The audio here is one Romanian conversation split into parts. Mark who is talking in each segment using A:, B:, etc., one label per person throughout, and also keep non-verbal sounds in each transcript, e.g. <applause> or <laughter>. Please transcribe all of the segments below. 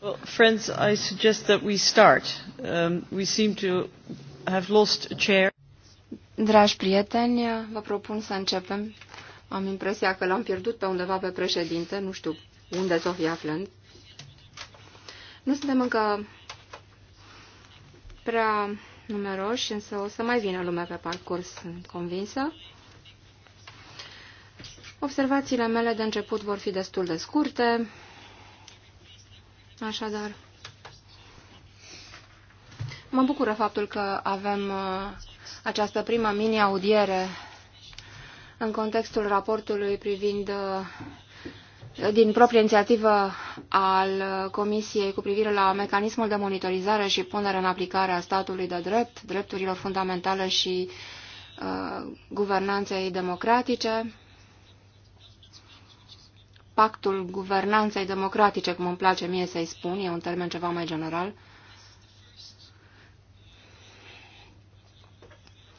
A: Well, friends, I suggest that we start. Um, we seem to have lost a chair.
B: Dragi prieteni, vă propun să începem. Am impresia că l-am pierdut pe undeva pe președinte, nu știu unde s-o fi aflând. Nu suntem încă prea numeroși, însă o să mai vină lumea pe parcurs, sunt convinsă. Observațiile mele de început vor fi destul de scurte. Așadar, mă bucură faptul că avem uh, această prima mini-audiere în contextul raportului privind uh, din proprie inițiativă al uh, Comisiei cu privire la mecanismul de monitorizare și punere în aplicare a statului de drept, drepturilor fundamentale și uh, guvernanței democratice pactul guvernanței democratice, cum îmi place mie să-i spun, e un termen ceva mai general.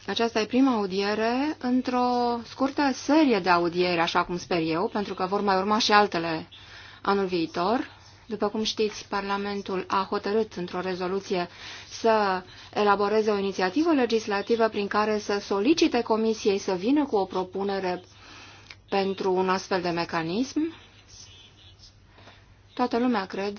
B: Aceasta e prima audiere într-o scurtă serie de audiere, așa cum sper eu, pentru că vor mai urma și altele anul viitor. După cum știți, Parlamentul a hotărât într-o rezoluție să elaboreze o inițiativă legislativă prin care să solicite Comisiei să vină cu o propunere pentru un astfel de mecanism. Toată lumea, cred,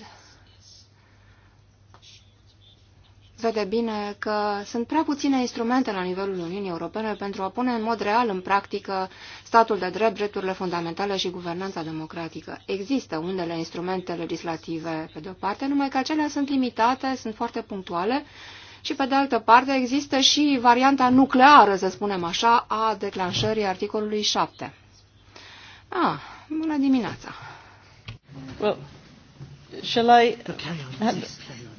B: vede bine că sunt prea puține instrumente la nivelul Uniunii Europene pentru a pune în mod real în practică statul de drept, drepturile fundamentale și guvernanța democratică. Există unele instrumente legislative, pe de-o parte, numai că acelea sunt limitate, sunt foarte punctuale și, pe de altă parte, există și varianta nucleară, să spunem așa, a declanșării articolului 7.
A: Ah, bună dimineața! Well. Shall I?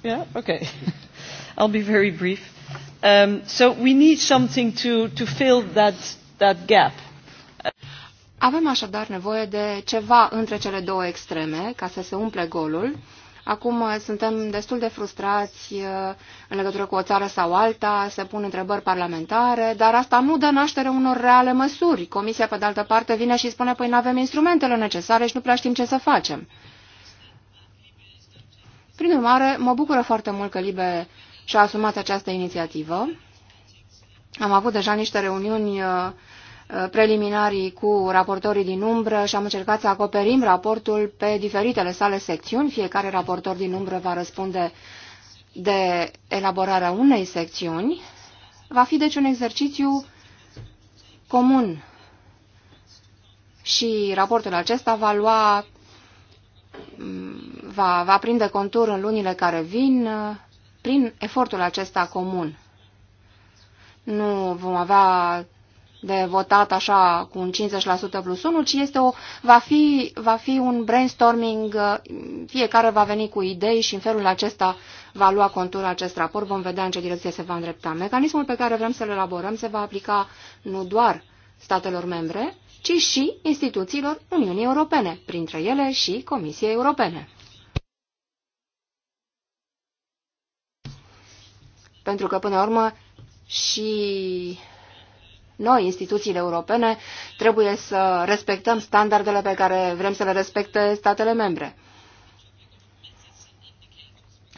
A: Yeah, okay. <laughs> I'll be very brief. Um, so we need something to, to fill that, that gap. Avem așadar nevoie
B: de ceva între cele două extreme ca să se umple golul. Acum uh, suntem destul de frustrați uh, în legătură cu o țară sau alta, se pun întrebări parlamentare, dar asta nu dă naștere unor reale măsuri. Comisia, pe de altă parte, vine și spune, păi nu avem instrumentele necesare și nu prea știm ce să facem. Prin urmare, mă bucură foarte mult că Libe și-a asumat această inițiativă. Am avut deja niște reuniuni uh, uh, preliminarii cu raportorii din umbră și am încercat să acoperim raportul pe diferitele sale secțiuni. Fiecare raportor din umbră va răspunde de elaborarea unei secțiuni. Va fi deci un exercițiu comun și raportul acesta va lua mm, va, va prinde contur în lunile care vin uh, prin efortul acesta comun. Nu vom avea de votat așa cu un 50% plus 1, ci este o, va, fi, va fi un brainstorming, uh, fiecare va veni cu idei și în felul acesta va lua contur acest raport, vom vedea în ce direcție se va îndrepta. Mecanismul pe care vrem să-l elaborăm se va aplica nu doar statelor membre, ci și instituțiilor Uniunii Europene, printre ele și Comisiei Europene. Pentru că, până la urmă, și noi, instituțiile europene, trebuie să respectăm standardele pe care vrem să le respecte statele membre.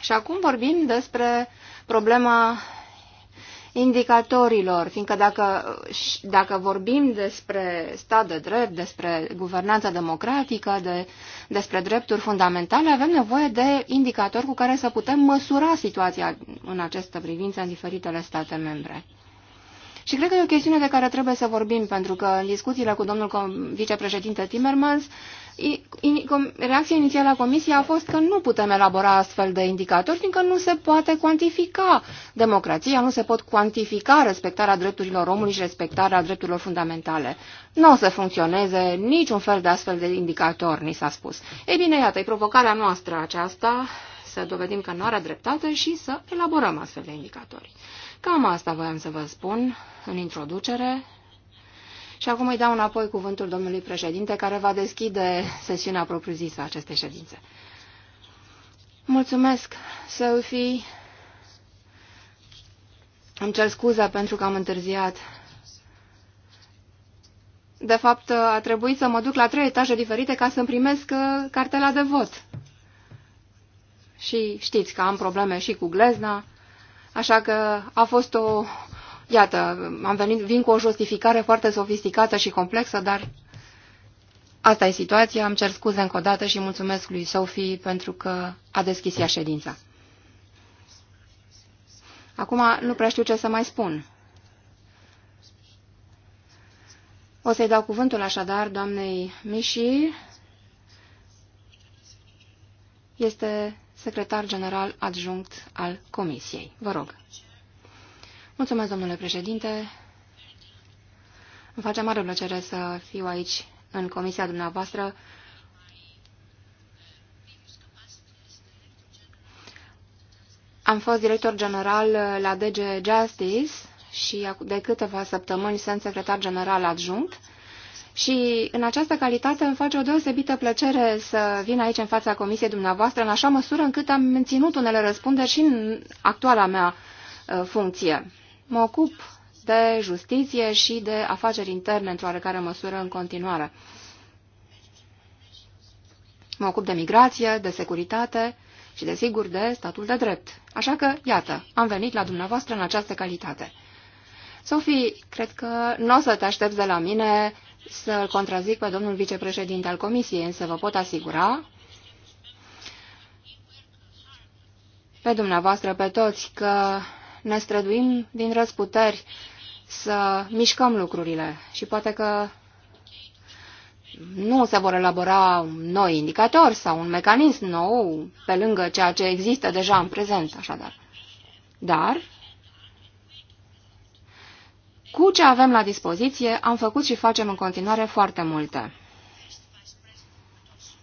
B: Și acum vorbim despre problema indicatorilor, fiindcă dacă, dacă vorbim despre stat de drept, despre guvernanța democratică, de, despre drepturi fundamentale, avem nevoie de indicatori cu care să putem măsura situația în această privință în diferitele state membre. Și cred că e o chestiune de care trebuie să vorbim, pentru că în discuțiile cu domnul vicepreședinte Timmermans reacția inițială a Comisiei a fost că nu putem elabora astfel de indicatori, fiindcă nu se poate cuantifica democrația, nu se pot cuantifica respectarea drepturilor omului și respectarea drepturilor fundamentale. Nu o să funcționeze niciun fel de astfel de indicator, ni s-a spus. Ei bine, iată, e provocarea noastră aceasta să dovedim că nu are dreptate și să elaborăm astfel de indicatori. Cam asta voiam să vă spun în introducere și acum îi dau înapoi cuvântul domnului președinte, care va deschide sesiunea propriu-zisă a acestei ședințe. Mulțumesc, Sophie. Îmi cer scuza pentru că am întârziat. De fapt, a trebuit să mă duc la trei etaje diferite ca să-mi primesc uh, cartela de vot. Și știți că am probleme și cu glezna, așa că a fost o Iată, am venit, vin cu o justificare foarte sofisticată și complexă, dar asta e situația. Am cer scuze încă o dată și mulțumesc lui Sophie pentru că a deschis ea ședința. Acum nu prea știu ce să mai spun. O să-i dau cuvântul așadar doamnei Mișii. Este secretar general adjunct al Comisiei. Vă rog. Mulțumesc, domnule președinte. Îmi face mare plăcere să fiu aici, în comisia dumneavoastră. Am fost director general la DG Justice și de câteva săptămâni sunt secretar general adjunct. Și în această calitate îmi face o deosebită plăcere să vin aici în fața comisiei dumneavoastră, în așa măsură încât am menținut unele răspunderi și în actuala mea uh, funcție. Mă ocup de justiție și de afaceri interne într-o oarecare măsură în continuare. Mă ocup de migrație, de securitate și, desigur, de statul de drept. Așa că, iată, am venit la dumneavoastră în această calitate. Sofie, cred că nu o să te aștepți de la mine să-l contrazic pe domnul vicepreședinte al comisiei, însă vă pot asigura pe dumneavoastră, pe toți, că ne străduim din răzputeri să mișcăm lucrurile și poate că nu se vor elabora un nou indicator sau un mecanism nou pe lângă ceea ce există deja în prezent, așadar. Dar, cu ce avem la dispoziție, am făcut și facem în continuare foarte multe.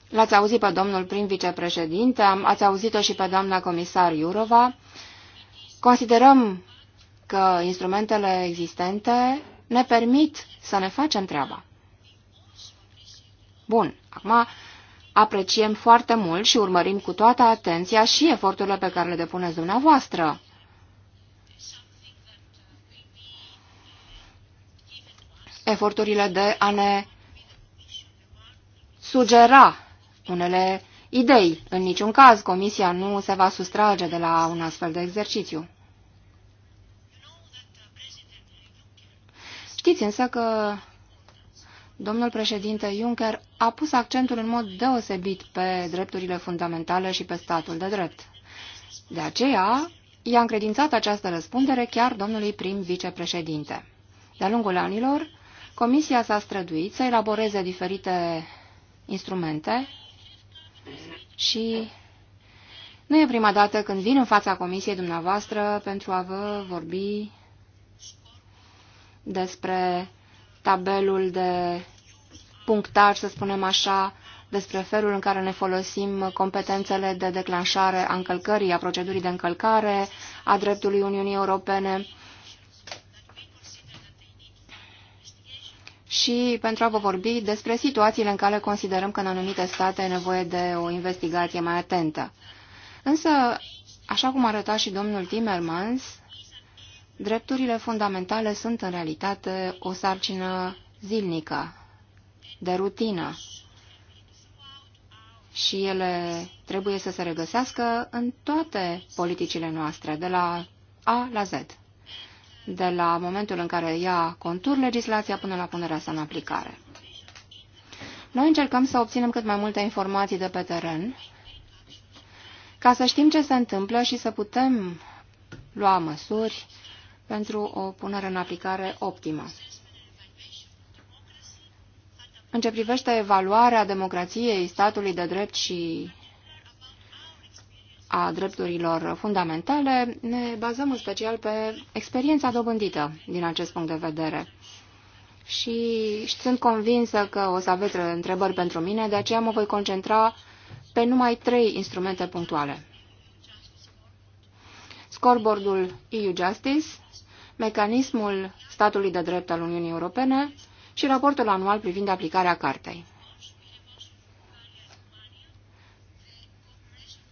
B: L-ați auzit pe domnul prim vicepreședinte, ați auzit-o și pe doamna comisar Iurova, Considerăm că instrumentele existente ne permit să ne facem treaba. Bun, acum apreciem foarte mult și urmărim cu toată atenția și eforturile pe care le depuneți dumneavoastră. Eforturile de a ne sugera unele idei. În niciun caz, Comisia nu se va sustrage de la un astfel de exercițiu. Știți însă că domnul președinte Juncker a pus accentul în mod deosebit pe drepturile fundamentale și pe statul de drept. De aceea, i-a încredințat această răspundere chiar domnului prim vicepreședinte. De-a lungul anilor, Comisia s-a străduit să elaboreze diferite instrumente și nu e prima dată când vin în fața Comisiei dumneavoastră pentru a vă vorbi despre tabelul de punctaj, să spunem așa, despre felul în care ne folosim competențele de declanșare a încălcării, a procedurii de încălcare a dreptului Uniunii Europene. și pentru a vă vorbi despre situațiile în care considerăm că în anumite state e nevoie de o investigație mai atentă. Însă, așa cum arăta și domnul Timmermans, drepturile fundamentale sunt în realitate o sarcină zilnică, de rutină, și ele trebuie să se regăsească în toate politicile noastre, de la A la Z, de la momentul în care ia contur legislația până la punerea sa în aplicare. Noi încercăm să obținem cât mai multe informații de pe teren, ca să știm ce se întâmplă și să putem lua măsuri pentru o punere în aplicare optimă. În ce privește evaluarea democrației, statului de drept și a drepturilor fundamentale, ne bazăm în special pe experiența dobândită din acest punct de vedere. Și sunt convinsă că o să aveți întrebări pentru mine, de aceea mă voi concentra pe numai trei instrumente punctuale. Scoreboardul EU Justice, mecanismul statului de drept al Uniunii Europene și raportul anual privind aplicarea cartei.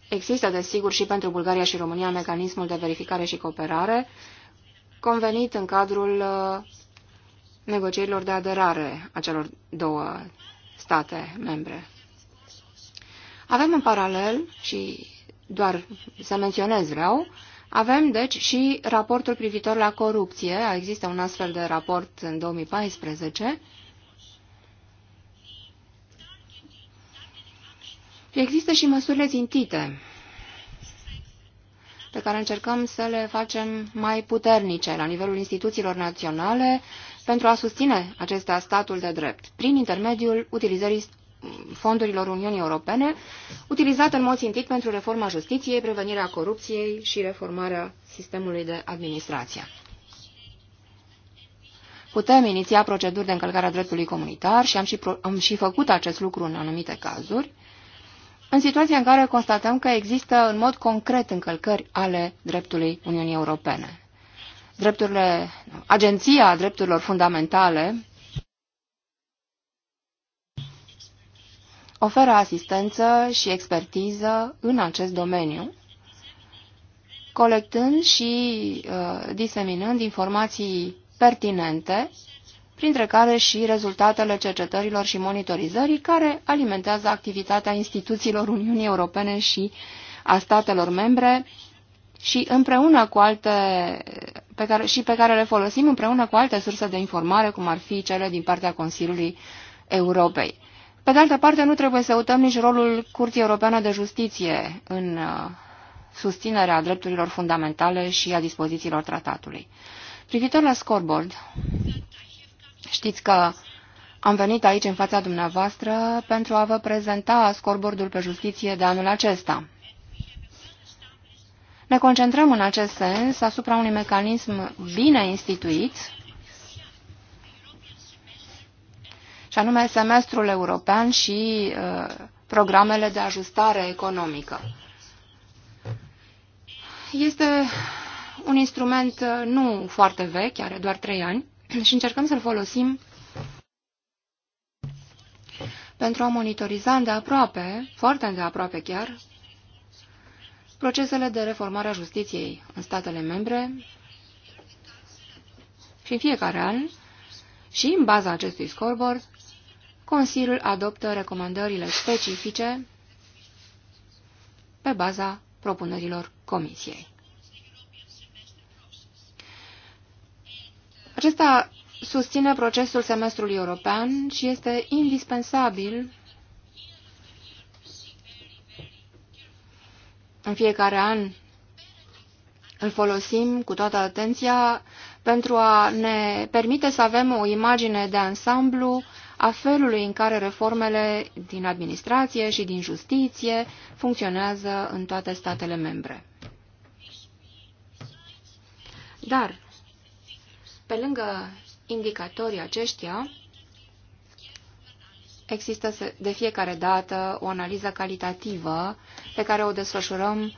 B: Există, desigur, și pentru Bulgaria și România mecanismul de verificare și cooperare convenit în cadrul uh, negocierilor de aderare a celor două state membre. Avem în paralel, și doar să menționez vreau, avem, deci, și raportul privitor la corupție. Există un astfel de raport în 2014. Există și măsurile țintite pe care încercăm să le facem mai puternice la nivelul instituțiilor naționale pentru a susține acestea statul de drept, prin intermediul utilizării fondurilor Uniunii Europene, utilizat în mod țintit pentru reforma justiției, prevenirea corupției și reformarea sistemului de administrație. Putem iniția proceduri de încălcare a dreptului comunitar și am și, am și făcut acest lucru în anumite cazuri, în situația în care constatăm că există în mod concret încălcări ale dreptului Uniunii Europene. Drepturile, Agenția Drepturilor Fundamentale oferă asistență și expertiză în acest domeniu, colectând și uh, diseminând informații pertinente, printre care și rezultatele cercetărilor și monitorizării care alimentează activitatea instituțiilor Uniunii Europene și a statelor membre și împreună cu alte pe care, și pe care le folosim împreună cu alte surse de informare, cum ar fi cele din partea Consiliului Europei. Pe de altă parte, nu trebuie să uităm nici rolul Curții Europeană de Justiție în uh, susținerea drepturilor fundamentale și a dispozițiilor tratatului. Privitor la scoreboard, știți că am venit aici în fața dumneavoastră pentru a vă prezenta scoreboardul pe justiție de anul acesta. Ne concentrăm în acest sens asupra unui mecanism bine instituit și anume semestrul european și uh, programele de ajustare economică. Este un instrument uh, nu foarte vechi, are doar trei ani, <clears throat> și încercăm să-l folosim pentru a monitoriza îndeaproape, foarte îndeaproape chiar, procesele de reformare a justiției în statele membre și în fiecare an și în baza acestui scoreboard Consiliul adoptă recomandările specifice pe baza propunerilor Comisiei. Acesta susține procesul semestrului european și este indispensabil în fiecare an îl folosim cu toată atenția pentru a ne permite să avem o imagine de ansamblu a felului în care reformele din administrație și din justiție funcționează în toate statele membre. Dar, pe lângă indicatorii aceștia, există de fiecare dată o analiză calitativă pe care o desfășurăm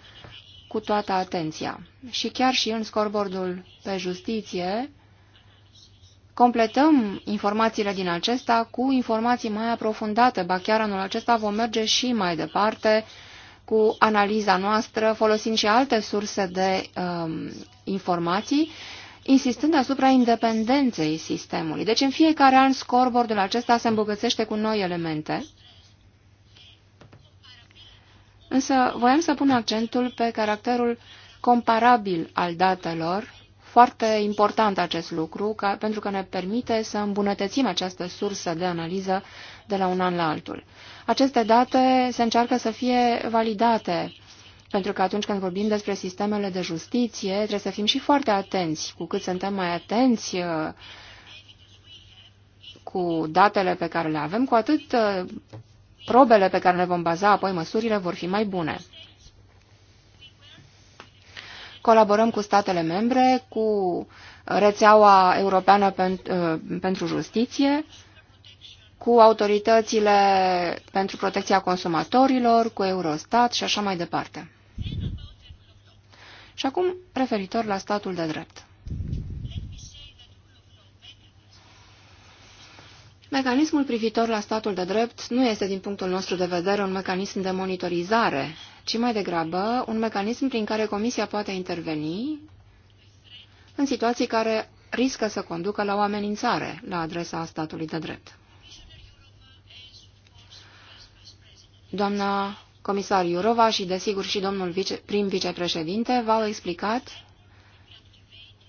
B: cu toată atenția. Și chiar și în scorbordul pe justiție, Completăm informațiile din acesta cu informații mai aprofundate, ba chiar anul acesta vom merge și mai departe cu analiza noastră, folosind și alte surse de um, informații, insistând asupra independenței sistemului. Deci în fiecare an scoreboardul acesta se îmbogățește cu noi elemente. Însă voiam să pun accentul pe caracterul comparabil al datelor foarte important acest lucru, ca, pentru că ne permite să îmbunătățim această sursă de analiză de la un an la altul. Aceste date se încearcă să fie validate, pentru că atunci când vorbim despre sistemele de justiție, trebuie să fim și foarte atenți. Cu cât suntem mai atenți uh, cu datele pe care le avem, cu atât uh, probele pe care le vom baza apoi măsurile vor fi mai bune. Colaborăm cu statele membre, cu rețeaua europeană ă, pentru justiție, cu autoritățile pentru protecția consumatorilor, cu Eurostat și așa mai departe. Și acum, referitor la statul de drept. Mecanismul privitor la statul de drept nu este, din punctul nostru de vedere, un mecanism de monitorizare ci mai degrabă un mecanism prin care Comisia poate interveni în situații care riscă să conducă la o amenințare la adresa statului de drept. Doamna comisar Iurova și, desigur, și domnul vice, prim vicepreședinte v-au explicat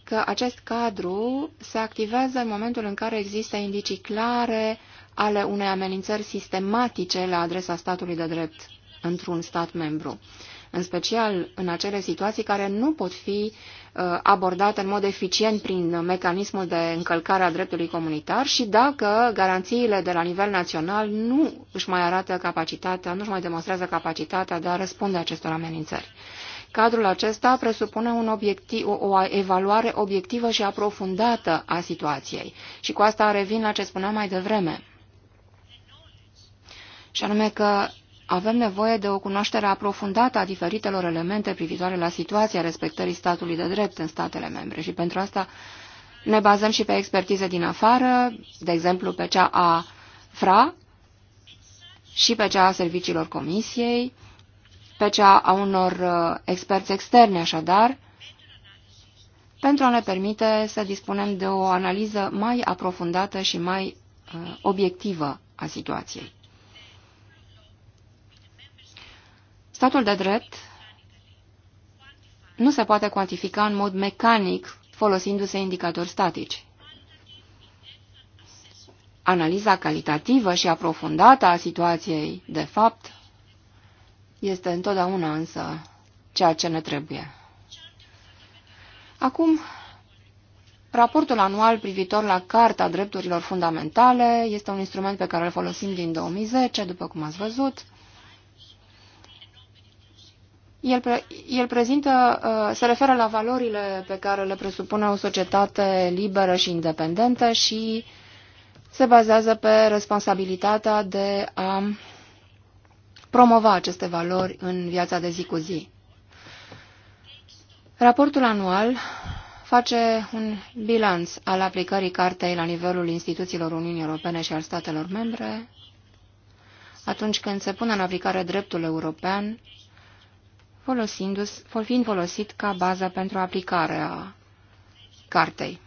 B: că acest cadru se activează în momentul în care există indicii clare ale unei amenințări sistematice la adresa statului de drept într-un stat membru, în special în acele situații care nu pot fi uh, abordate în mod eficient prin mecanismul de încălcare a dreptului comunitar și dacă garanțiile de la nivel național nu își mai arată capacitatea, nu își mai demonstrează capacitatea de a răspunde acestor amenințări. Cadrul acesta presupune un obiectiv, o evaluare obiectivă și aprofundată a situației și cu asta revin la ce spuneam mai devreme. Și anume că avem nevoie de o cunoaștere aprofundată a diferitelor elemente privitoare la situația respectării statului de drept în statele membre și pentru asta ne bazăm și pe expertize din afară, de exemplu pe cea a FRA și pe cea a serviciilor comisiei, pe cea a unor uh, experți externi așadar, pentru a ne permite să dispunem de o analiză mai aprofundată și mai uh, obiectivă a situației. Statul de drept nu se poate cuantifica în mod mecanic folosindu-se indicatori statici. Analiza calitativă și aprofundată a situației, de fapt, este întotdeauna însă ceea ce ne trebuie. Acum, raportul anual privitor la Carta Drepturilor Fundamentale este un instrument pe care îl folosim din 2010, după cum ați văzut. El, pre el prezintă, uh, se referă la valorile pe care le presupune o societate liberă și independentă și se bazează pe responsabilitatea de a promova aceste valori în viața de zi cu zi. Raportul anual face un bilanț al aplicării cartei la nivelul instituțiilor Uniunii Europene și al statelor membre, atunci când se pune în aplicare dreptul european fiind folosit ca bază pentru aplicarea cartei.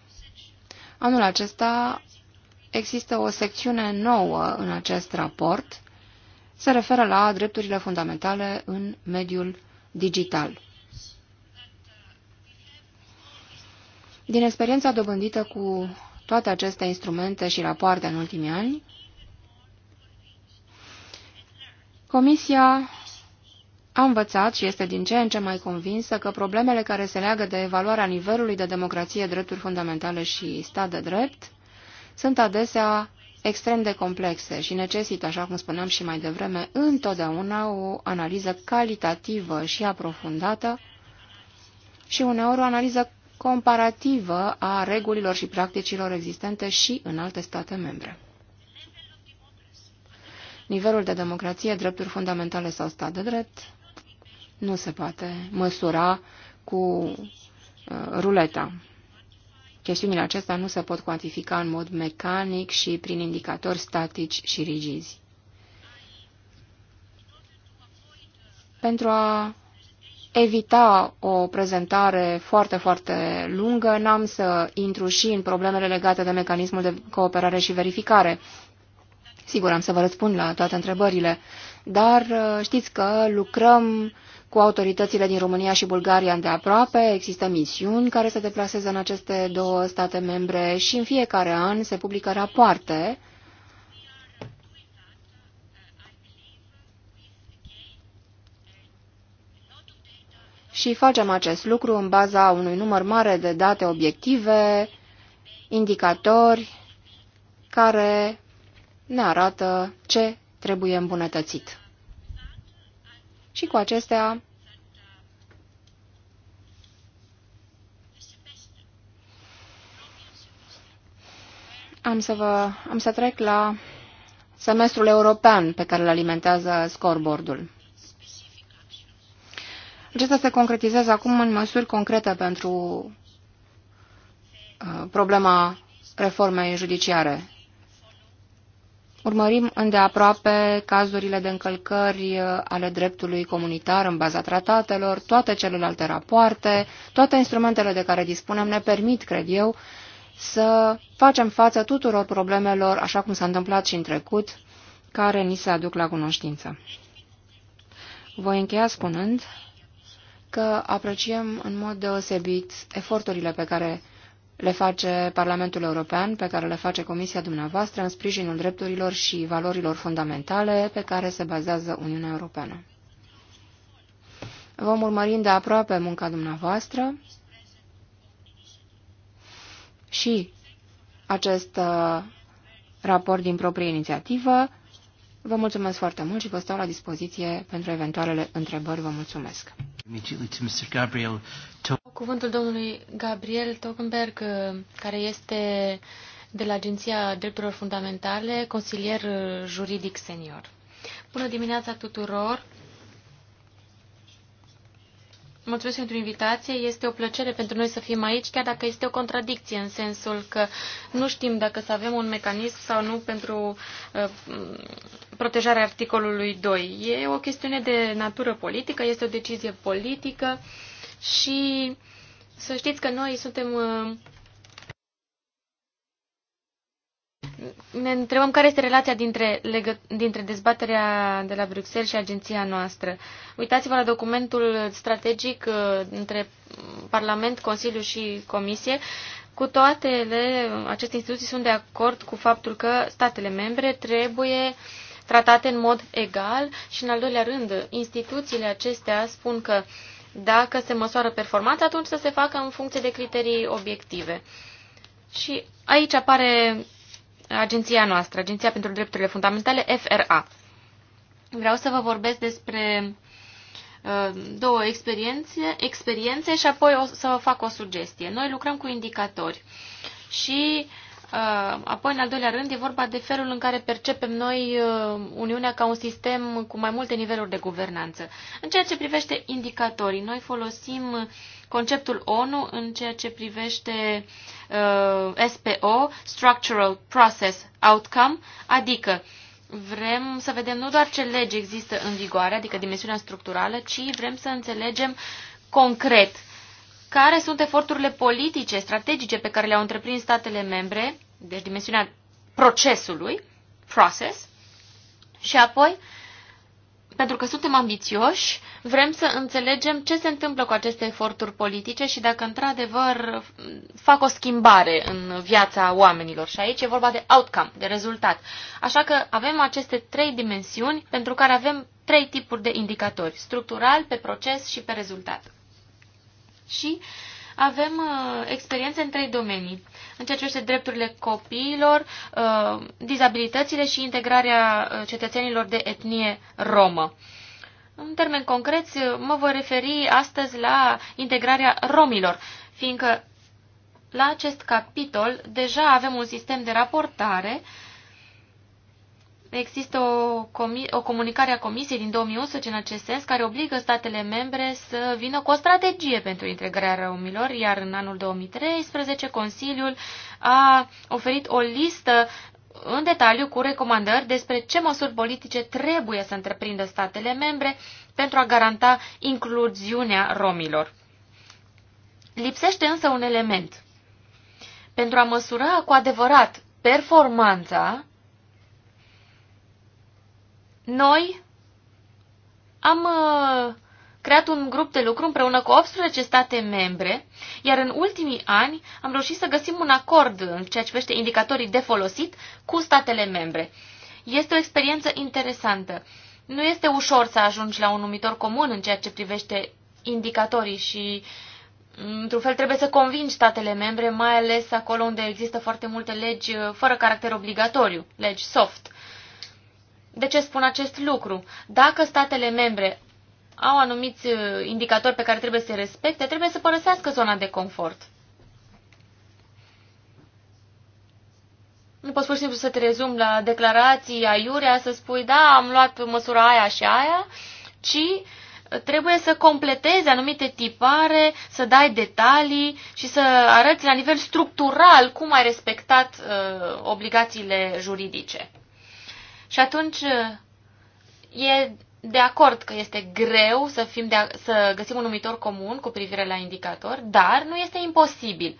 B: Anul acesta există o secțiune nouă în acest raport, se referă la drepturile fundamentale în mediul digital. Din experiența dobândită cu toate aceste instrumente și rapoarte în ultimii ani, Comisia a învățat și este din ce în ce mai convinsă că problemele care se leagă de evaluarea nivelului de democrație, drepturi fundamentale și stat de drept sunt adesea extrem de complexe și necesită, așa cum spuneam și mai devreme, întotdeauna o analiză calitativă și aprofundată și uneori o analiză comparativă a regulilor și practicilor existente și în alte state membre. Nivelul de democrație, drepturi fundamentale sau stat de drept nu se poate măsura cu uh, ruleta. Chestiunile acestea nu se pot cuantifica în mod mecanic și prin indicatori statici și rigizi. Pentru a evita o prezentare foarte, foarte lungă, n-am să intru și în problemele legate de mecanismul de cooperare și verificare. Sigur, am să vă răspund la toate întrebările, dar uh, știți că lucrăm cu autoritățile din România și Bulgaria de aproape. Există misiuni care se deplasează în aceste două state membre și în fiecare an se publică rapoarte și facem acest lucru în baza unui număr mare de date obiective, indicatori care ne arată ce trebuie îmbunătățit. Și cu acestea Am să, vă, am să trec la semestrul european pe care îl alimentează scoreboardul. Acesta se concretizează acum în măsuri concrete pentru uh, problema reformei judiciare. Urmărim îndeaproape cazurile de încălcări uh, ale dreptului comunitar în baza tratatelor, toate celelalte rapoarte, toate instrumentele de care dispunem ne permit, cred eu, să facem față tuturor problemelor, așa cum s-a întâmplat și în trecut, care ni se aduc la cunoștință. Voi încheia spunând că apreciem în mod deosebit eforturile pe care le face Parlamentul European, pe care le face Comisia dumneavoastră în sprijinul drepturilor și valorilor fundamentale pe care se bazează Uniunea Europeană. Vom urmări de aproape munca dumneavoastră și acest uh, raport din proprie inițiativă. Vă mulțumesc foarte mult și vă stau la dispoziție pentru eventualele întrebări. Vă mulțumesc.
C: Cuvântul domnului Gabriel Tokenberg, uh, care este de la Agenția Drepturilor Fundamentale, consilier uh, juridic senior. Bună dimineața tuturor! Mulțumesc pentru invitație. Este o plăcere pentru noi să fim aici, chiar dacă este o contradicție în sensul că nu știm dacă să avem un mecanism sau nu pentru uh, protejarea articolului 2. E o chestiune de natură politică, este o decizie politică și să știți că noi suntem uh, ne întrebăm care este relația dintre, legă, dintre dezbaterea de la Bruxelles și agenția noastră. Uitați-vă la documentul strategic uh, între Parlament, Consiliu și Comisie. Cu toate aceste instituții sunt de acord cu faptul că statele membre trebuie tratate în mod egal și, în al doilea rând, instituțiile acestea spun că dacă se măsoară performanța, atunci să se facă în funcție de criterii obiective. Și aici apare agenția noastră, Agenția pentru Drepturile Fundamentale, FRA. Vreau să vă vorbesc despre uh, două experiențe, experiențe și apoi o să vă fac o sugestie. Noi lucrăm cu indicatori și uh, apoi, în al doilea rând, e vorba de felul în care percepem noi uh, Uniunea ca un sistem cu mai multe niveluri de guvernanță. În ceea ce privește indicatorii, noi folosim conceptul ONU în ceea ce privește uh, SPO, Structural Process Outcome, adică vrem să vedem nu doar ce legi există în vigoare, adică dimensiunea structurală, ci vrem să înțelegem concret care sunt eforturile politice, strategice pe care le-au întreprins statele membre, deci dimensiunea procesului, process, și apoi uh, pentru că suntem ambițioși, vrem să înțelegem ce se întâmplă cu aceste eforturi politice și dacă într-adevăr fac o schimbare în viața oamenilor. Și aici e vorba de outcome, de rezultat. Așa că avem aceste trei dimensiuni pentru care avem trei tipuri de indicatori. Structural, pe proces și pe rezultat. Și avem uh, experiențe în trei domenii în ceea ce este drepturile copiilor, uh, dizabilitățile și integrarea uh, cetățenilor de etnie romă. În termeni concreți, uh, mă voi referi astăzi la integrarea romilor, fiindcă la acest capitol deja avem un sistem de raportare uh, Există o, o comunicare a Comisiei din 2011 în acest sens care obligă statele membre să vină cu o strategie pentru integrarea romilor, iar în anul 2013 Consiliul a oferit o listă în detaliu cu recomandări despre ce măsuri politice trebuie să întreprindă statele membre pentru a garanta incluziunea romilor. Lipsește însă un element. Pentru a măsura cu adevărat performanța noi am uh, creat un grup de lucru împreună cu 18 state membre, iar în ultimii ani am reușit să găsim un acord în ceea ce privește indicatorii de folosit cu statele membre. Este o experiență interesantă. Nu este ușor să ajungi la un numitor comun în ceea ce privește indicatorii și, într-un fel, trebuie să convingi statele membre, mai ales acolo unde există foarte multe legi uh, fără caracter obligatoriu, legi soft. De ce spun acest lucru? Dacă statele membre au anumiți uh, indicatori pe care trebuie să-i respecte, trebuie să părăsească zona de confort. Nu poți pur și simplu să te rezum la declarații aiurea, să spui, da, am luat măsura aia și aia, ci uh, trebuie să completezi anumite tipare, să dai detalii și să arăți la nivel structural cum ai respectat uh, obligațiile juridice. Și atunci e de acord că este greu să, fim de a, să găsim un numitor comun cu privire la indicator, dar nu este imposibil.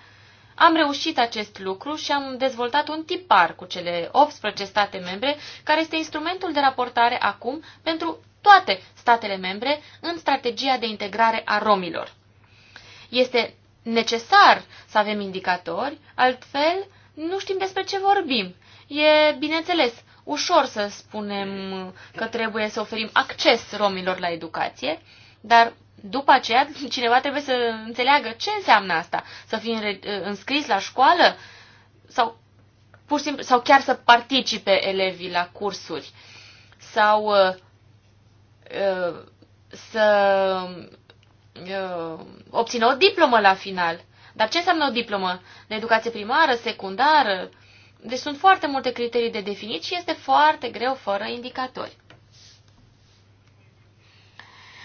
C: Am reușit acest lucru și am dezvoltat un tipar cu cele 18 state membre, care este instrumentul de raportare acum pentru toate statele membre în strategia de integrare a romilor. Este necesar să avem indicatori, altfel nu știm despre ce vorbim. E, bineînțeles, ușor să spunem că trebuie să oferim acces romilor la educație, dar după aceea <laughs> cineva trebuie să înțeleagă ce înseamnă asta, să fii eh, înscris la școală sau, pur și simplu, sau chiar să participe elevii la cursuri sau eh, eh, să obțină o diplomă la final. Dar ce înseamnă o diplomă? De educație primară, secundară, deci sunt foarte multe criterii de definit și este foarte greu fără indicatori.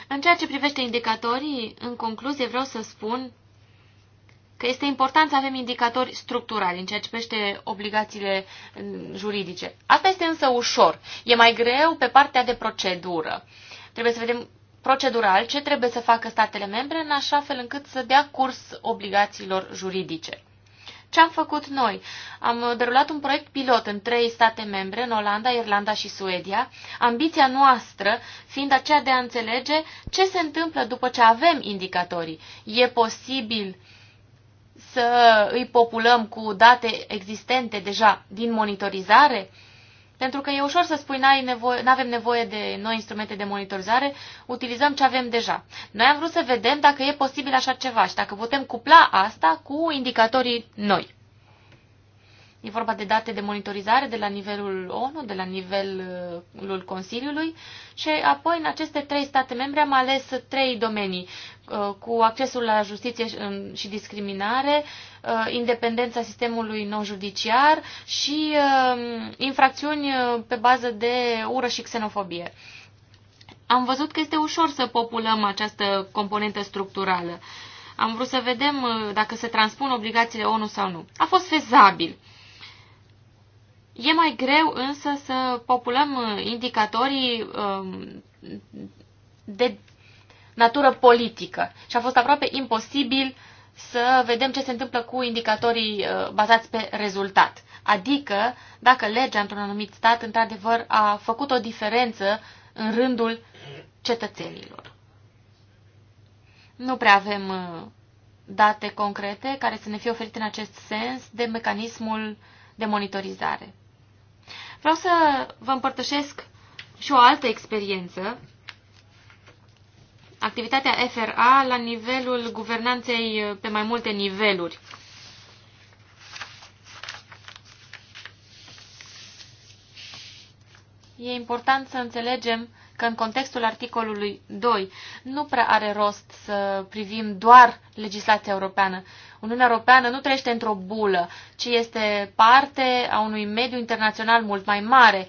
C: În ceea ce privește indicatorii, în concluzie vreau să spun că este important să avem indicatori structurali în ceea ce privește obligațiile mm, juridice. Asta este însă ușor. E mai greu pe partea de procedură. Trebuie să vedem procedural ce trebuie să facă statele membre în așa fel încât să dea curs obligațiilor juridice ce am făcut noi? Am derulat un proiect pilot în trei state membre, în Olanda, Irlanda și Suedia, ambiția noastră fiind aceea de a înțelege ce se întâmplă după ce avem indicatorii. E posibil să îi populăm cu date existente deja din monitorizare? Pentru că e ușor să spui nu nevoie, avem nevoie de noi instrumente de monitorizare, utilizăm ce avem deja. Noi am vrut să vedem dacă e posibil așa ceva și dacă putem cupla asta cu indicatorii noi. E vorba de date de monitorizare de la nivelul ONU, de la nivelul Consiliului și apoi în aceste trei state membre am ales trei domenii uh, cu accesul la justiție și um, discriminare, uh, independența sistemului non-judiciar și um, infracțiuni uh, pe bază de ură și xenofobie. Am văzut că este ușor să populăm această componentă structurală. Am vrut să vedem dacă se transpun obligațiile ONU sau nu. A fost fezabil. E mai greu însă să populăm uh, indicatorii um, de natură politică și a fost aproape imposibil să vedem ce se întâmplă cu indicatorii uh, bazați pe rezultat. Adică dacă legea într-un anumit stat într-adevăr a făcut o diferență în rândul cetățenilor. Nu prea avem uh, date concrete care să ne fie oferite în acest sens de mecanismul de monitorizare. Vreau să vă împărtășesc și o altă experiență. Activitatea FRA la nivelul guvernanței pe mai multe niveluri. E important să înțelegem că în contextul articolului 2 nu prea are rost să privim doar legislația europeană. Uniunea Europeană nu trăiește într-o bulă, ci este parte a unui mediu internațional mult mai mare.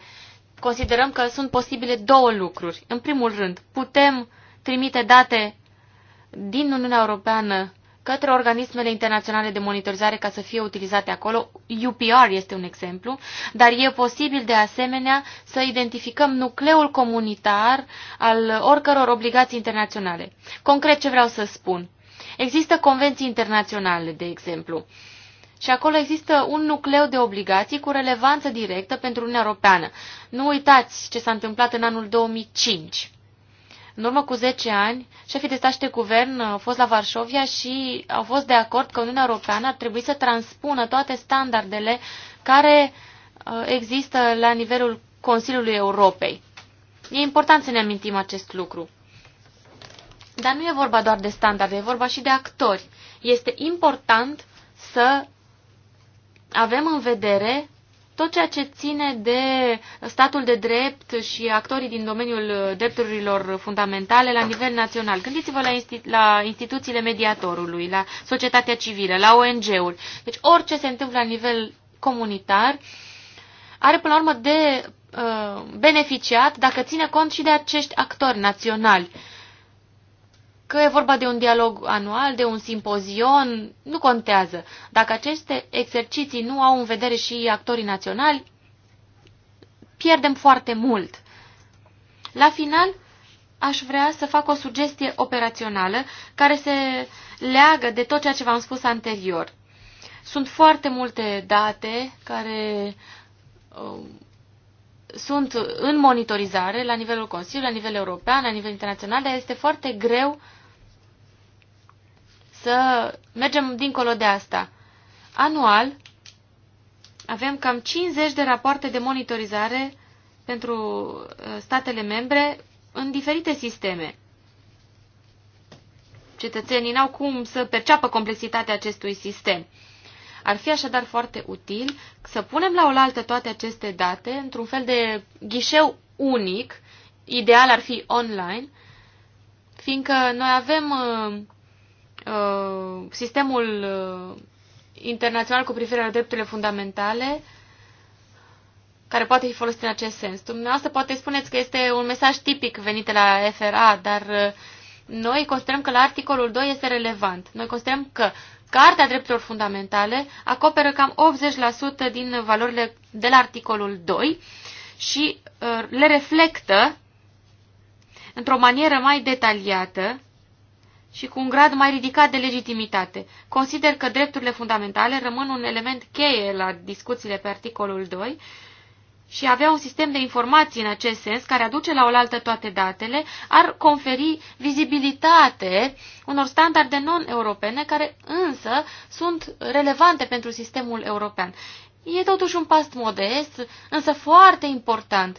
C: Considerăm că sunt posibile două lucruri. În primul rând, putem trimite date din Uniunea Europeană către organismele internaționale de monitorizare ca să fie utilizate acolo. UPR este un exemplu, dar e posibil de asemenea să identificăm nucleul comunitar al oricăror obligații internaționale. Concret ce vreau să spun. Există convenții internaționale, de exemplu, și acolo există un nucleu de obligații cu relevanță directă pentru Uniunea Europeană. Nu uitați ce s-a întâmplat în anul 2005 în urmă cu 10 ani, șefii de stat și de guvern au fost la Varșovia și au fost de acord că Uniunea Europeană ar trebui să transpună toate standardele care uh, există la nivelul Consiliului Europei. E important să ne amintim acest lucru. Dar nu e vorba doar de standarde, e vorba și de actori. Este important să avem în vedere tot ceea ce ține de statul de drept și actorii din domeniul drepturilor fundamentale la nivel național. Gândiți-vă la, insti la instituțiile mediatorului, la societatea civilă, la ONG-uri. Deci orice se întâmplă la nivel comunitar are până la urmă de uh, beneficiat dacă ține cont și de acești actori naționali. Că e vorba de un dialog anual, de un simpozion, nu contează. Dacă aceste exerciții nu au în vedere și actorii naționali, pierdem foarte mult. La final, aș vrea să fac o sugestie operațională care se leagă de tot ceea ce v-am spus anterior. Sunt foarte multe date care um, sunt în monitorizare la nivelul Consiliului, la nivel european, la nivel internațional, dar este foarte greu să mergem dincolo de asta. Anual avem cam 50 de rapoarte de monitorizare pentru uh, statele membre în diferite sisteme. Cetățenii n-au cum să perceapă complexitatea acestui sistem. Ar fi așadar foarte util să punem la oaltă toate aceste date într-un fel de ghișeu unic, ideal ar fi online, fiindcă noi avem uh, uh, sistemul uh, internațional cu privire la drepturile fundamentale care poate fi folosit în acest sens. Dumneavoastră poate spuneți că este un mesaj tipic venit la FRA, dar uh, noi considerăm că la articolul 2 este relevant. Noi considerăm că Cartea Drepturilor Fundamentale acoperă cam 80% din valorile de la articolul 2 și uh, le reflectă într-o manieră mai detaliată și cu un grad mai ridicat de legitimitate. Consider că drepturile fundamentale rămân un element cheie la discuțiile pe articolul 2 și avea un sistem de informații în acest sens, care aduce la oaltă toate datele, ar conferi vizibilitate unor standarde non-europene, care însă sunt relevante pentru sistemul european. E totuși un pas modest, însă foarte important.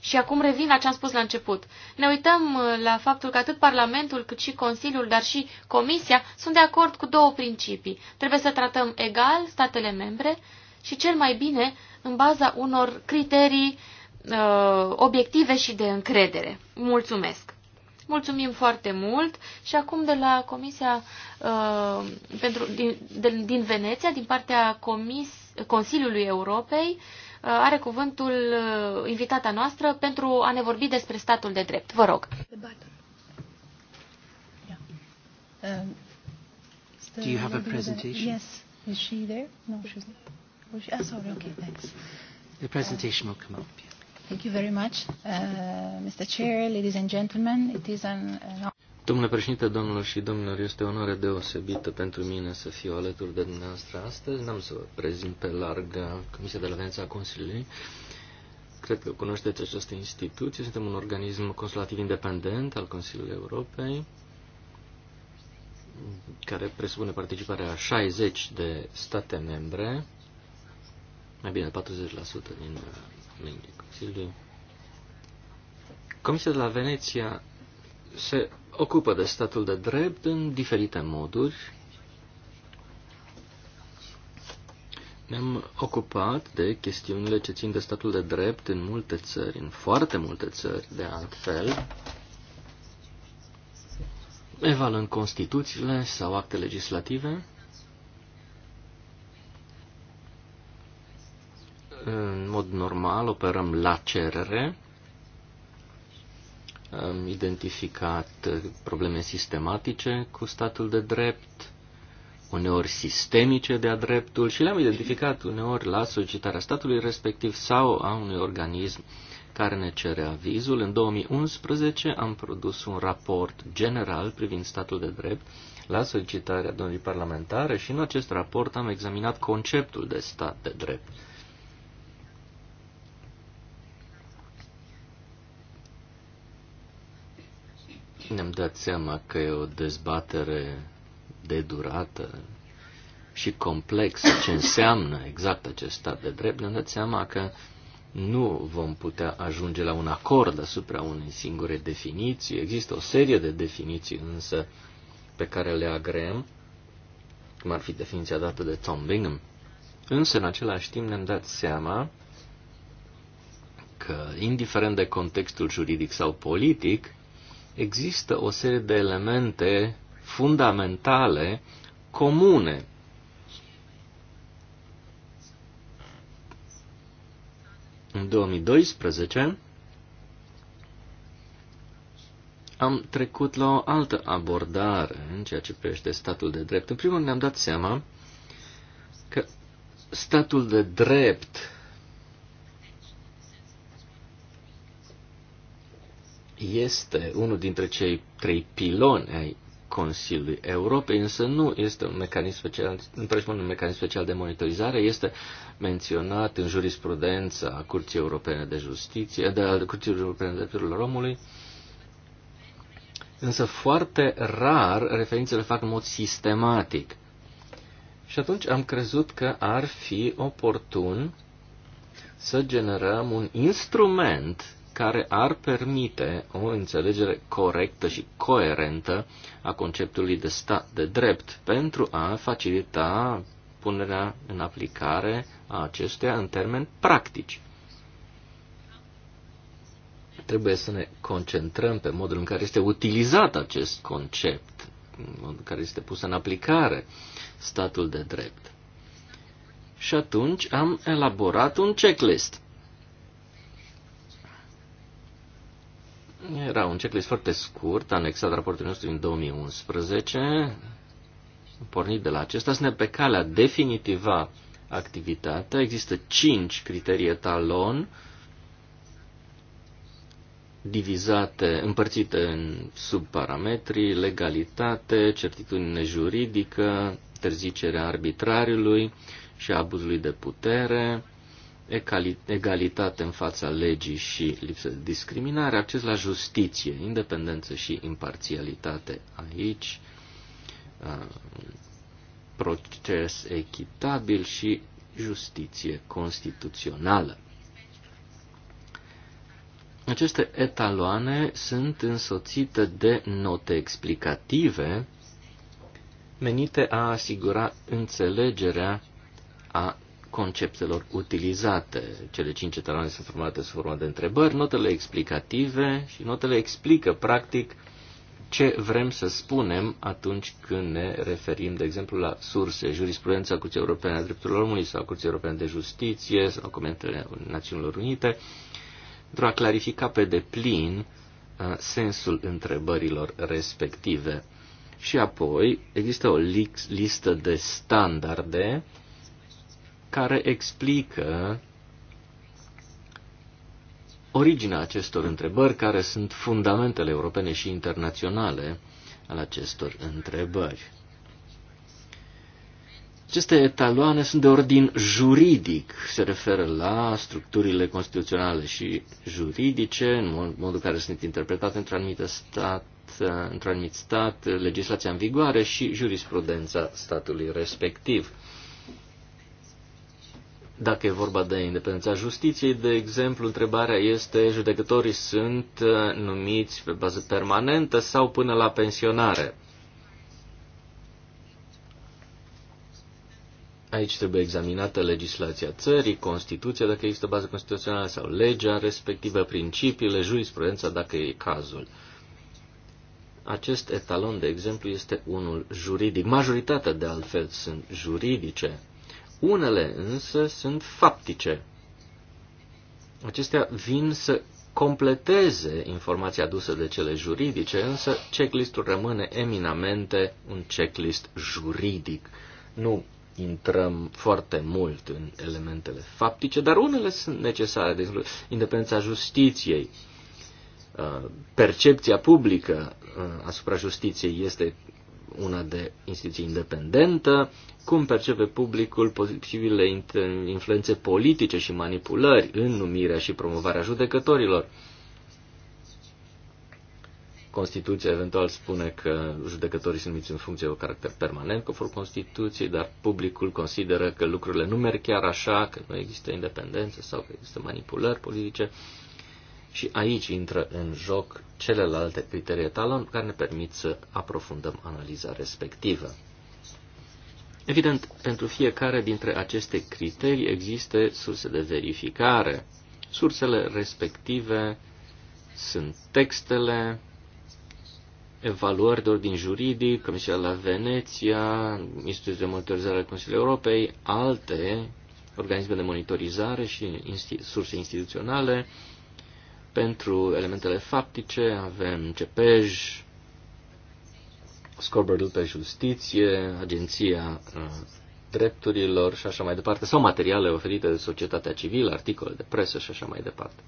C: Și acum revin la ce am spus la început. Ne uităm uh, la faptul că atât Parlamentul cât și Consiliul, dar și Comisia sunt de acord cu două principii. Trebuie să tratăm egal statele membre și cel mai bine în baza unor criterii uh, obiective și de încredere. Mulțumesc! Mulțumim foarte mult și acum de la Comisia uh, pentru, din, de, din Veneția, din partea Comis, Consiliului Europei, uh, are cuvântul uh, invitata noastră pentru a ne vorbi despre statul
A: de drept. Vă rog. Um, Do you have a presentation? Yes. Is she there? No, she's not. Oh, ah, sorry, okay, thanks. The presentation
D: will come up. Yeah.
A: Thank you very much, uh, Mr. Chair, ladies and gentlemen. It is an, an...
D: Domnule președinte, domnilor și domnilor, este o onoare deosebită pentru mine să fiu alături de dumneavoastră astăzi. N-am să vă prezint pe larg Comisia de la Veneța a Consiliului. Cred că cunoașteți această instituție. Suntem un organism consultativ independent al Consiliului Europei, care presupune participarea a 60 de state membre mai bine, 40% din uh, membrii Consiliului. Comisia de la Veneția se ocupă de statul de drept în diferite moduri. Ne-am ocupat de chestiunile ce țin de statul de drept în multe țări, în foarte multe țări, de altfel, evaluând Constituțiile sau acte legislative, În mod normal operăm la cerere. Am identificat uh, probleme sistematice cu statul de drept, uneori sistemice de-a dreptul și le-am identificat uneori la solicitarea statului respectiv sau a unui organism care ne cere avizul. În 2011 am produs un raport general privind statul de drept la solicitarea domnului parlamentare și în acest raport am examinat conceptul de stat de drept. Ne-am dat seama că e o dezbatere de durată și complexă ce înseamnă exact acest stat de drept. Ne-am dat seama că nu vom putea ajunge la un acord asupra unei singure definiții. Există o serie de definiții însă pe care le agrem. cum ar fi definiția dată de Tom Bingham. Însă, în același timp, ne-am dat seama că, indiferent de contextul juridic sau politic, există o serie de elemente fundamentale comune. În 2012 am trecut la o altă abordare în ceea ce privește statul de drept. În primul rând ne-am dat seama că statul de drept este unul dintre cei trei piloni ai Consiliului Europei, însă nu este un mecanism special, împreună un mecanism special de monitorizare, este menționat în jurisprudența a Curții Europene de Justiție, de al Curții Europene de Drepturilor Omului, însă foarte rar referințele fac în mod sistematic. Și atunci am crezut că ar fi oportun să generăm un instrument care ar permite o înțelegere corectă și coerentă a conceptului de stat de drept pentru a facilita punerea în aplicare a acestuia în termeni practici. Trebuie să ne concentrăm pe modul în care este utilizat acest concept, în modul în care este pus în aplicare statul de drept. Și atunci am elaborat un checklist Era un checklist foarte scurt, anexat raportului nostru în 2011. Pornit de la acesta, suntem pe calea definitiva activitatea. Există cinci criterii etalon divizate, împărțite în subparametri, legalitate, certitudine juridică, interzicerea arbitrariului și abuzului de putere, egalitate în fața legii și lipsă de discriminare, acces la justiție, independență și imparțialitate aici, proces echitabil și justiție constituțională. Aceste etaloane sunt însoțite de note explicative menite a asigura înțelegerea a conceptelor utilizate. Cele cinci etaloane sunt formate sub formă de întrebări, notele explicative și notele explică, practic, ce vrem să spunem atunci când ne referim, de exemplu, la surse, jurisprudența Curții Europene a Drepturilor Omului sau Curții Europene de Justiție sau Comentele Națiunilor Unite, pentru a clarifica pe deplin uh, sensul întrebărilor respective. Și apoi există o listă de standarde care explică originea acestor întrebări, care sunt fundamentele europene și internaționale al acestor întrebări. Aceste etaloane sunt de ordin juridic, se referă la structurile constituționale și juridice, în modul care sunt interpretate într-un anumit stat, într-un anumit stat, legislația în vigoare și jurisprudența statului respectiv. Dacă e vorba de independența justiției, de exemplu, întrebarea este, judecătorii sunt uh, numiți pe bază permanentă sau până la pensionare? Aici trebuie examinată legislația țării, Constituția, dacă există bază constituțională sau legea respectivă, principiile, jurisprudența, dacă e cazul. Acest etalon, de exemplu, este unul juridic. Majoritatea, de altfel, sunt juridice. Unele însă sunt faptice. Acestea vin să completeze informația adusă de cele juridice, însă checklistul rămâne eminamente un checklist juridic. Nu intrăm foarte mult în elementele faptice, dar unele sunt necesare, de exemplu, independența justiției, uh, percepția publică uh, asupra justiției este una de instituție independentă, cum percepe publicul posibile influențe politice și manipulări în numirea și promovarea judecătorilor. Constituția eventual spune că judecătorii sunt numiți în funcție de caracter permanent conform Constituției, dar publicul consideră că lucrurile nu merg chiar așa, că nu există independență sau că există manipulări politice. Și aici intră în joc celelalte criterii etalon care ne permit să aprofundăm analiza respectivă. Evident, pentru fiecare dintre aceste criterii există surse de verificare. Sursele respective sunt textele, evaluări de ordin juridic, Comisia la Veneția, Institutul de Monitorizare al Consiliului Europei, alte organisme de monitorizare și surse instituționale, pentru elementele faptice avem CEPEJ, scoreboard pe justiție, agenția uh, drepturilor și așa mai departe, sau materiale oferite de societatea civilă, articole de presă și așa mai departe.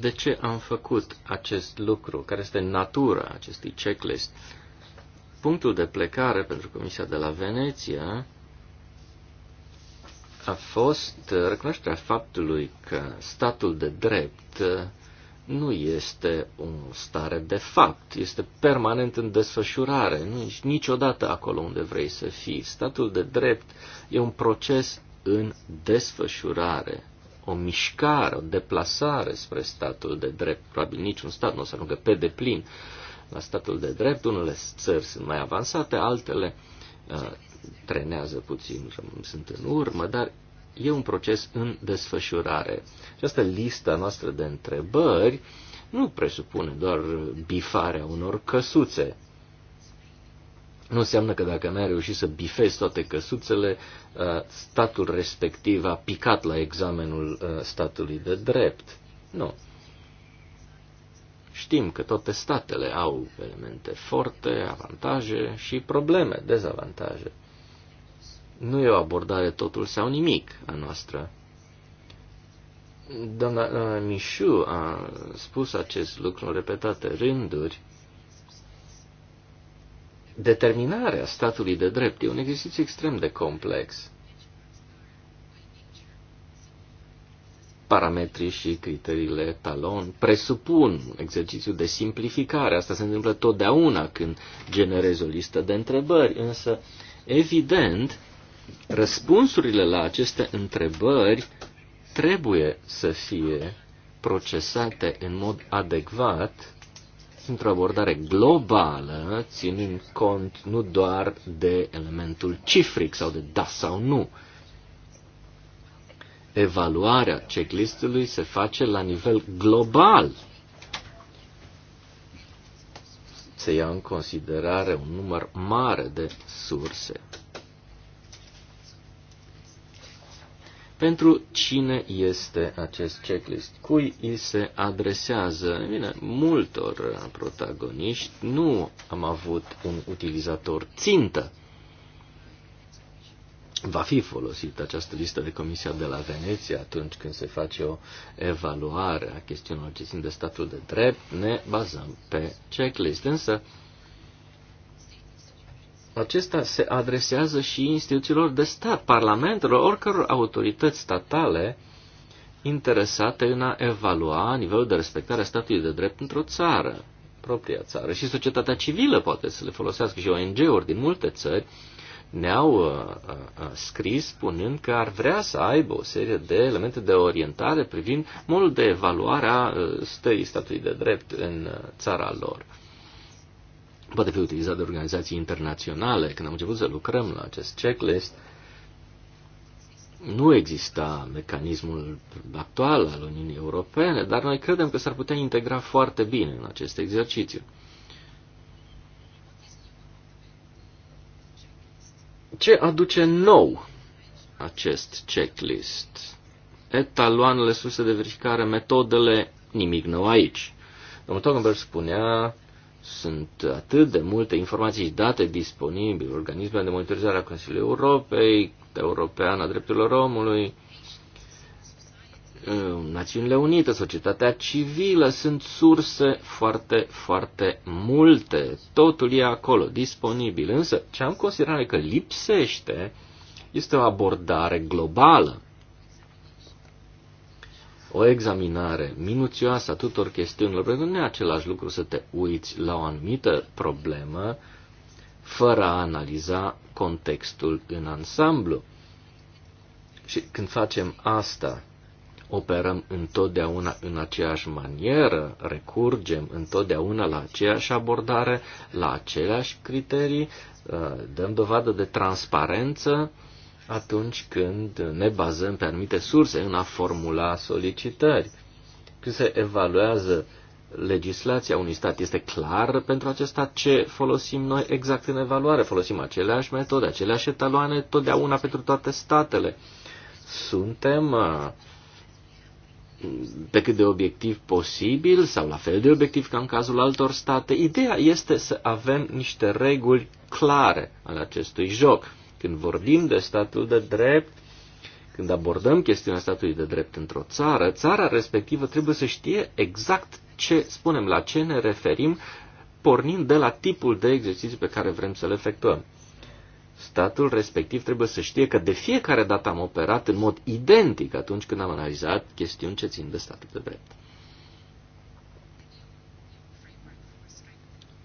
D: De ce am făcut acest lucru? Care este natura acestui checklist? Punctul de plecare pentru Comisia de la Veneția a fost uh, recunoașterea faptului că statul de drept uh, nu este o stare de fapt, este permanent în desfășurare, nu ești niciodată acolo unde vrei să fii. Statul de drept e un proces în desfășurare, o mișcare, o deplasare spre statul de drept. Probabil niciun stat nu o să ajungă pe deplin la statul de drept. Unele țări sunt mai avansate, altele uh, trenează puțin, sunt în urmă, dar e un proces în desfășurare. Această lista noastră de întrebări nu presupune doar bifarea unor căsuțe. Nu înseamnă că dacă n-ai reușit să bifezi toate căsuțele, uh, statul respectiv a picat la examenul uh, statului de drept. Nu. Știm că toate statele au elemente forte, avantaje și probleme, dezavantaje. Nu e o abordare totul sau nimic a noastră. Doamna, doamna uh, Mișu a spus acest lucru în repetate rânduri. Determinarea statului de drept e un exercițiu extrem de complex. parametrii și criteriile talon presupun exercițiu de simplificare. Asta se întâmplă totdeauna când generezi o listă de întrebări, însă, evident, Răspunsurile la aceste întrebări trebuie să fie procesate în mod adecvat într-o abordare globală, ținând cont nu doar de elementul cifric sau de da sau nu. Evaluarea checklistului se face la nivel global. Se ia în considerare un număr mare de surse Pentru cine este acest checklist? Cui îi se adresează? Bine, multor protagoniști nu am avut un utilizator țintă. Va fi folosită această listă de comisia de la Veneția atunci când se face o evaluare a chestiunilor ce țin de statul de drept. Ne bazăm pe checklist, însă acesta se adresează și instituțiilor de stat, parlamentelor, oricăror autorități statale interesate în a evalua nivelul de respectare a statului de drept într-o țară, propria țară. Și societatea civilă poate să le folosească și ONG-uri din multe țări ne-au uh, uh, uh, scris spunând că ar vrea să aibă o serie de elemente de orientare privind modul de evaluare a uh, stării statului de drept în uh, țara lor poate fi utilizat de organizații internaționale. Când am început să lucrăm la acest checklist, nu exista mecanismul actual al Uniunii Europene, dar noi credem că s-ar putea integra foarte bine în acest exercițiu. Ce aduce nou acest checklist? Etaloanele, surse de verificare, metodele, nimic nou aici. Domnul Togenberg spunea sunt atât de multe informații și date disponibile, organismele de monitorizare a Consiliului Europei, European a Drepturilor Omului, um, Națiunile Unite, societatea civilă, sunt surse foarte, foarte multe. Totul e acolo, disponibil. Însă, ce am considerat că lipsește este o abordare globală o examinare minuțioasă a tuturor chestiunilor, pentru că nu e același lucru să te uiți la o anumită problemă fără a analiza contextul în ansamblu. Și când facem asta, operăm întotdeauna în aceeași manieră, recurgem întotdeauna la aceeași abordare, la aceleași criterii, ă, dăm dovadă de transparență, atunci când ne bazăm pe anumite surse în a formula solicitări. Când se evaluează legislația unui stat, este clar pentru acesta ce folosim noi exact în evaluare. Folosim aceleași metode, aceleași etaloane totdeauna pentru toate statele. Suntem uh, pe cât de obiectiv posibil sau la fel de obiectiv ca în cazul altor state. Ideea este să avem niște reguli clare ale acestui joc când vorbim de statul de drept, când abordăm chestiunea statului de drept într-o țară, țara respectivă trebuie să știe exact ce spunem, la ce ne referim, pornind de la tipul de exerciții pe care vrem să le efectuăm. Statul respectiv trebuie să știe că de fiecare dată am operat în mod identic atunci când am analizat chestiuni ce țin de statul de drept.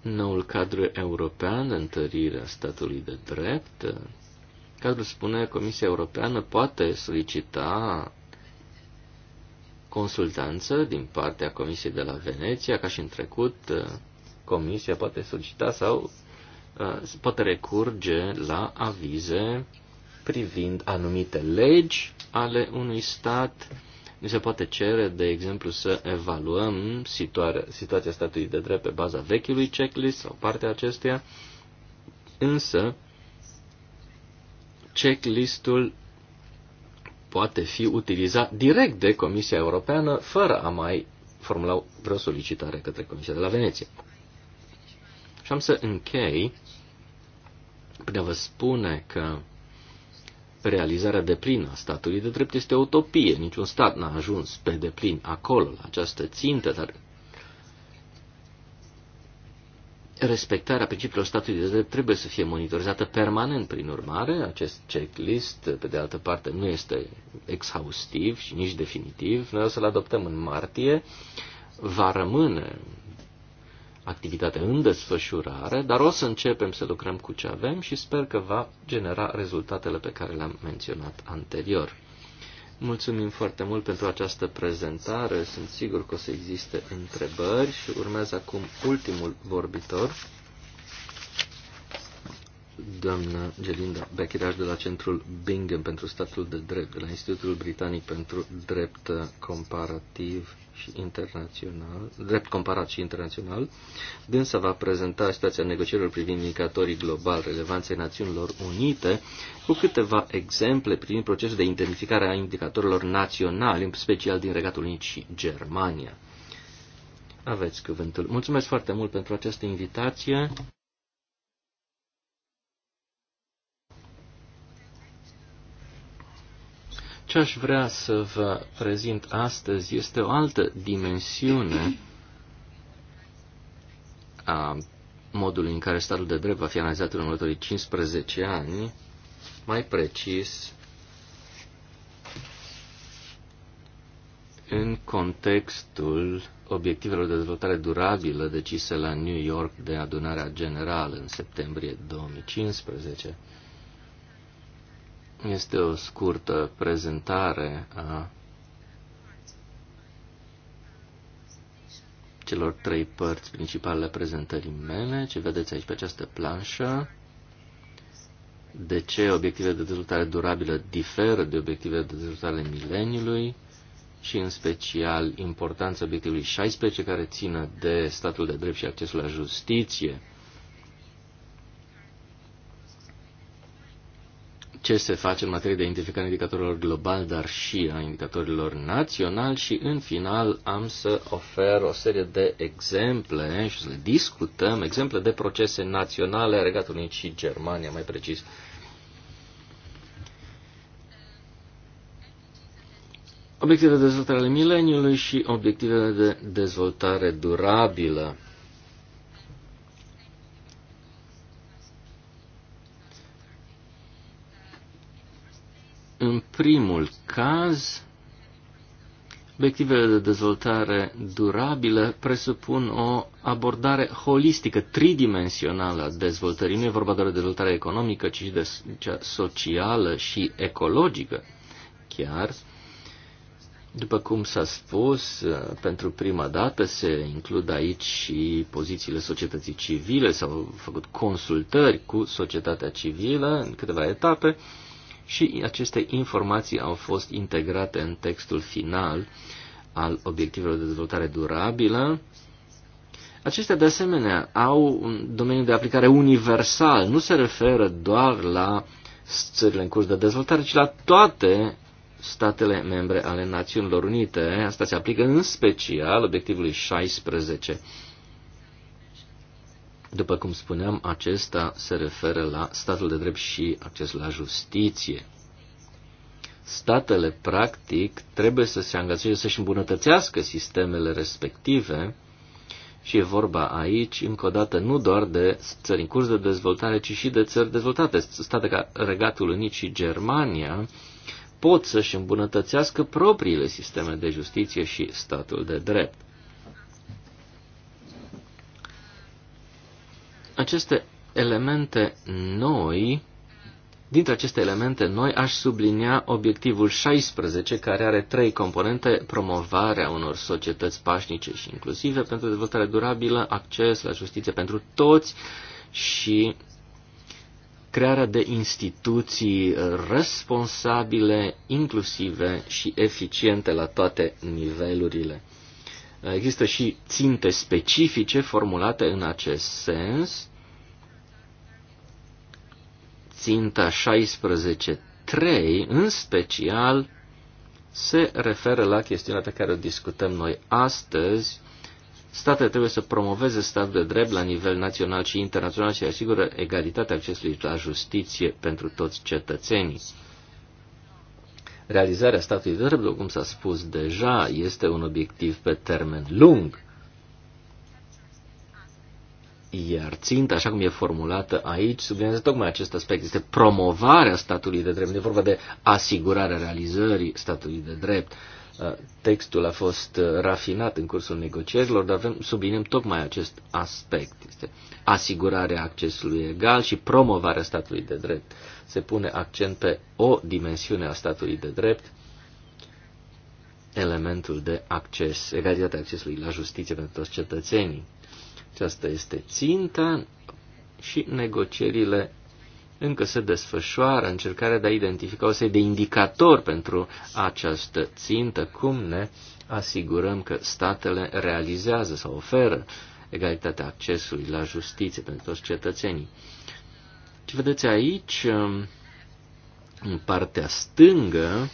D: Noul cadru european, întărirea statului de drept, Cadrul spune Comisia Europeană poate solicita consultanță din partea Comisiei de la Veneția, ca și în trecut, uh, Comisia poate solicita sau uh, poate recurge la avize privind anumite legi ale unui stat. Nu se poate cere, de exemplu, să evaluăm situația statului de drept pe baza vechiului checklist sau partea acesteia, însă checklistul poate fi utilizat direct de Comisia Europeană fără a mai formula vreo solicitare către Comisia de la Veneția. Și am să închei prin a vă spune că realizarea deplină a statului de drept este o utopie. Niciun stat n-a ajuns pe deplin acolo, la această țintă, dar respectarea principiilor statului de drept trebuie să fie monitorizată permanent. Prin urmare, acest checklist, pe de altă parte, nu este exhaustiv și nici definitiv. Noi o să-l adoptăm în martie. Va rămâne activitate în desfășurare, dar o să începem să lucrăm cu ce avem și sper că va genera rezultatele pe care le-am menționat anterior. Mulțumim foarte mult pentru această prezentare. Sunt sigur că o să existe întrebări și urmează acum ultimul vorbitor, doamna Gelinda Bechiraș de la Centrul Bingham pentru Statul de Drept, de la Institutul Britanic pentru Drept Comparativ și internațional, drept comparat și internațional, dânsa va prezenta situația negocierilor privind indicatorii global relevanței Națiunilor Unite cu câteva exemple privind procesul de identificare a indicatorilor naționali, în special din Regatul Unit și Germania. Aveți cuvântul. Mulțumesc foarte mult pentru această invitație. Ce aș vrea să vă prezint astăzi este o altă dimensiune a modului în care statul de drept va fi analizat în următorii 15 ani, mai precis în contextul obiectivelor de dezvoltare durabilă decise la New York de adunarea generală în septembrie 2015. Este o scurtă prezentare a celor trei părți principale prezentării mele, ce vedeți aici pe această planșă, de ce obiectivele de dezvoltare durabilă diferă de obiectivele de dezvoltare mileniului și în special importanța obiectivului 16 care țină de statul de drept și accesul la justiție, ce se face în materie de identificare indicatorilor global, dar și a indicatorilor național și în final am să ofer o serie de exemple și să le discutăm, exemple de procese naționale, Regatul Unit și Germania, mai precis. Obiectivele de dezvoltare ale mileniului și obiectivele de dezvoltare durabilă. În primul caz, obiectivele de dezvoltare durabilă presupun o abordare holistică, tridimensională a dezvoltării. Nu e vorba doar de dezvoltare economică, ci și de cea socială și ecologică. Chiar, după cum s-a spus, pentru prima dată se includ aici și pozițiile societății civile, s-au făcut consultări cu societatea civilă în câteva etape și aceste informații au fost integrate în textul final al obiectivelor de dezvoltare durabilă. Acestea, de asemenea, au un domeniu de aplicare universal, nu se referă doar la țările în curs de dezvoltare, ci la toate statele membre ale Națiunilor Unite. Asta se aplică în special obiectivului 16 după cum spuneam, acesta se referă la statul de drept și acces la justiție. Statele, practic, trebuie să se angajeze să-și îmbunătățească sistemele respective și e vorba aici, încă o dată, nu doar de țări în curs de dezvoltare, ci și de țări dezvoltate. State ca Regatul Unit și Germania pot să-și îmbunătățească propriile sisteme de justiție și statul de drept. aceste elemente noi, dintre aceste elemente noi aș sublinia obiectivul 16, care are trei componente, promovarea unor societăți pașnice și inclusive pentru dezvoltare durabilă, acces la justiție pentru toți și crearea de instituții responsabile, inclusive și eficiente la toate nivelurile. Există și ținte specifice formulate în acest sens. Ținta 16.3 în special se referă la chestiunea pe care o discutăm noi astăzi. Statele trebuie să promoveze statul de drept la nivel național și internațional și asigură egalitatea accesului la justiție pentru toți cetățenii. Realizarea statului de drept, cum s-a spus deja, este un obiectiv pe termen lung. Iar ținta, așa cum e formulată aici, subliniază tocmai acest aspect. Este promovarea statului de drept. Nu e vorba de asigurarea realizării statului de drept. Uh, Uh, textul a fost uh, rafinat în cursul negocierilor, dar avem, subliniem tocmai acest aspect. Este asigurarea accesului egal și promovarea statului de drept. Se pune accent pe o dimensiune a statului de drept, elementul de acces, egalitatea accesului la justiție pentru toți cetățenii. Aceasta este ținta și negocierile încă se desfășoară încercarea de a identifica o serie de indicatori pentru această țintă, cum ne asigurăm că statele realizează sau oferă egalitatea accesului la justiție pentru toți cetățenii. Ce vedeți aici, um, în partea stângă,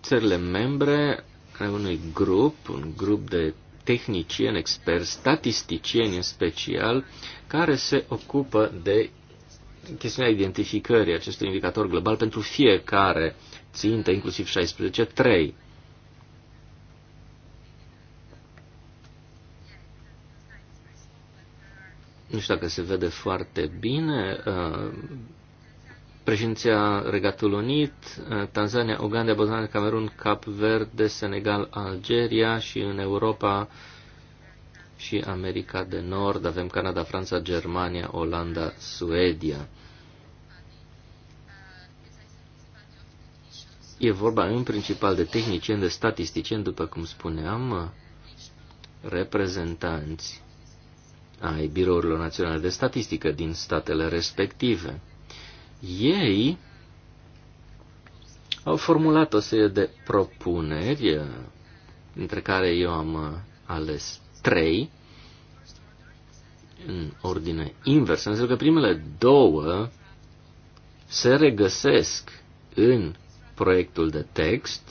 D: țările membre ale unui grup, un grup de tehnicieni, experți, statisticieni în special, care se ocupă de chestiunea identificării acestui indicator global pentru fiecare țintă, inclusiv 16.3. Nu știu dacă se vede foarte bine. Uh, președinția Regatul Unit, eh, Tanzania, Uganda, Botswana, Camerun, Cap Verde, Senegal, Algeria și în Europa și America de Nord avem Canada, Franța, Germania, Olanda, Suedia. E vorba în principal de tehnicieni, de statisticieni, după cum spuneam, reprezentanți ai birourilor naționale de statistică din statele respective. Ei au formulat o serie de propuneri, dintre care eu am ales trei, în ordine inversă, în că primele două se regăsesc în proiectul de text.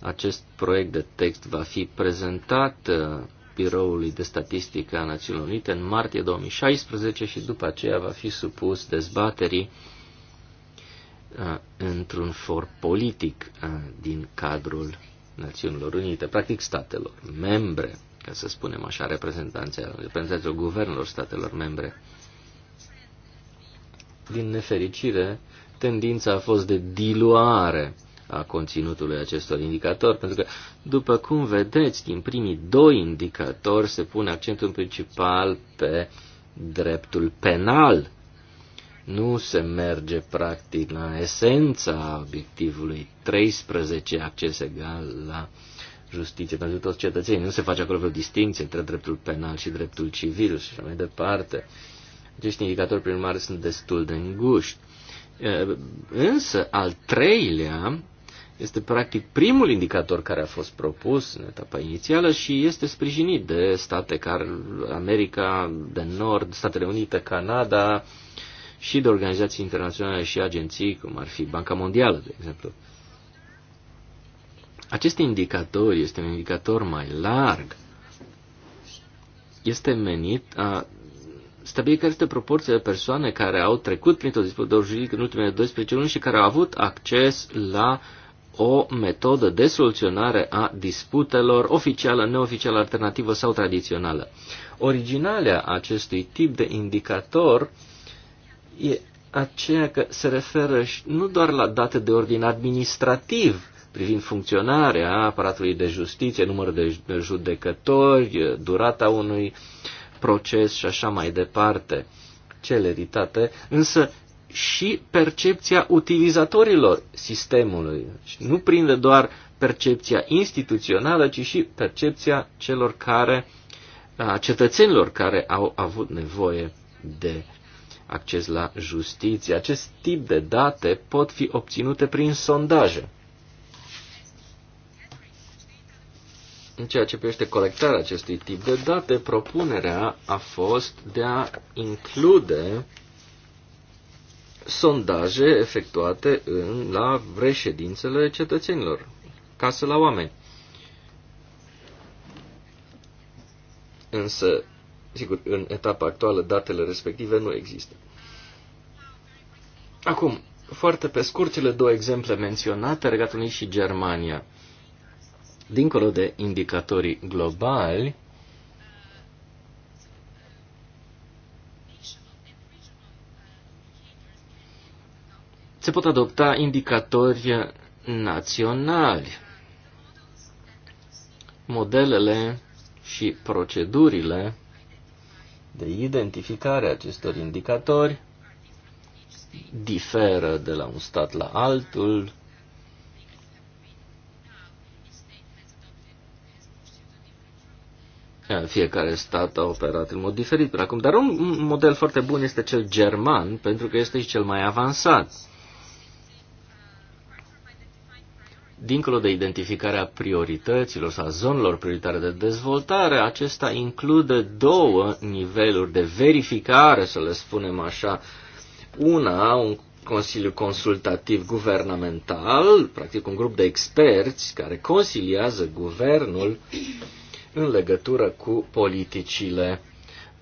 D: Acest proiect de text va fi prezentat uh, Biroului de Statistică a Națiunilor Unite în martie 2016 și după aceea va fi supus dezbaterii într-un for politic din cadrul Națiunilor Unite, practic statelor membre, ca să spunem așa, reprezentanților guvernelor statelor membre. Din nefericire, tendința a fost de diluare a conținutului acestor indicatori, pentru că, după cum vedeți, din primii doi indicatori se pune accentul principal pe dreptul penal nu se merge practic la esența obiectivului 13 acces egal la justiție pentru toți cetățenii. Nu se face acolo vreo distinție între dreptul penal și dreptul civil și așa mai departe. Acești indicatori, prin urmare, sunt destul de înguști. Însă, al treilea este practic primul indicator care a fost propus în etapa inițială și este sprijinit de state care America de Nord, Statele Unite, Canada, și de organizații internaționale și agenții, cum ar fi Banca Mondială, de exemplu. Acest indicator este un indicator mai larg. Este menit a stabili care este proporția de persoane care au trecut printr-o dispută juridică în ultimele 12 luni și care au avut acces la o metodă de soluționare a disputelor oficială, neoficială, alternativă sau tradițională. Originalea acestui tip de indicator uh, e aceea că se referă nu doar la date de ordin administrativ, privind funcționarea aparatului de justiție, numărul de judecători, durata unui proces și așa mai departe, celeritate, însă și percepția utilizatorilor sistemului. Nu prinde doar percepția instituțională, ci și percepția celor care, a cetățenilor care au avut nevoie de acces la justiție. Acest tip de date pot fi obținute prin sondaje. În ceea ce privește colectarea acestui tip de date, propunerea a fost de a include sondaje efectuate în, la reședințele cetățenilor, casă la oameni. Însă Sigur, în etapa actuală datele respective nu există. Acum, foarte pe scurt, cele două exemple menționate, Regatul Unit și Germania. Dincolo de indicatorii globali, se pot adopta indicatori naționali. Modelele și procedurile de identificare a acestor indicatori diferă de la un stat la altul. Fiecare stat a operat în mod diferit până acum, dar un model foarte bun este cel german, pentru că este și cel mai avansat dincolo de identificarea priorităților sau zonelor prioritare de dezvoltare, acesta include două niveluri de verificare, să le spunem așa. Una, un Consiliu Consultativ Guvernamental, practic un grup de experți care consiliază guvernul în legătură cu politicile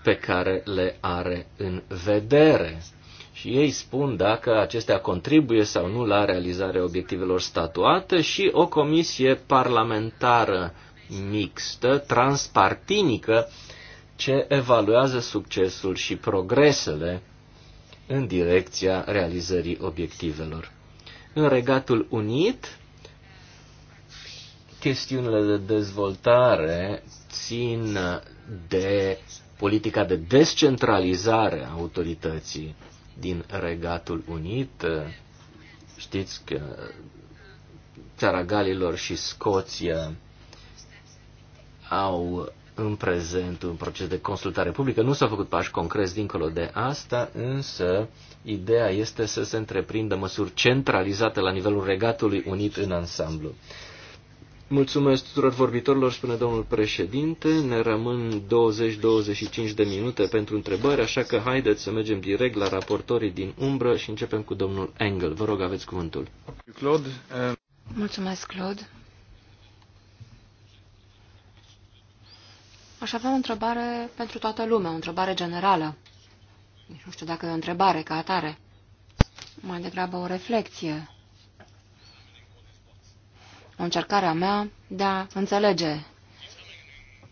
D: pe care le are în vedere. Și ei spun dacă acestea contribuie sau nu la realizarea obiectivelor statuate și o comisie parlamentară mixtă, transpartinică, ce evaluează succesul și progresele în direcția realizării obiectivelor. În Regatul Unit, chestiunile de dezvoltare țin de politica de descentralizare a autorității din Regatul Unit. Știți că țara Galilor și Scoția au în prezent un proces de consultare publică. Nu s-au făcut pași concreți dincolo de asta, însă ideea este să se întreprindă măsuri centralizate la nivelul Regatului Unit în ansamblu. Mulțumesc tuturor vorbitorilor, spune domnul președinte. Ne rămân 20-25 de minute pentru întrebări, așa că haideți să mergem direct la raportorii din umbră și începem cu domnul Engel. Vă rog, aveți cuvântul. Claude, uh,
B: Mulțumesc, Claude. Aș avea o întrebare pentru toată lumea, o întrebare generală. nu știu dacă e o întrebare ca atare. Mai degrabă o reflexie o încercare a mea de a înțelege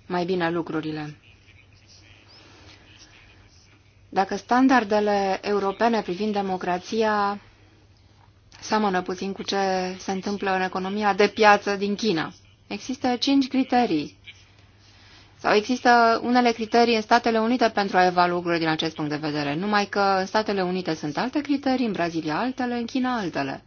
B: mai bine lucrurile. Dacă standardele europene privind democrația seamănă puțin cu ce se întâmplă în economia de piață din China, există cinci criterii. Sau există unele criterii în Statele Unite pentru a evalua lucrurile din acest punct de vedere, numai că în Statele Unite sunt alte criterii, în Brazilia altele, în China altele.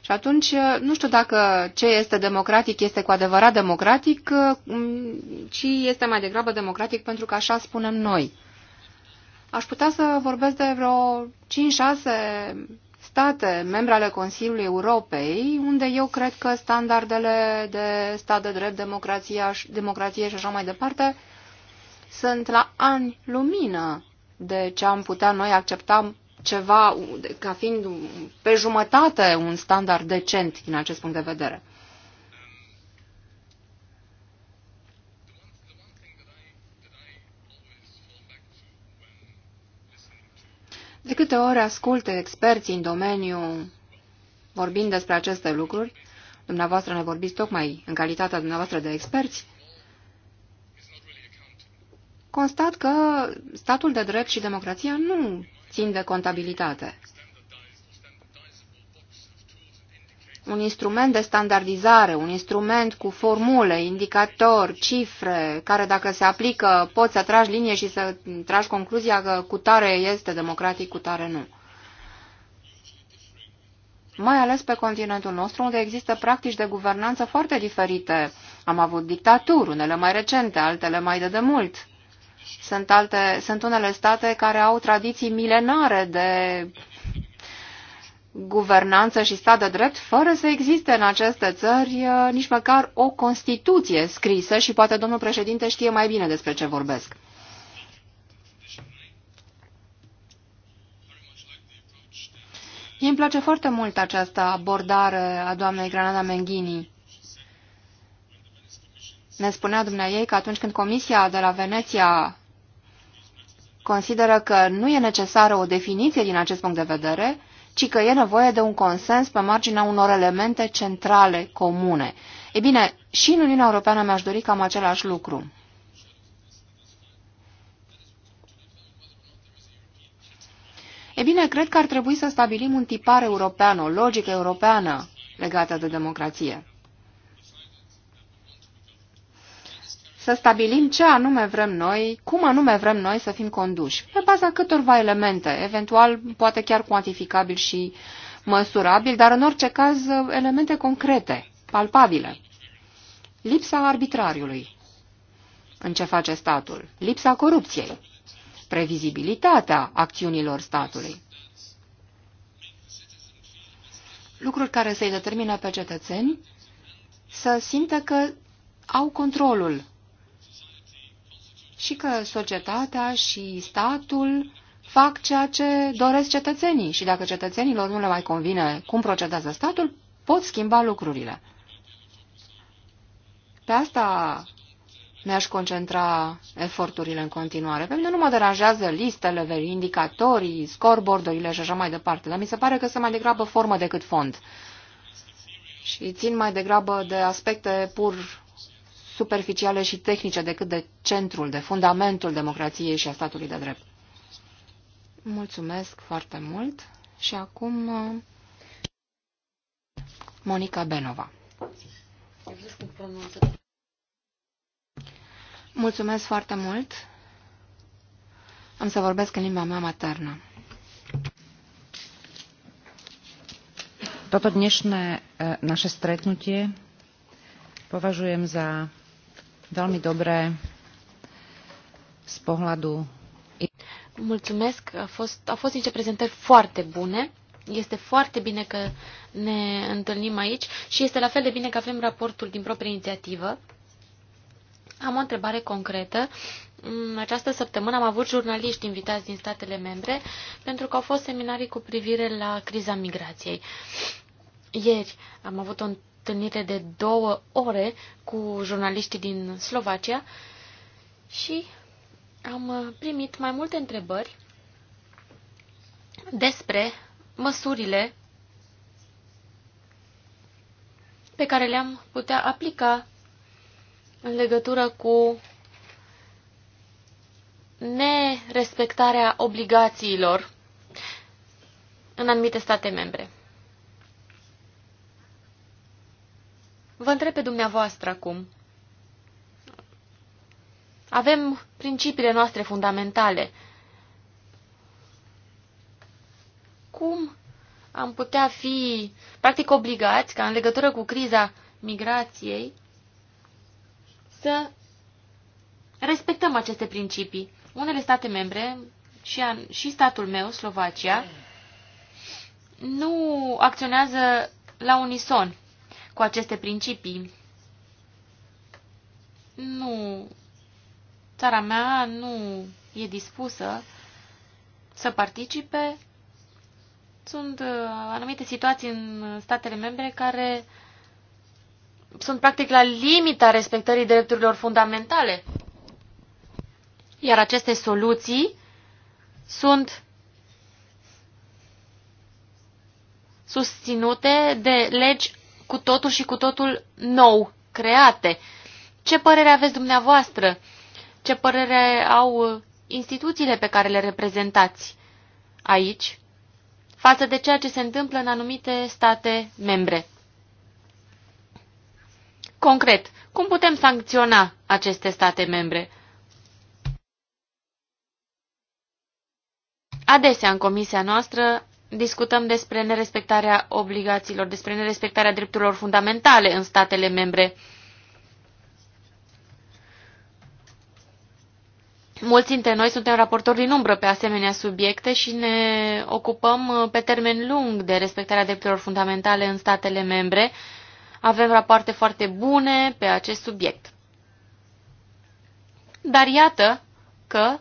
B: Și atunci, nu știu dacă ce este democratic este cu adevărat democratic, mm, ci este mai degrabă democratic pentru că așa spunem noi. Aș putea să vorbesc de vreo 5-6 state membre ale Consiliului Europei, unde eu cred că standardele de stat de drept, democrația, democrație și așa mai departe sunt la ani lumină de ce am putea noi accepta ceva ca fiind pe jumătate un standard decent din acest punct de vedere. De câte ori ascult experții în domeniu vorbind despre aceste lucruri, dumneavoastră ne vorbiți tocmai în calitatea dumneavoastră de experți, constat că statul de drept și democrația nu țin de contabilitate. Un instrument de standardizare, un instrument cu formule, indicatori, cifre, care dacă se aplică poți să tragi linie și să tragi concluzia că cu tare este democratic, cu tare nu mai ales pe continentul nostru, unde există practici de guvernanță foarte diferite. Am avut dictaturi, unele mai recente, altele mai de demult. Sunt, alte, sunt unele state care au tradiții milenare de guvernanță și stat de drept, fără să existe în aceste țări uh, nici măcar o Constituție scrisă și poate domnul președinte știe mai bine despre ce vorbesc. Mie îmi place foarte mult această abordare a doamnei Granada Menghini. Ne spunea dumneavoastră ei că atunci când Comisia de la Veneția consideră că nu e necesară o definiție din acest punct de vedere, ci că e nevoie de un consens pe marginea unor elemente centrale, comune. E bine, și în Uniunea Europeană mi-aș dori cam același lucru. E bine, cred că ar trebui să stabilim un tipar european, o logică europeană legată de democrație. să stabilim ce anume vrem noi, cum anume vrem noi să fim conduși, pe baza câtorva elemente, eventual poate chiar cuantificabil și măsurabil, dar în orice caz elemente concrete, palpabile. Lipsa arbitrariului în ce face statul, lipsa corupției, previzibilitatea acțiunilor statului. Lucruri care să-i determină pe cetățeni să simtă că au controlul și că societatea și statul fac ceea ce doresc cetățenii și dacă cetățenilor nu le mai convine cum procedează statul, pot schimba lucrurile. Pe asta mi-aș concentra eforturile în continuare. Pe mine nu mă deranjează listele, indicatorii, scoreboardurile și așa mai departe, dar mi se pare că sunt mai degrabă formă decât fond. Și țin mai degrabă de aspecte pur superficiale și tehnice decât de centrul, de fundamentul democrației și a statului de drept. Mulțumesc foarte mult și acum uh, Monica Benova. Mulțumesc foarte mult. Am să vorbesc în limba mea
A: maternă. Toto dnešné naše stretnutie považujem za veľmi dobré z pohľadu... Mulțumesc,
C: a fost, au fost niște prezentări foarte bune. Este foarte bine că ne întâlnim aici și este la fel de bine că avem raportul din proprie inițiativă. Am o întrebare concretă. În această săptămână am avut jurnaliști invitați din statele membre pentru că au fost seminarii cu privire la criza migrației. Ieri am avut o întâlnire de două ore cu jurnaliștii din Slovacia și am primit mai multe întrebări despre măsurile pe care le-am putea aplica în legătură cu nerespectarea obligațiilor în anumite state membre. Vă întreb pe dumneavoastră acum. Avem principiile noastre fundamentale. Cum am putea fi, practic, obligați ca în legătură cu criza migrației să respectăm aceste principii? Unele state membre, și, an, și statul meu, Slovacia, nu acționează la unison cu aceste principii. Nu, țara mea nu e dispusă să participe. Sunt uh, anumite situații în statele membre care sunt practic la limita respectării drepturilor fundamentale. Iar aceste soluții sunt susținute de legi cu totul și cu totul nou, create. Ce părere aveți dumneavoastră? Ce părere au instituțiile pe care le reprezentați aici față de ceea ce se întâmplă în anumite state membre? Concret, cum putem sancționa aceste state membre? Adesea, în comisia noastră, discutăm despre nerespectarea obligațiilor, despre nerespectarea drepturilor fundamentale în statele membre. Mulți dintre noi suntem raportori din umbră pe asemenea subiecte și ne ocupăm uh, pe termen lung de respectarea drepturilor fundamentale în statele membre. Avem rapoarte foarte bune pe acest subiect. Dar iată că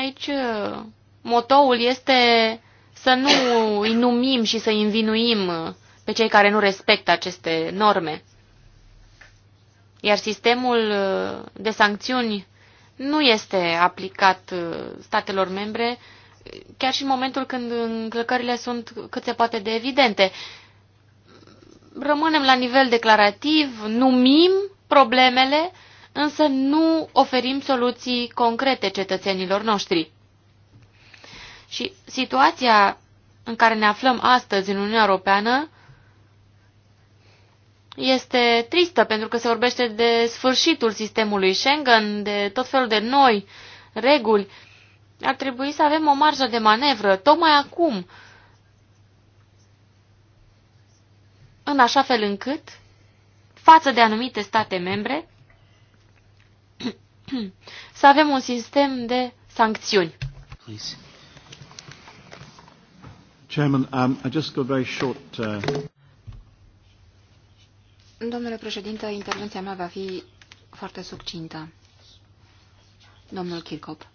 C: Aici uh, motoul este să nu îi numim și să îi învinuim uh, pe cei care nu respectă aceste norme. Iar sistemul uh, de sancțiuni nu este aplicat statelor membre chiar și în momentul când încălcările sunt cât se poate de evidente. Rămânem la nivel declarativ, numim problemele, însă nu oferim soluții concrete cetățenilor noștri. Și situația în care ne aflăm astăzi în Uniunea Europeană este tristă pentru că se vorbește de sfârșitul sistemului Schengen, de tot felul de noi reguli. Ar trebui să avem o marjă de manevră, tocmai acum, în așa fel încât, față de anumite state membre, <clears throat> să avem un sistem de sancțiuni.
E: Please. Chairman, um, I just go very short, uh...
B: Domnule președinte, intervenția mea va fi foarte succintă. Domnul Kirkop.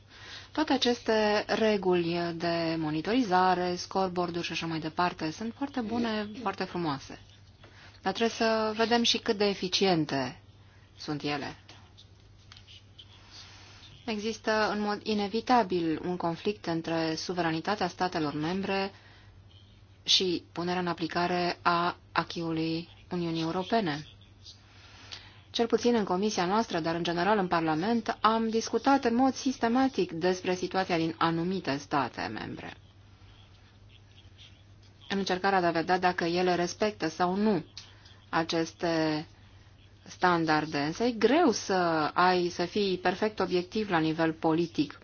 B: Toate aceste reguli de monitorizare, scoreboard-uri și așa mai departe sunt foarte bune, foarte frumoase. Dar trebuie să vedem și cât de eficiente sunt ele. Există în mod inevitabil un conflict între suveranitatea statelor membre și punerea în aplicare a achiului Uniunii Europene. Cel puțin în comisia noastră, dar în general în Parlament, am discutat în mod sistematic despre situația din anumite state membre. În încercarea de a vedea dacă ele respectă sau nu aceste standarde, însă e greu să ai, să fii perfect obiectiv la nivel politic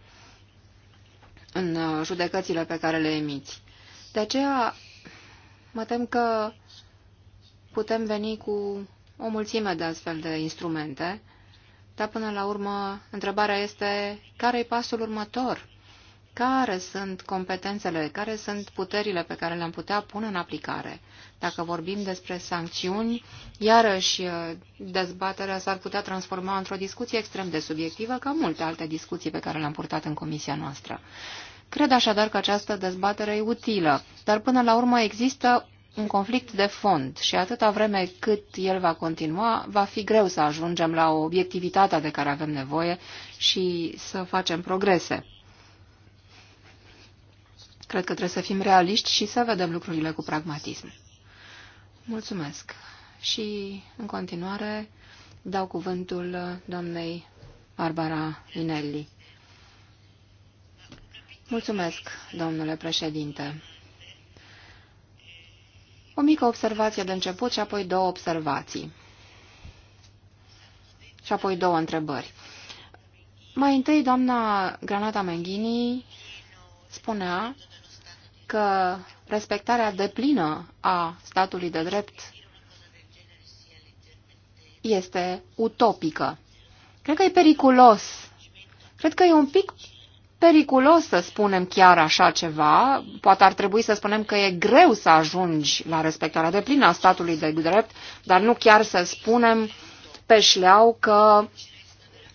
B: în uh, judecățile pe care le emiți. De aceea mă tem că putem veni cu o mulțime de astfel de instrumente, dar până la urmă întrebarea este care e pasul următor? care sunt competențele, care sunt puterile pe care le-am putea pune în aplicare. Dacă vorbim despre sancțiuni, iarăși uh, dezbaterea s-ar putea transforma într-o discuție extrem de subiectivă, ca multe alte discuții pe care le-am purtat în comisia noastră. Cred așadar că această dezbatere e utilă, dar până la urmă există un conflict de fond și atâta vreme cât el va continua, va fi greu să ajungem la obiectivitatea de care avem nevoie și să facem progrese. Cred că trebuie să fim realiști și să vedem lucrurile cu pragmatism. Mulțumesc. Și, în continuare, dau cuvântul doamnei Barbara Inelli. Mulțumesc, domnule președinte. O mică observație de început și apoi două observații. Și apoi două întrebări. Mai întâi, doamna Granata Menghini spunea că respectarea deplină a statului de drept este utopică. Cred că e periculos. Cred că e un pic periculos să spunem chiar așa ceva. Poate ar trebui să spunem că e greu să ajungi la respectarea deplină a statului de drept, dar nu chiar să spunem pe șleau că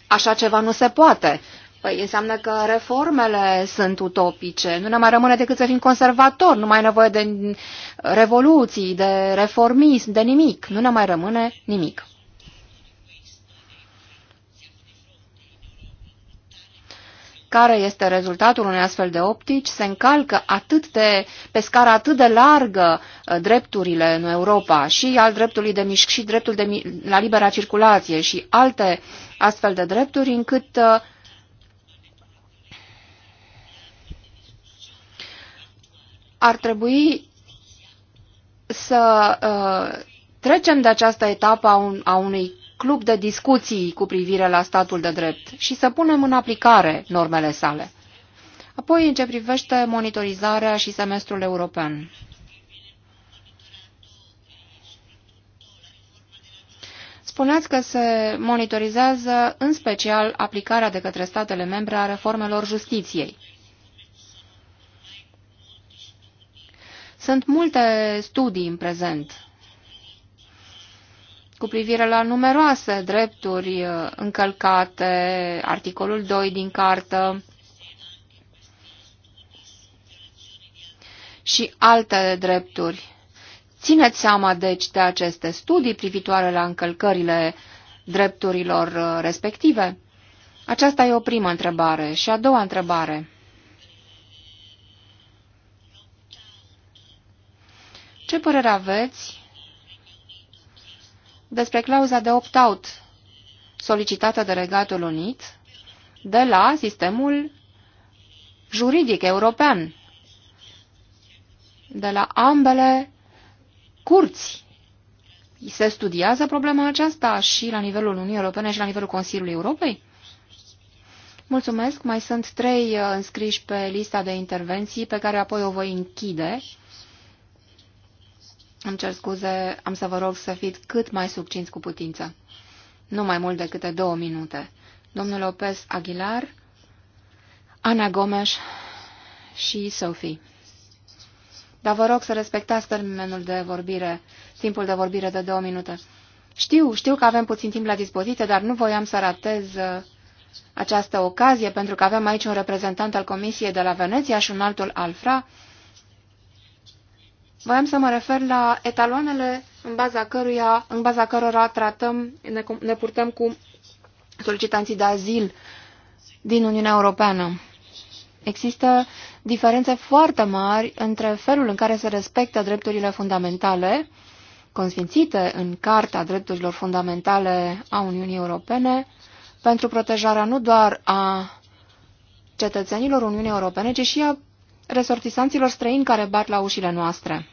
B: așa ceva nu se poate. Păi înseamnă că reformele sunt utopice. Nu ne mai rămâne decât să fim conservatori, nu mai e nevoie de revoluții, de reformism, de nimic. Nu ne mai rămâne nimic. care este rezultatul unei astfel de optici, se încalcă atât de, pe scară atât de largă uh, drepturile în Europa și al dreptului de mișc și dreptul de, la libera circulație și alte astfel de drepturi, încât uh, ar trebui să uh, trecem de această etapă a, un, a unui club de discuții cu privire la statul de drept și să punem în aplicare normele sale. Apoi, în ce privește monitorizarea și semestrul european. Spuneați că se monitorizează în special aplicarea de către statele membre a reformelor justiției. Sunt multe studii în prezent cu privire la numeroase drepturi uh, încălcate, articolul 2 din cartă și alte drepturi. Țineți seama, deci, de aceste studii privitoare la încălcările drepturilor uh, respective? Aceasta e o primă întrebare. Și a doua întrebare. Ce părere aveți despre clauza de opt-out solicitată de Regatul Unit de la sistemul juridic european, de la ambele curți. Se studiază problema aceasta și la nivelul Uniunii Europene și la nivelul Consiliului Europei? Mulțumesc, mai sunt trei uh, înscriși pe lista de intervenții pe care apoi o voi închide. Îmi cer scuze, am să vă rog să fiți cât mai succinți cu putință. Nu mai mult decât de două minute. Domnul Lopez Aguilar, Ana Gomes și Sophie. Dar vă rog să respectați termenul de vorbire, timpul de vorbire de două minute. Știu, știu că avem puțin timp la dispoziție, dar nu voiam să ratez uh, această ocazie, pentru că avem aici un reprezentant al Comisiei de la Veneția și un altul al FRA, Voiam să mă refer la etaloanele în baza, căruia, în baza cărora tratăm, ne, ne purtăm cu solicitanții de azil din Uniunea Europeană. Există diferențe foarte mari între felul în care se respectă drepturile fundamentale, consfințite în Carta Drepturilor Fundamentale a Uniunii Europene, pentru protejarea nu doar a cetățenilor Uniunii Europene, ci și a resortisanților străini care bat la ușile noastre.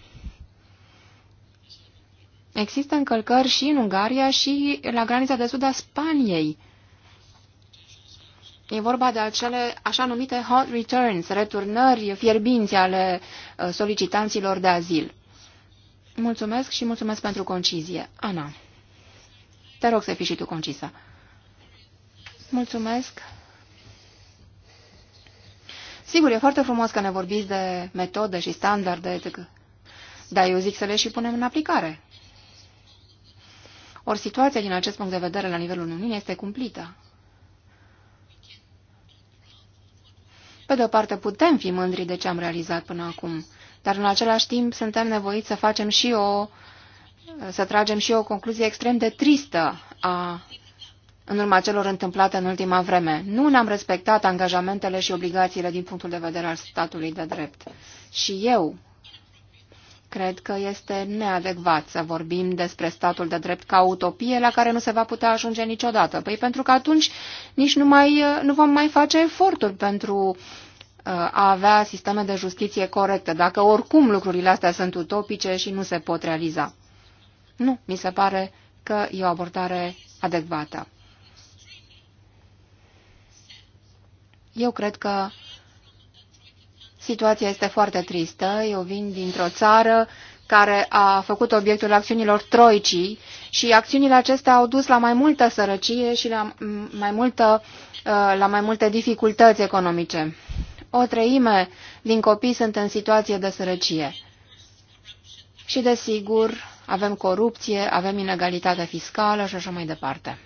B: Există încălcări și în Ungaria și la granița de sud a Spaniei. E vorba de acele așa numite hot returns, returnări fierbinți ale uh, solicitanților de azil. Mulțumesc și mulțumesc pentru concizie. Ana, te rog să fii și tu concisă. Mulțumesc. Sigur, e foarte frumos că ne vorbiți de metode și standarde, dar eu zic să le și punem în aplicare. Ori situația din acest punct de vedere la nivelul Uniunii este cumplită. Pe de o parte, putem fi mândri de ce am realizat până acum, dar în același timp suntem nevoiți să facem și o, să tragem și o concluzie extrem de tristă a, în urma celor întâmplate în ultima vreme. Nu ne-am respectat angajamentele și obligațiile din punctul de vedere al statului de drept. Și eu Cred că este neadecvat să vorbim despre statul de drept ca utopie la care nu se va putea ajunge niciodată. Păi pentru că atunci nici nu, mai, nu vom mai face eforturi pentru uh, a avea sisteme de justiție corecte, dacă oricum lucrurile astea sunt utopice și nu se pot realiza. Nu, mi se pare că e o abordare adecvată. Eu cred că Situația este foarte tristă. Eu vin dintr-o țară care a făcut obiectul acțiunilor troicii și acțiunile acestea au dus la mai multă sărăcie și la mm, mai, multă, uh, la mai multe dificultăți economice. O treime din copii sunt în situație de sărăcie. Și, desigur, avem corupție, avem inegalitate fiscală și așa mai departe.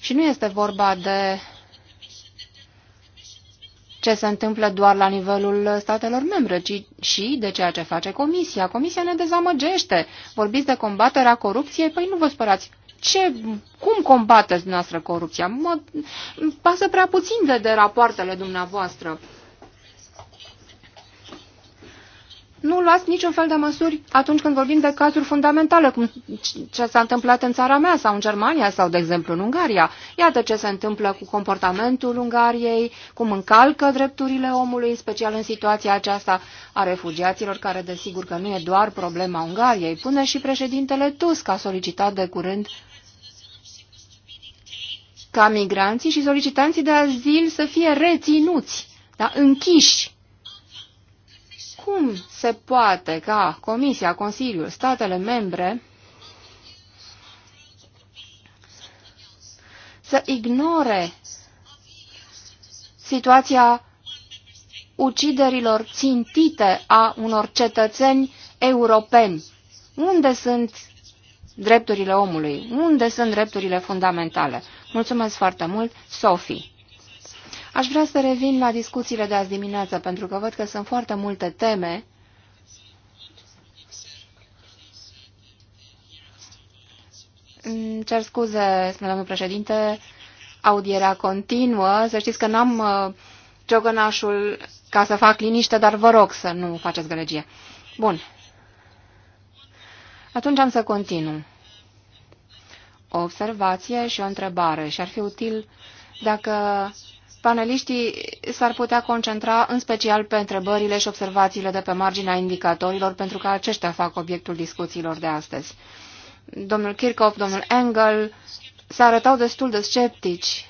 B: Și nu este vorba de ce se întâmplă doar la nivelul statelor membre, ci și de ceea ce face Comisia. Comisia ne dezamăgește. Vorbiți de combaterea corupției, păi nu vă spărați. Ce, cum combateți dumneavoastră corupția? Mă pasă prea puțin de, de rapoartele dumneavoastră. nu luați niciun fel de măsuri atunci când vorbim de cazuri fundamentale, cum ce s-a întâmplat în țara mea sau în Germania sau, de exemplu, în Ungaria. Iată ce se întâmplă cu comportamentul Ungariei, cum încalcă drepturile omului, în special în situația aceasta a refugiaților, care desigur că nu e doar problema Ungariei. Pune și președintele Tusk a solicitat de curând ca migranții și solicitanții de azil să fie reținuți, da, închiși cum se poate ca Comisia, Consiliul, statele membre să ignore situația uciderilor țintite a unor cetățeni europeni. Unde sunt drepturile omului? Unde sunt drepturile fundamentale? Mulțumesc foarte mult, Sophie. Aș vrea să revin la discuțiile de azi dimineață, pentru că văd că sunt foarte multe teme cer scuze, domnul președinte, audierea continuă. Să știți că n-am uh, ciogănașul ca să fac liniște, dar vă rog să nu faceți gălăgie. Bun. Atunci am să continu. O observație și o întrebare și ar fi util dacă Paneliștii s-ar putea concentra în special pe întrebările și observațiile de pe marginea indicatorilor, pentru că aceștia fac obiectul discuțiilor de astăzi. Domnul Kirchhoff, domnul Engel se arătau destul de sceptici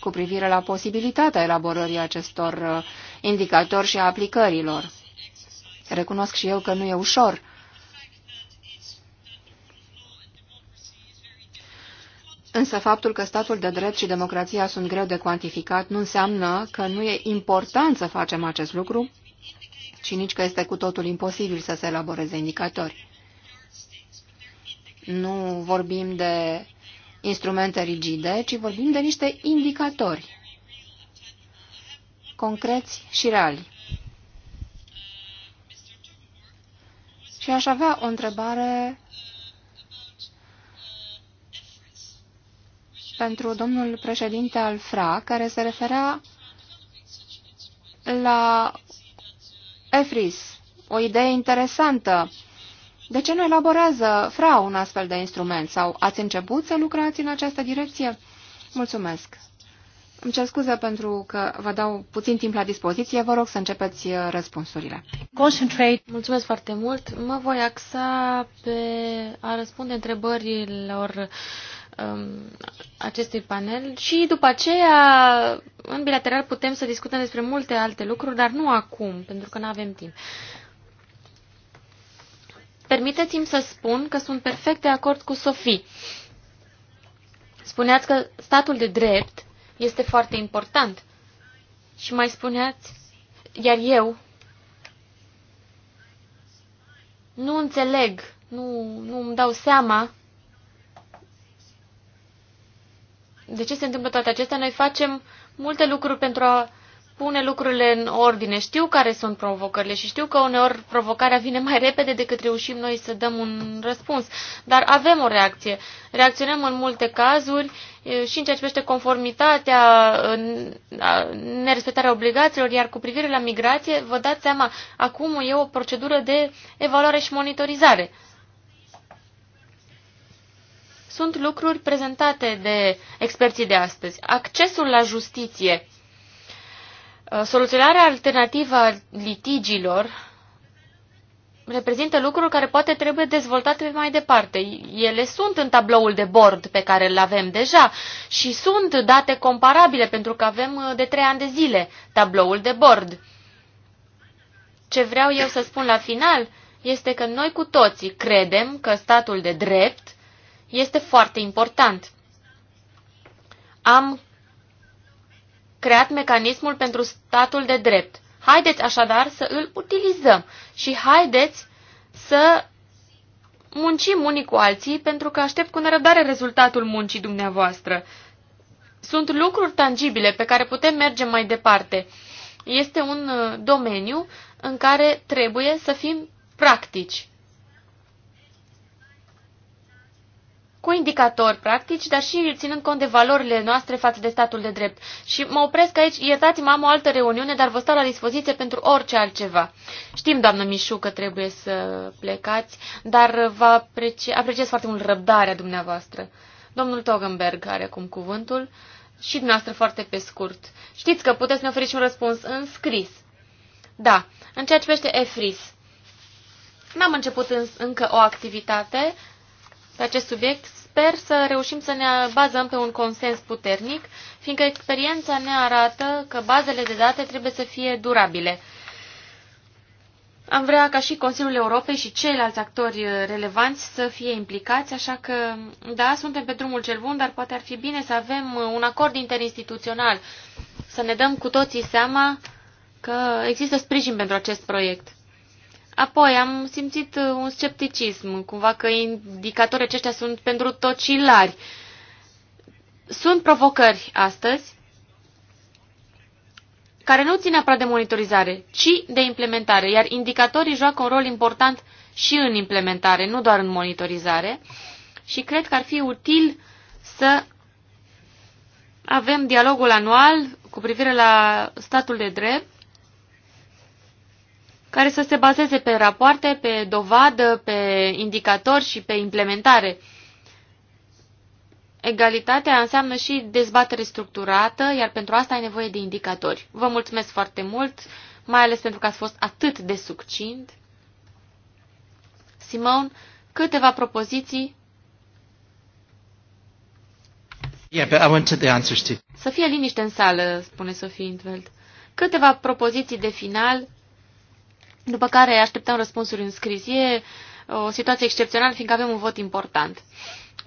B: cu privire la posibilitatea elaborării acestor uh, indicatori și a aplicărilor. Recunosc și eu că nu e ușor, Însă faptul că statul de drept și democrația sunt greu de cuantificat nu înseamnă că nu e important să facem acest lucru, ci nici că este cu totul imposibil să se elaboreze indicatori. Nu vorbim de instrumente rigide, ci vorbim de niște indicatori concreți și reali. Și aș avea o întrebare pentru domnul președinte al FRA, care se referea la EFRIS, o idee interesantă. De ce nu elaborează FRA un astfel de instrument? Sau ați început să lucrați în această direcție? Mulțumesc! Îmi cer scuze pentru că vă dau puțin timp la dispoziție. Vă rog să începeți uh, răspunsurile.
C: Concentrate. Mulțumesc foarte mult. Mă voi axa pe a răspunde întrebărilor Um, acestui panel și după aceea, în bilateral, putem să discutăm despre multe alte lucruri, dar nu acum, pentru că nu avem timp. Permiteți-mi să spun că sunt perfect de acord cu Sofie. Spuneați că statul de drept este foarte important și mai spuneați, iar eu nu înțeleg, nu, nu îmi dau seama de ce se întâmplă toate acestea? Noi facem multe lucruri pentru a pune lucrurile în ordine. Știu care sunt provocările și știu că uneori provocarea vine mai repede decât reușim noi să dăm un răspuns. Dar avem o reacție. Reacționăm în multe cazuri și în ceea ce privește conformitatea, nerespectarea obligațiilor, iar cu privire la migrație, vă dați seama, acum e o procedură de evaluare și monitorizare sunt lucruri prezentate de experții de astăzi. Accesul la justiție, uh, soluționarea alternativă a litigilor, reprezintă lucruri care poate trebuie dezvoltate mai departe. Ele sunt în tabloul de bord pe care îl avem deja și sunt date comparabile pentru că avem uh, de trei ani de zile tabloul de bord. Ce vreau eu să spun la final este că noi cu toții credem că statul de drept este foarte important. Am creat mecanismul pentru statul de drept. Haideți așadar să îl utilizăm și haideți să muncim unii cu alții pentru că aștept cu nerăbdare rezultatul muncii dumneavoastră. Sunt lucruri tangibile pe care putem merge mai departe. Este un uh, domeniu în care trebuie să fim practici. cu indicatori practici, dar și ținând cont de valorile noastre față de statul de drept. Și mă opresc aici, iertați-mă, am o altă reuniune, dar vă stau la dispoziție pentru orice altceva. Știm, doamnă Mișu, că trebuie să plecați, dar vă apreci- apreciez foarte mult răbdarea dumneavoastră. Domnul Togenberg are acum cuvântul și dumneavoastră foarte pe scurt. Știți că puteți să ne oferiți și un răspuns în scris. Da, în ceea ce privește EFRIS. N-am început încă o activitate, pe acest subiect, sper să reușim să ne bazăm pe un consens puternic, fiindcă experiența ne arată că bazele de date trebuie să fie durabile. Am vrea ca și Consiliul Europei și ceilalți actori relevanți să fie implicați, așa că, da, suntem pe drumul cel bun, dar poate ar fi bine să avem un acord interinstituțional, să ne dăm cu toții seama că există sprijin pentru acest proiect. Apoi am simțit uh, un scepticism, cumva că indicatorii aceștia sunt pentru tocilari. Sunt provocări astăzi care nu țin neapărat de monitorizare, ci de implementare, iar indicatorii joacă un rol important și în implementare, nu doar în monitorizare. Și cred că ar fi util să avem dialogul anual cu privire la statul de drept care să se bazeze pe rapoarte, pe dovadă, pe indicatori și pe implementare. Egalitatea înseamnă și dezbatere structurată, iar pentru asta ai nevoie de indicatori. Vă mulțumesc foarte mult, mai ales pentru că ați fost atât de succint. Simon, câteva propoziții.
E: Yeah, but I to the answers
C: Să fie liniște în sală, spune Sofie Intveld. Câteva propoziții de final după care așteptăm răspunsuri în scris. E uh, o situație excepțională, fiindcă avem un vot important.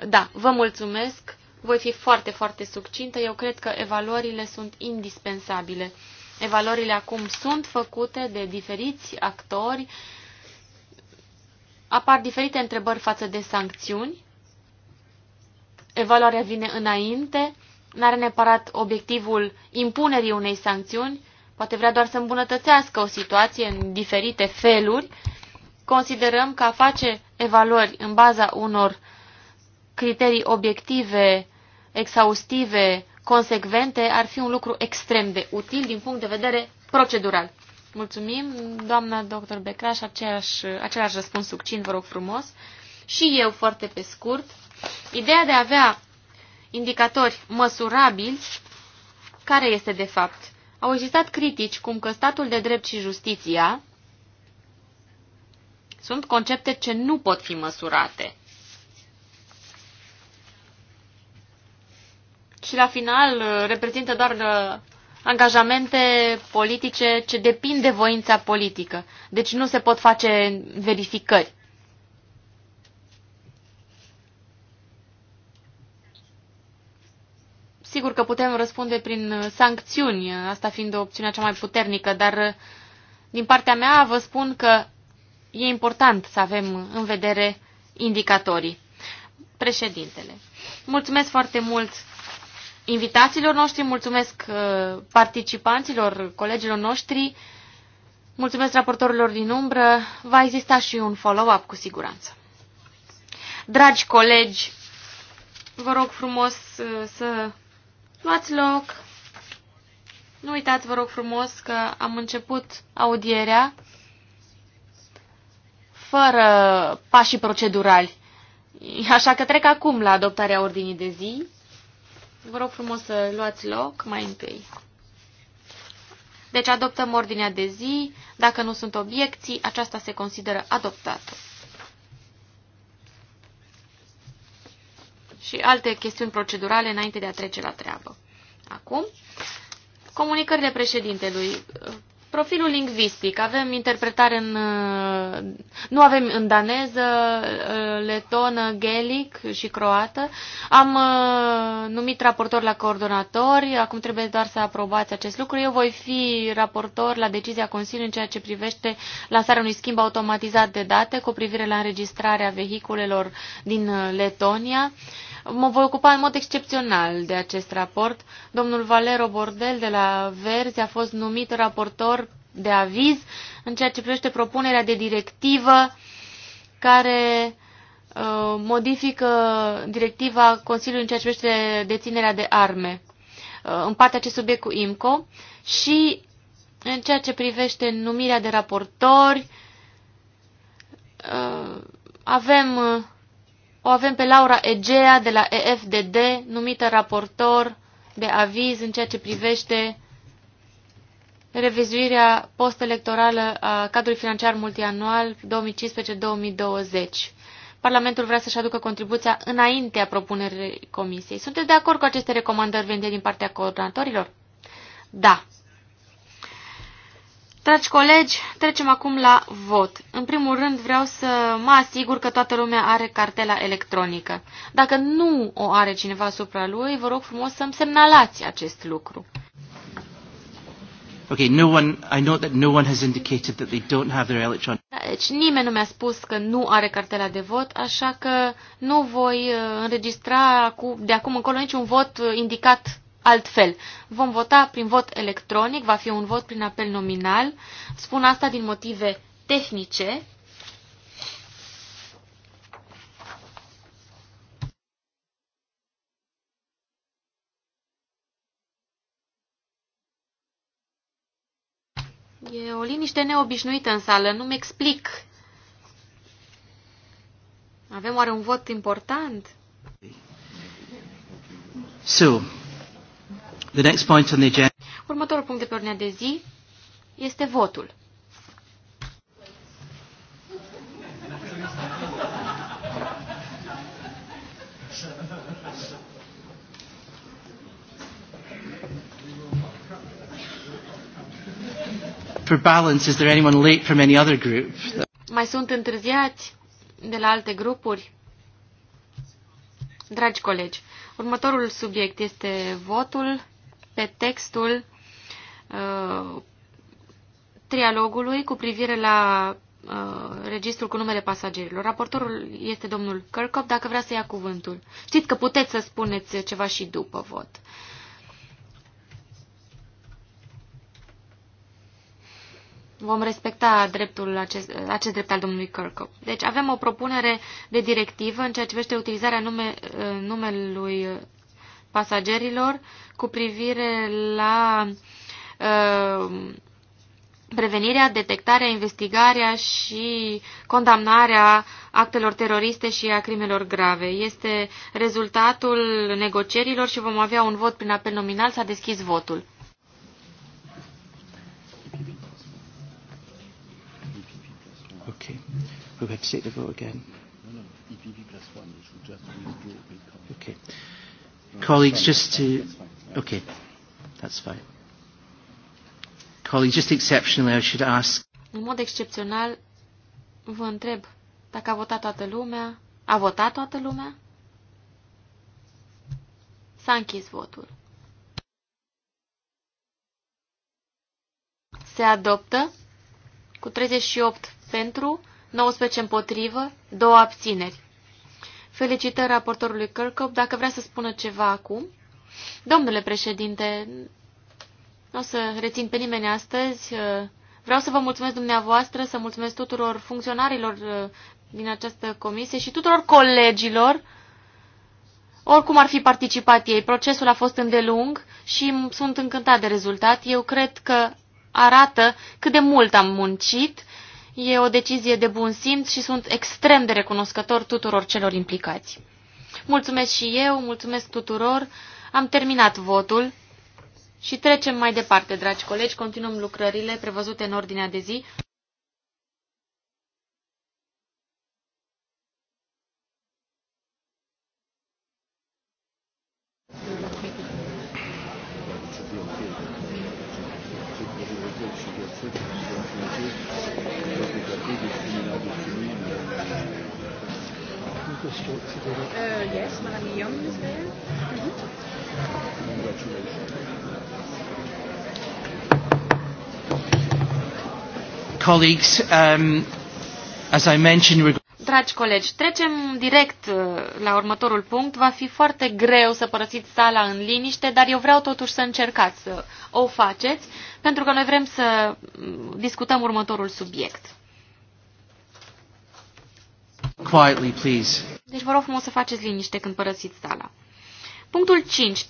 C: Da, vă mulțumesc. Voi fi foarte, foarte succintă. Eu cred că evaluările sunt indispensabile. Evaluările acum sunt făcute de diferiți actori. Apar diferite întrebări față de sancțiuni. Evaluarea vine înainte, n are neapărat obiectivul impunerii unei sancțiuni, poate vrea doar să îmbunătățească o situație în diferite feluri, considerăm că a face evaluări în baza unor criterii obiective, exhaustive, consecvente, ar fi un lucru extrem de util din punct de vedere procedural. Mulțumim, doamna dr. Becraș, aceeași, același răspuns succint, vă rog frumos. Și eu, foarte pe scurt, ideea de a avea indicatori măsurabili, care este de fapt? au existat critici cum că statul de drept și justiția sunt concepte ce nu pot fi măsurate. Și la final uh, reprezintă doar uh, angajamente politice ce depind de voința politică. Deci nu se pot face verificări. Sigur că putem răspunde prin uh, sancțiuni, uh, asta fiind o opțiunea cea mai puternică, dar uh, din partea mea vă spun că e important să avem în vedere indicatorii. Președintele, mulțumesc foarte mult invitațiilor noștri, mulțumesc participanților, colegilor noștri, mulțumesc raportorilor din umbră, va exista și un follow-up cu siguranță. Dragi colegi, vă rog frumos să Luați loc. Nu uitați, vă rog frumos, că am început audierea fără pașii procedurali. Așa că trec acum la adoptarea ordinii de zi. Vă rog frumos să luați loc mai întâi. Deci adoptăm ordinea de zi. Dacă nu sunt obiecții, aceasta se consideră adoptată. și alte chestiuni procedurale înainte de a trece la treabă. Acum, comunicările președintelui. Profilul lingvistic. Avem interpretare în... Uh, nu avem în daneză, uh, letonă, gelic și croată. Am uh, numit raportor la coordonatori. Acum trebuie doar să aprobați acest lucru. Eu voi fi raportor la decizia Consiliului în ceea ce privește lansarea unui schimb automatizat de date cu privire la înregistrarea vehiculelor din Letonia. Mă voi ocupa în mod excepțional de acest raport. Domnul Valero Bordel de la Verzi a fost numit raportor de aviz în ceea ce privește propunerea de directivă care uh, modifică directiva Consiliului în ceea ce privește deținerea de arme. Uh, partea acest subiect cu IMCO și în ceea ce privește numirea de raportori, uh, avem, o avem pe Laura Egea de la EFDD, numită raportor de aviz în ceea ce privește revizuirea post-electorală a cadrului financiar multianual 2015-2020. Parlamentul vrea să-și aducă contribuția înaintea propunerii Comisiei. Sunteți de acord cu aceste recomandări venite din partea coordonatorilor? Da. Dragi colegi, trecem acum la vot. În primul rând vreau să mă asigur că toată lumea are cartela electronică. Dacă nu o are cineva asupra lui, vă rog frumos să-mi semnalați acest lucru.
E: Okay, no one, I know that no one has indicated that they don't have their electronic.
C: Da, deci nimeni nu mi-a spus că nu are cartela de vot, așa că nu voi uh, înregistra cu, de acum încolo niciun vot uh, indicat altfel. Vom vota prin vot electronic, va fi un vot prin apel nominal. Spun asta din motive tehnice, E o liniște neobișnuită în sală, nu-mi explic. Avem oare un vot important?
E: So, the next point on the agenda...
C: Următorul punct de pe ordinea de zi este votul.
E: for balance, is there anyone late from any other group?
C: Mai sunt întârziați de la alte grupuri? Dragi colegi, următorul subiect este votul pe textul uh, trialogului cu privire la uh, registrul cu numele pasagerilor. Raportorul este domnul Kirkhoff, dacă vrea să ia cuvântul. Știți că puteți să spuneți ceva și după vot. Uh, vom respecta dreptul acest, acest drept al domnului Kirkhope. Deci avem o propunere de directivă în ceea ce privește utilizarea nume, uh, numelui uh, pasagerilor cu privire la uh, prevenirea, detectarea, investigarea și condamnarea actelor teroriste și a crimelor grave. Este rezultatul negocierilor și vom avea un vot prin apel nominal. S-a deschis votul.
E: Okay. We'll have to take the vote again.
F: No, no, EPP plus one. They should just withdraw.
E: Okay. Colleagues, just to... Okay. That's fine. Colleagues, just exceptionally, I should ask...
C: În mod excepțional, vă întreb dacă a votat toată lumea. A votat toată lumea? S-a închis votul. Se adoptă cu 38 pentru, 19 împotrivă, două abțineri. Felicitări raportorului Kirkhope. Dacă vrea să spună ceva acum. Domnule președinte, nu o să rețin pe nimeni astăzi. Vreau să vă mulțumesc dumneavoastră, să mulțumesc tuturor funcționarilor uh, din această comisie și tuturor colegilor, oricum ar fi participat ei. Procesul a fost îndelung și sunt încântat de rezultat. Eu cred că arată cât de mult am muncit E o decizie de bun simț și sunt extrem de recunoscător tuturor celor implicați. Mulțumesc și eu, mulțumesc tuturor. Am terminat votul și trecem mai departe, dragi colegi. Continuăm lucrările prevăzute în ordinea de zi.
E: colleagues, um, as I mentioned, we're...
C: Dragi colegi, trecem direct uh, la următorul punct. Va fi foarte greu să părăsiți sala în liniște, dar eu vreau totuși să încercați să o faceți, pentru că noi vrem să mm, discutăm următorul subiect.
E: Quietly, please.
C: Deci vă rog frumos să faceți liniște când părăsiți sala. Punctul 5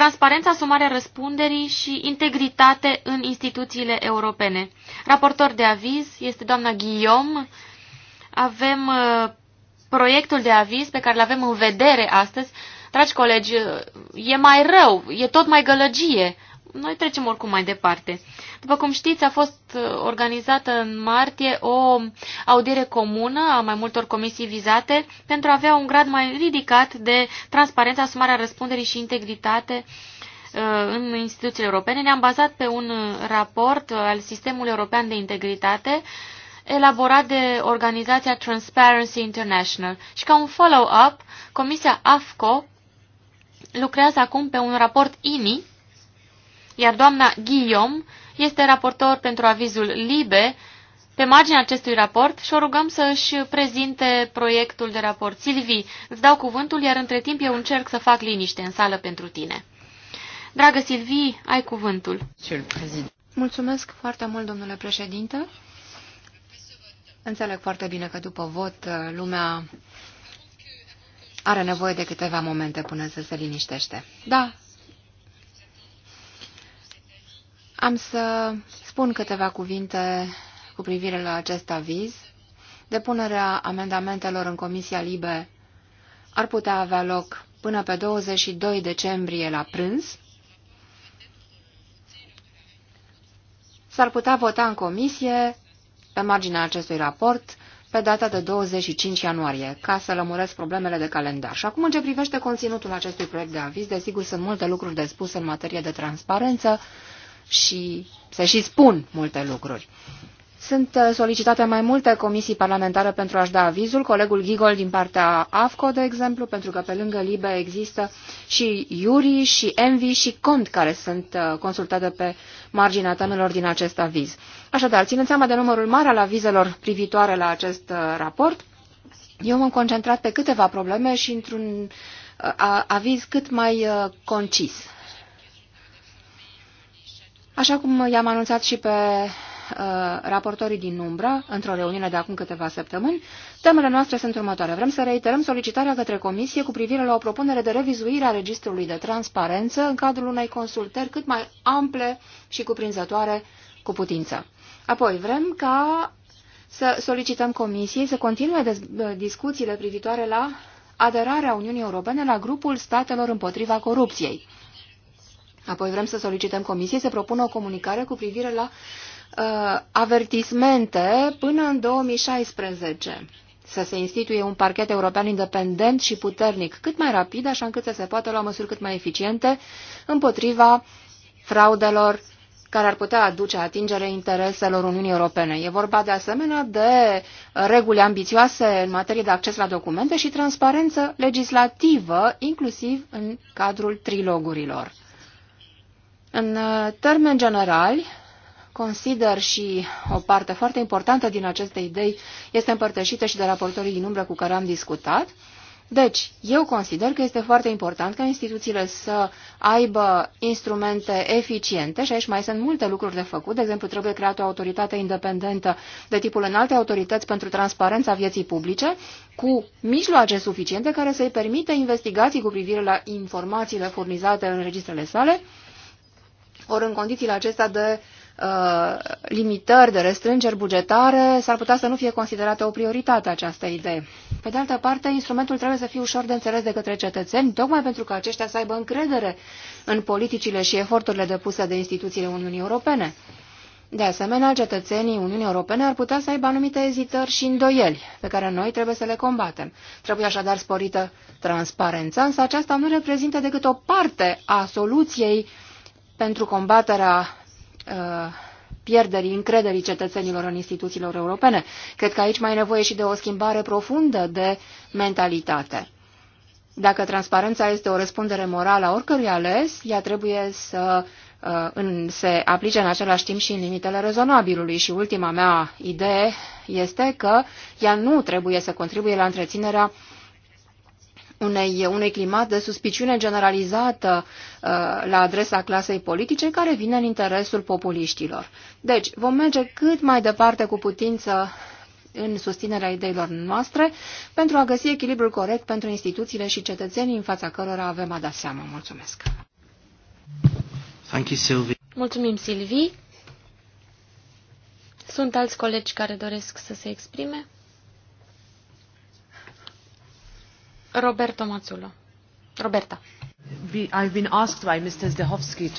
C: transparența, sumarea răspunderii și integritate în instituțiile europene. Raportor de aviz este doamna Guillaume. Avem uh, proiectul de aviz pe care îl avem în vedere astăzi. Dragi colegi, uh, e mai rău, e tot mai gălăgie noi trecem oricum mai departe. După cum știți, a fost uh, organizată în martie o audiere comună a mai multor comisii vizate pentru a avea un grad mai ridicat de transparență, asumarea răspunderii și integritate uh, în instituțiile europene. Ne-am bazat pe un raport uh, al Sistemului European de Integritate elaborat de organizația Transparency International și ca un follow-up, Comisia AFCO lucrează acum pe un raport INI iar doamna Guillaume este raportor pentru avizul LIBE pe marginea acestui raport și o rugăm să își prezinte proiectul de raport. Silvi, îți dau cuvântul, iar între timp eu încerc să fac liniște în sală pentru tine. Dragă Silvi, ai cuvântul.
B: Mulțumesc foarte mult, domnule președinte. Înțeleg foarte bine că după vot uh, lumea are nevoie de câteva momente până să se liniștește. Da, Am să spun câteva cuvinte cu privire la acest aviz. Depunerea amendamentelor în Comisia Libe ar putea avea loc până pe 22 decembrie la prânz. S-ar putea vota în comisie pe marginea acestui raport pe data de 25 ianuarie, ca să lămuresc problemele de calendar. Și acum, în ce privește conținutul acestui proiect de aviz, desigur, sunt multe lucruri de spus în materie de transparență, și se și spun multe lucruri. Sunt uh, solicitate mai multe comisii parlamentare pentru a-și da avizul, colegul Gigol din partea AFCO, de exemplu, pentru că pe lângă LIBE există și Iuri, și Envi, și Cont, care sunt uh, consultate pe marginea temelor din acest aviz. Așadar, ținând seama de numărul mare al avizelor privitoare la acest uh, raport, eu m-am concentrat pe câteva probleme și într-un aviz cât mai concis. Așa cum i-am anunțat și pe uh, raportorii din umbră, într-o reuniune de acum câteva săptămâni, temele noastre sunt următoare. Vrem să reiterăm solicitarea către Comisie cu privire la o propunere de revizuire a Registrului de Transparență în cadrul unei consultări cât mai ample și cuprinzătoare cu putință. Apoi, vrem ca să solicităm Comisiei să continue uh, discuțiile privitoare la aderarea Uniunii Europene la grupul statelor împotriva corupției. Apoi vrem să solicităm comisiei să propună o comunicare cu privire la uh, avertismente până în 2016 să se instituie un parchet european independent și puternic, cât mai rapid, așa încât să se poată lua măsuri cât mai eficiente împotriva fraudelor care ar putea aduce atingere intereselor Uniunii Europene. E vorba de asemenea de reguli ambițioase în materie de acces la documente și transparență legislativă, inclusiv în cadrul trilogurilor. În uh, termeni generali, consider și o parte foarte importantă din aceste idei este împărtășită și de raportorii din umbră cu care am discutat. Deci, eu consider că este foarte important ca instituțiile să aibă instrumente eficiente și aici mai sunt multe lucruri de făcut. De exemplu, trebuie creată o autoritate independentă de tipul în alte autorități pentru transparența vieții publice cu mijloace suficiente care să-i permită investigații cu privire la informațiile furnizate în registrele sale ori în condițiile acestea de uh, limitări, de restrângeri bugetare, s-ar putea să nu fie considerată o prioritate această idee. Pe de altă parte, instrumentul trebuie să fie ușor de înțeles de către cetățeni, tocmai pentru că aceștia să aibă încredere în politicile și eforturile depuse de instituțiile Uniunii Europene. De asemenea, cetățenii Uniunii Europene ar putea să aibă anumite ezitări și îndoieli, pe care noi trebuie să le combatem. Trebuie așadar sporită transparența, însă aceasta nu reprezintă decât o parte a soluției pentru combaterea uh, pierderii încrederii cetățenilor în instituțiilor europene. Cred că aici mai e nevoie și de o schimbare profundă de mentalitate. Dacă transparența este o răspundere morală a oricărui ales, ea trebuie să uh, în, se aplice în același timp și în limitele rezonabilului. Și ultima mea idee este că ea nu trebuie să contribuie la întreținerea uh, unei, unui climat de suspiciune generalizată uh, la adresa clasei politice care vine în interesul populiștilor. Deci, vom merge cât mai departe cu putință în susținerea ideilor noastre pentru a găsi echilibrul corect pentru instituțiile și cetățenii
C: în fața cărora avem a da seama. Mulțumesc!
E: Thank you, Sylvie.
C: Mulțumim, Silvi. Sunt alți colegi care doresc să se exprime? Roberto Mazzullo.
A: Roberta. I've been asked by Mr. Zdehovski.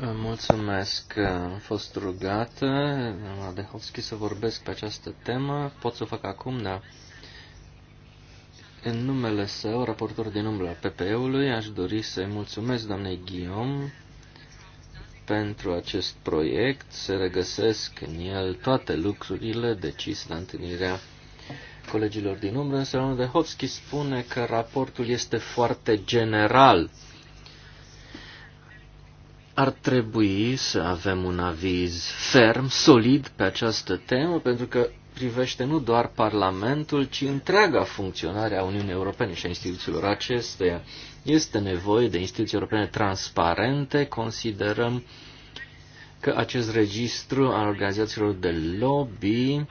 D: Mulțumesc. Uh, am fost rugat uh, la Dehovski să vorbesc pe această temă. Pot să o fac acum, da? În numele său, raportor din umbra PPE-ului, aș dori să-i mulțumesc doamnei Guillaume pentru acest proiect. Se regăsesc în el toate lucrurile decise la întâlnirea colegilor din umbră, însă domnul Dehovski spune că raportul este foarte general. Ar trebui să avem un aviz ferm, solid pe această temă, pentru că privește nu doar Parlamentul, ci întreaga funcționare a Uniunii Europene și a instituțiilor acesteia. Este nevoie de instituții europene transparente, considerăm că acest registru al organizațiilor de lobby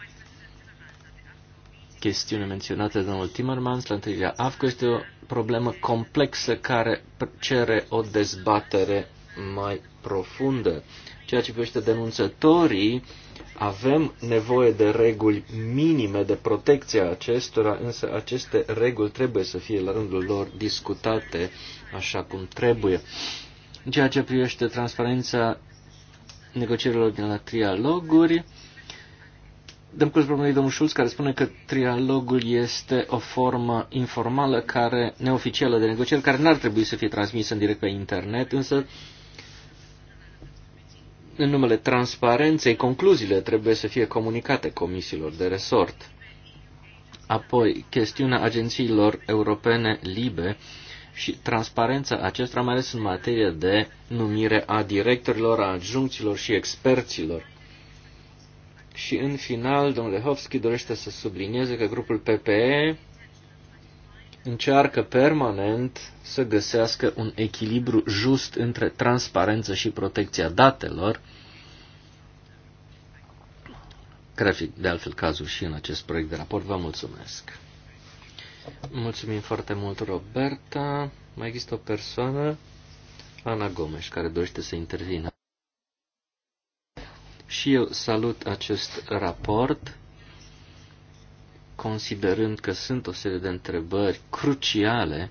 D: chestiune menționată de domnul Timmermans la întâlnirea AFCO este o problemă complexă care cere o dezbatere mai profundă. Ceea ce privește denunțătorii, avem nevoie de reguli minime de protecție a acestora, însă aceste reguli trebuie să fie la rândul lor discutate așa cum trebuie. În ceea ce privește transparența negocierilor din la trialoguri, Dăm cu problemei domnul Schulz, care spune că trialogul este o formă informală, care neoficială de negocieri, care n-ar trebui să fie transmisă în direct pe internet, însă în numele transparenței, concluziile trebuie să fie comunicate comisiilor de resort. Apoi, chestiunea agențiilor europene libe și transparența acestora, mai ales în materie de numire a directorilor, a adjuncților și experților. Și în final, domnul Lehovski dorește să sublinieze că grupul PPE încearcă permanent să găsească un echilibru just între transparență și protecția datelor, care fi de altfel cazul și în acest proiect de raport. Vă mulțumesc! Mulțumim foarte mult, Roberta. Mai există o persoană, Ana Gomes, care dorește să intervină. Și eu salut acest raport, considerând că sunt o serie de întrebări cruciale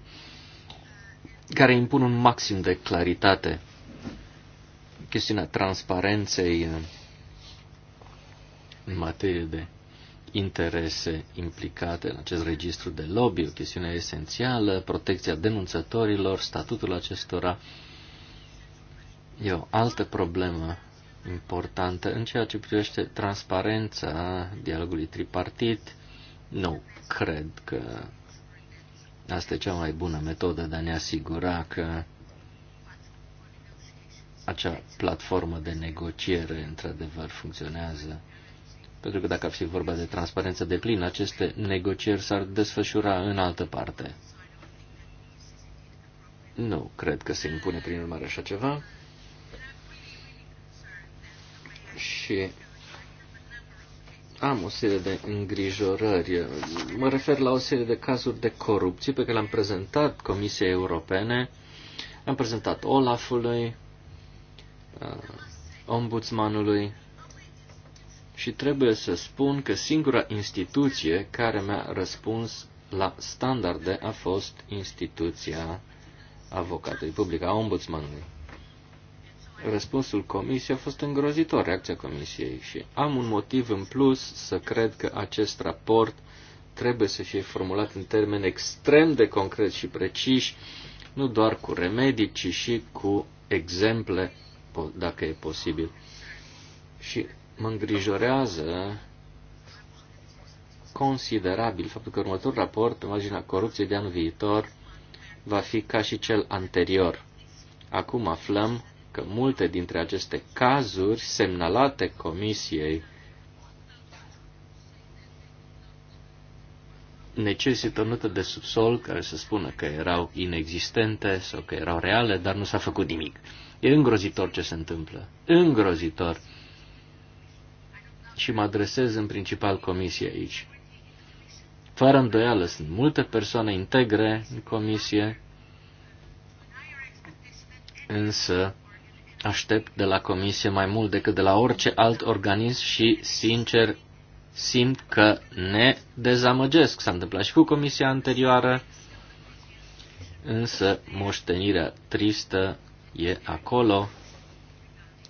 D: care impun un maxim de claritate. Chestiunea transparenței în materie de interese implicate în acest registru de lobby, o chestiune esențială, protecția denunțătorilor, statutul acestora. E o altă problemă importantă în ceea ce privește transparența dialogului tripartit. Nu cred că asta e cea mai bună metodă de a ne asigura că acea platformă de negociere într-adevăr funcționează. Pentru că dacă ar fi vorba de transparență de plin, aceste negocieri s-ar desfășura în altă parte. Nu cred că se impune prin urmare așa ceva și am o serie de îngrijorări. Mă refer la o serie de cazuri de corupție pe care le-am prezentat Comisiei Europene, am prezentat Olafului, uh, ombudsmanului și trebuie să spun că singura instituție care mi-a răspuns la standarde a fost instituția avocatului public, a ombudsmanului. Răspunsul comisiei a fost îngrozitor, reacția comisiei, și am un motiv în plus să cred că acest raport trebuie să fie formulat în termeni extrem de concreți și preciși, nu doar cu remedii, ci și cu exemple, dacă e posibil. Și mă îngrijorează considerabil faptul că următorul raport, în marginea corupției de anul viitor, va fi ca și cel anterior. Acum aflăm că multe dintre aceste cazuri semnalate comisiei necesită o notă de subsol care să spună că erau inexistente sau că erau reale, dar nu s-a făcut nimic. E îngrozitor ce se întâmplă. Îngrozitor. Și mă adresez în principal comisie aici. Fără îndoială, sunt multe persoane integre în comisie, însă aștept de la comisie mai mult decât de la orice alt organism și, sincer, simt că ne dezamăgesc. S-a întâmplat și cu comisia anterioară, însă moștenirea tristă e acolo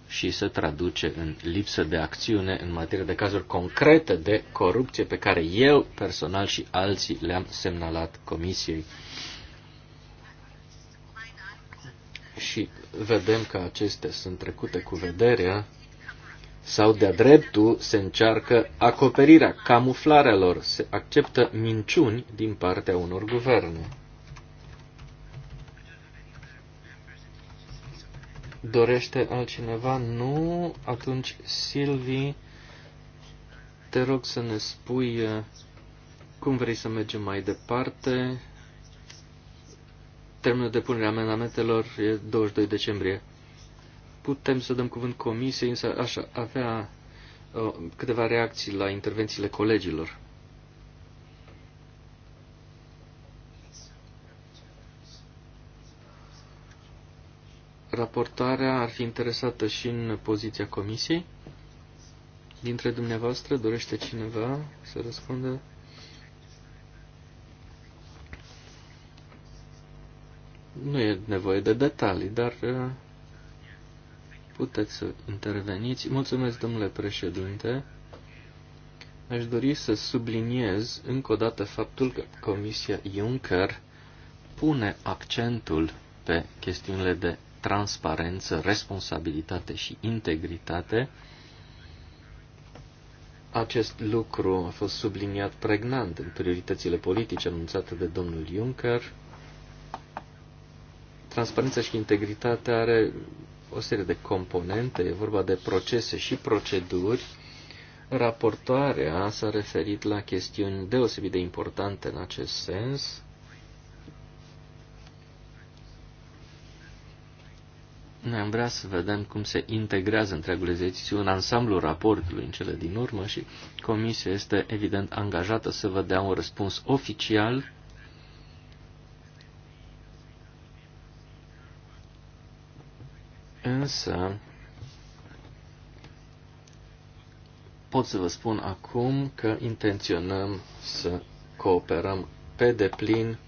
D: și se traduce în lipsă de acțiune în materie de cazuri concrete de corupție pe care eu personal și alții le-am semnalat comisiei și vedem că acestea sunt trecute cu vederea sau de-a dreptul se încearcă acoperirea, camuflarea lor, se acceptă minciuni din partea unor guverne. Dorește altcineva? Nu. Atunci, Silvi, te rog să ne spui uh, cum vrei să mergem mai departe. Termenul de punere a amendamentelor e 22 decembrie. Putem să dăm cuvânt comisiei, însă aș avea uh, câteva reacții la intervențiile colegilor. Raportarea ar fi interesată și în poziția comisiei. Dintre dumneavoastră dorește cineva să răspundă? Nu e nevoie de detalii, dar uh, puteți să interveniți. Mulțumesc, domnule președinte. Aș dori să subliniez încă o dată faptul că Comisia Juncker pune accentul pe chestiunile de transparență, responsabilitate și integritate. Acest lucru a fost subliniat pregnant în prioritățile politice anunțate de domnul Juncker transparența și integritatea are o serie de componente, e vorba de procese și proceduri. Raportoarea s-a referit la chestiuni deosebit de importante în acest sens. Noi am vrea să vedem cum se integrează întreagul exercițiu în ansamblul raportului în cele din urmă și comisia este evident angajată să vă dea un răspuns oficial Însă, pot să vă spun acum că intenționăm să cooperăm pe deplin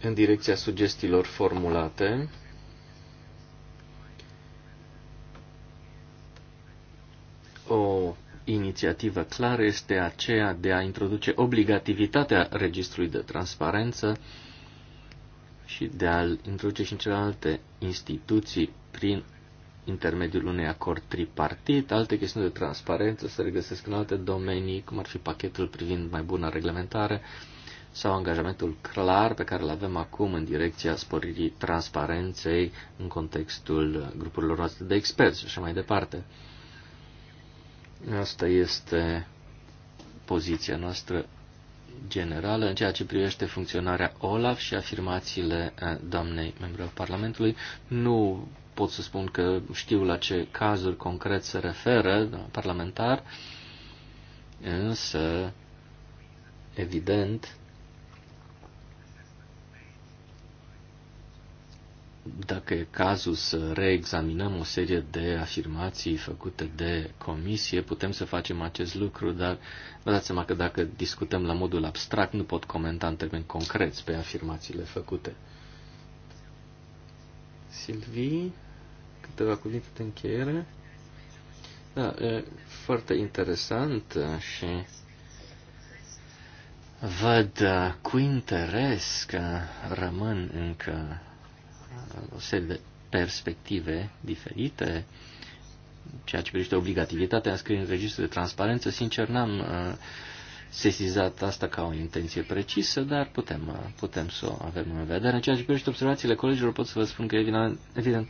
D: în direcția sugestiilor formulate. O inițiativă clară este aceea de a introduce obligativitatea registrului de transparență și de a-l introduce și în celelalte instituții prin intermediul unui acord tripartit. Alte chestiuni de transparență se regăsesc în alte domenii, cum ar fi pachetul privind mai bună reglementare sau angajamentul clar pe care îl avem acum în direcția sporirii transparenței în contextul grupurilor noastre de experți și așa mai departe. Asta este poziția noastră generală în ceea ce privește funcționarea OLAF și afirmațiile eh, doamnei membru al Parlamentului. Nu pot să spun că știu la ce cazuri concret se referă parlamentar, însă, evident, dacă e cazul să reexaminăm o serie de afirmații făcute de comisie, putem să facem acest lucru, dar vă dați seama că dacă discutăm la modul abstract, nu pot comenta în termeni concreți pe afirmațiile făcute. Silvii, câteva cuvinte de încheiere. Da, e foarte interesant și văd cu interes că rămân încă o serie de perspective diferite, ceea ce privește obligativitatea scrie în registrul de transparență. Sincer, n-am uh, sesizat asta ca o intenție precisă, dar putem, uh, putem să o avem în vedere. În ceea ce privește observațiile colegilor, pot să vă spun că, evident, evident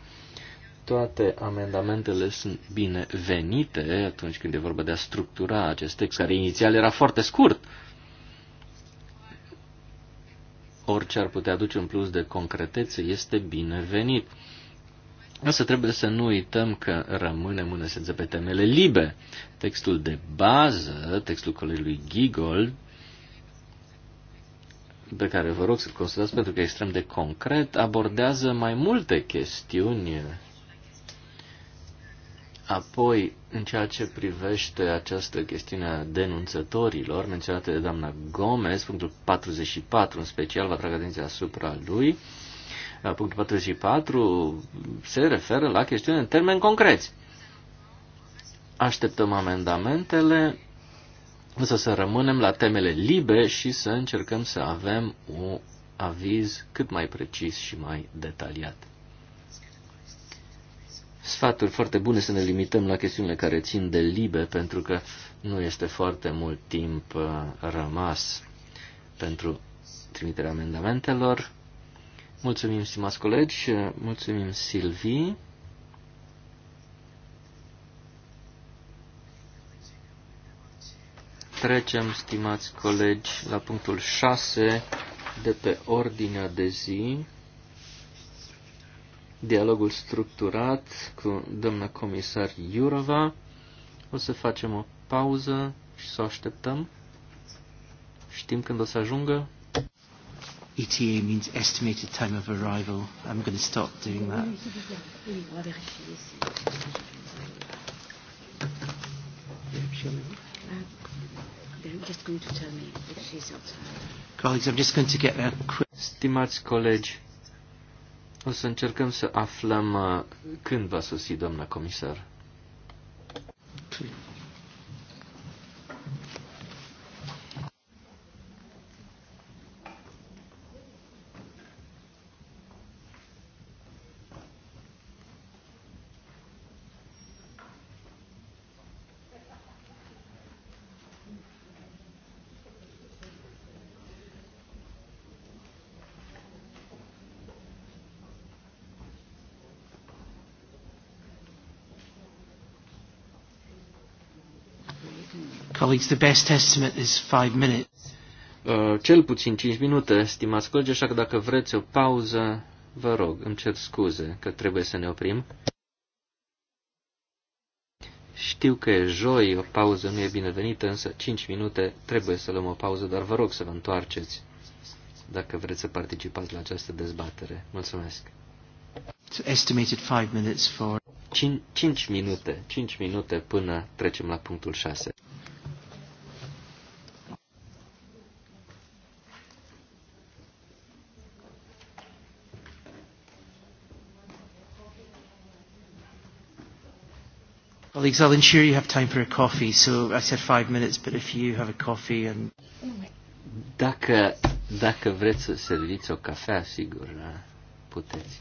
D: toate amendamentele sunt binevenite atunci când e vorba de a structura acest text, care inițial era foarte scurt. Uh, orice ar putea aduce un plus de concretețe este binevenit. Însă trebuie să nu uităm că rămânem în esență pe temele libe. Textul de bază, textul colegului Gigol, pe care vă rog să-l consultați pentru că e extrem de concret, abordează mai multe chestiuni Apoi, în ceea ce privește această chestiune a denunțătorilor, menționată de doamna Gomez, punctul 44 în special, vă atrag atenția asupra lui, punctul 44 se referă la chestiune în termeni concreți. Așteptăm amendamentele, însă să rămânem la temele libe și să încercăm să avem un aviz cât mai precis și mai detaliat sfaturi foarte bune să ne limităm la chestiunile care țin de libe, pentru că nu este foarte mult timp uh, rămas pentru trimiterea amendamentelor. Mulțumim, stimați colegi, uh, mulțumim, Silvii. trecem, stimați colegi, la punctul 6 de pe ordinea de zi dialogul structurat cu doamna comisar Iurova. O să facem o pauză și să o așteptăm. Știm când o să ajungă.
E: ETA means estimated time of arrival. I'm going to stop doing that.
D: Colleagues, I'm just going to get a quick... Stimați colegi, o să încercăm să aflăm uh, când va sosi doamna comisar. Thank
E: colleagues, the best estimate is five minutes.
D: Uh, cel puțin 5 minute, stimați colegi, așa că dacă vreți o pauză, vă rog, îmi cer scuze că trebuie să ne oprim. Știu că e joi, o pauză nu e binevenită, însă 5 minute trebuie să luăm o pauză, dar vă rog să vă întoarceți dacă vreți să participați la această dezbatere. Mulțumesc! Estimated 5 minute, 5 minute până trecem la punctul 6.
E: Colleagues, I'll ensure you have time for a coffee. So I said five minutes, but if you have a
D: coffee and... Dacă, dacă vreți să serviți o cafea, sigur, da, puteți.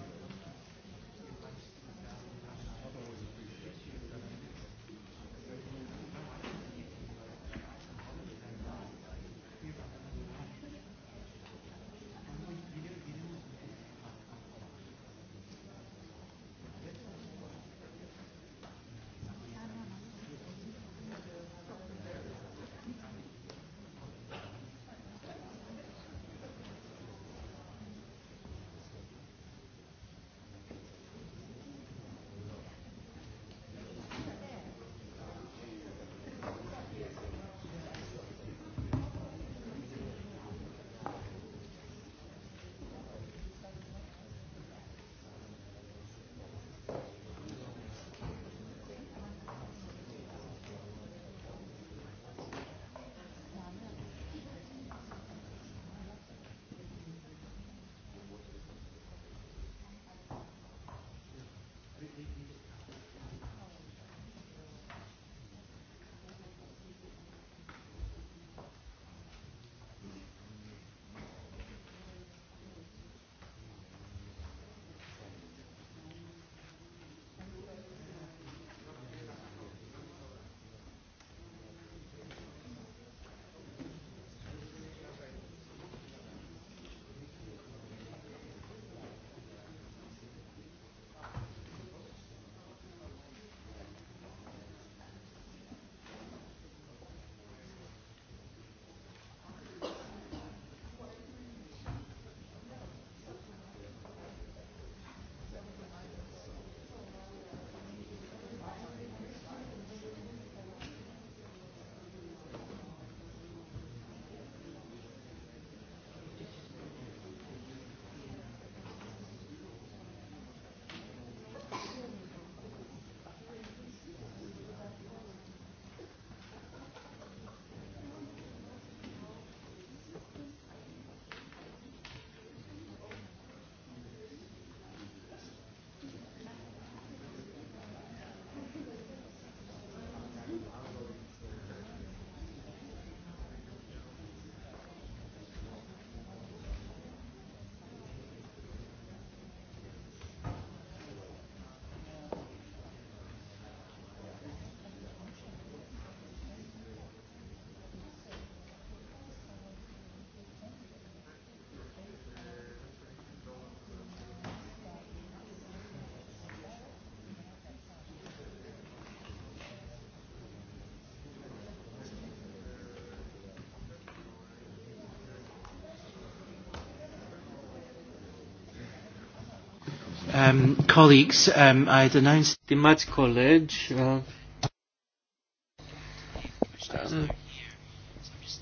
E: Um, colleagues, um, I had announced... the Mads College.
D: uh,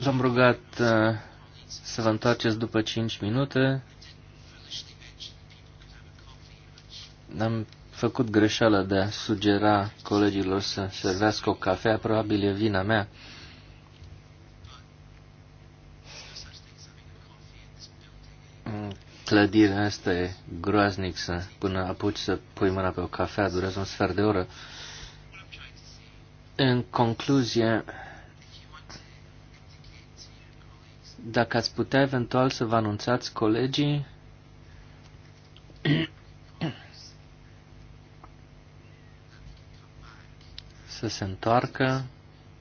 D: v-am rugat uh, să vă întoarceți după 5 minute. Am făcut greșeala de a sugera colegilor să servească o cafea, probabil e vina mea. clădirea asta e groaznic să, până apuci să pui mâna pe o cafea, durează un sfert de oră. În concluzie, dacă ați putea eventual să vă anunțați colegii, <clears throat> să se întoarcă,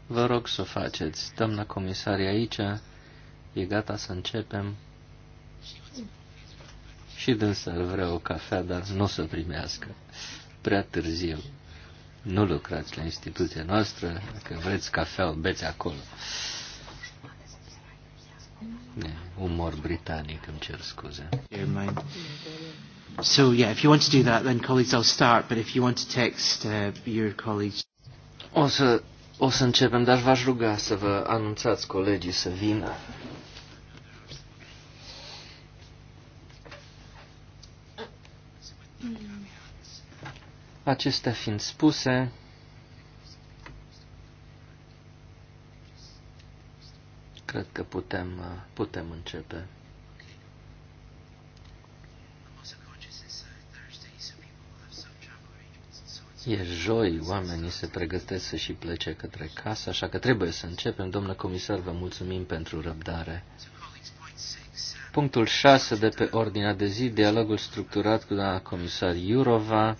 D: vă rog să o faceți. Stăm la comisarii aici, e gata să începem și dânsa vrea o cafea, dar nu o să primească. Prea târziu. Nu lucrați la instituția noastră, dacă vreți cafea, o beți acolo. Ne, umor britanic, îmi cer scuze.
E: So yeah, if you want to do that, then colleagues, I'll start. But if you want to text uh, your
D: colleagues, o să o să începem, dar v-aș ruga să vă anunțați colegii să vină. Acestea fiind spuse, cred că putem, uh, putem începe. E joi, oamenii se pregătesc să și plece către casă, așa că trebuie să începem. Domnule comisar, vă mulțumim pentru răbdare. Punctul 6 de pe ordinea de zi, dialogul structurat cu doamna comisar Iurova.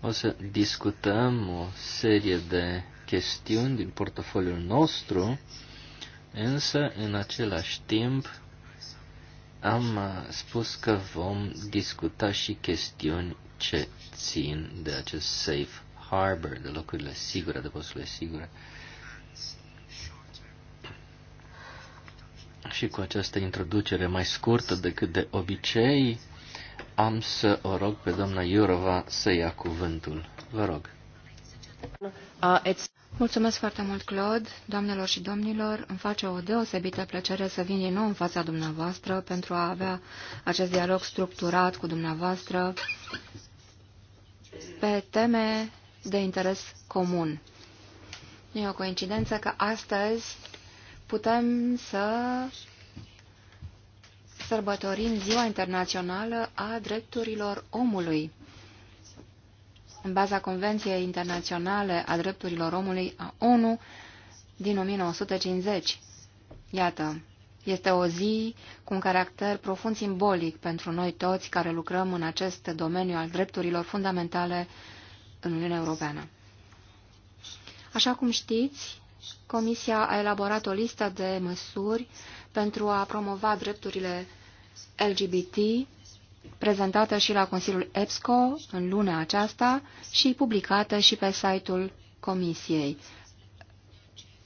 D: O să discutăm o serie de chestiuni din portofoliul nostru, însă în același timp am spus că vom discuta și chestiuni ce țin de acest safe harbor, de locurile sigure, de posturile sigure. Și cu această introducere mai scurtă decât de obicei, am să o rog pe doamna Iurova să ia cuvântul. Vă rog.
B: Uh, Mulțumesc foarte mult, Claude. Doamnelor și domnilor, îmi face o deosebită plăcere să vin din nou în fața dumneavoastră pentru a avea acest dialog structurat cu dumneavoastră pe teme de interes comun. Nu e o coincidență că astăzi putem să sărbătorim Ziua Internațională a Drepturilor Omului. În baza Convenției Internaționale a Drepturilor Omului a ONU din 1950. Iată, este o zi cu un caracter profund simbolic pentru noi toți care lucrăm în acest domeniu al drepturilor fundamentale în Uniunea Europeană. Așa cum știți, Comisia a elaborat o listă de măsuri pentru a promova drepturile LGBT, prezentată și la Consiliul EPSCO în luna aceasta și publicată și pe site-ul Comisiei.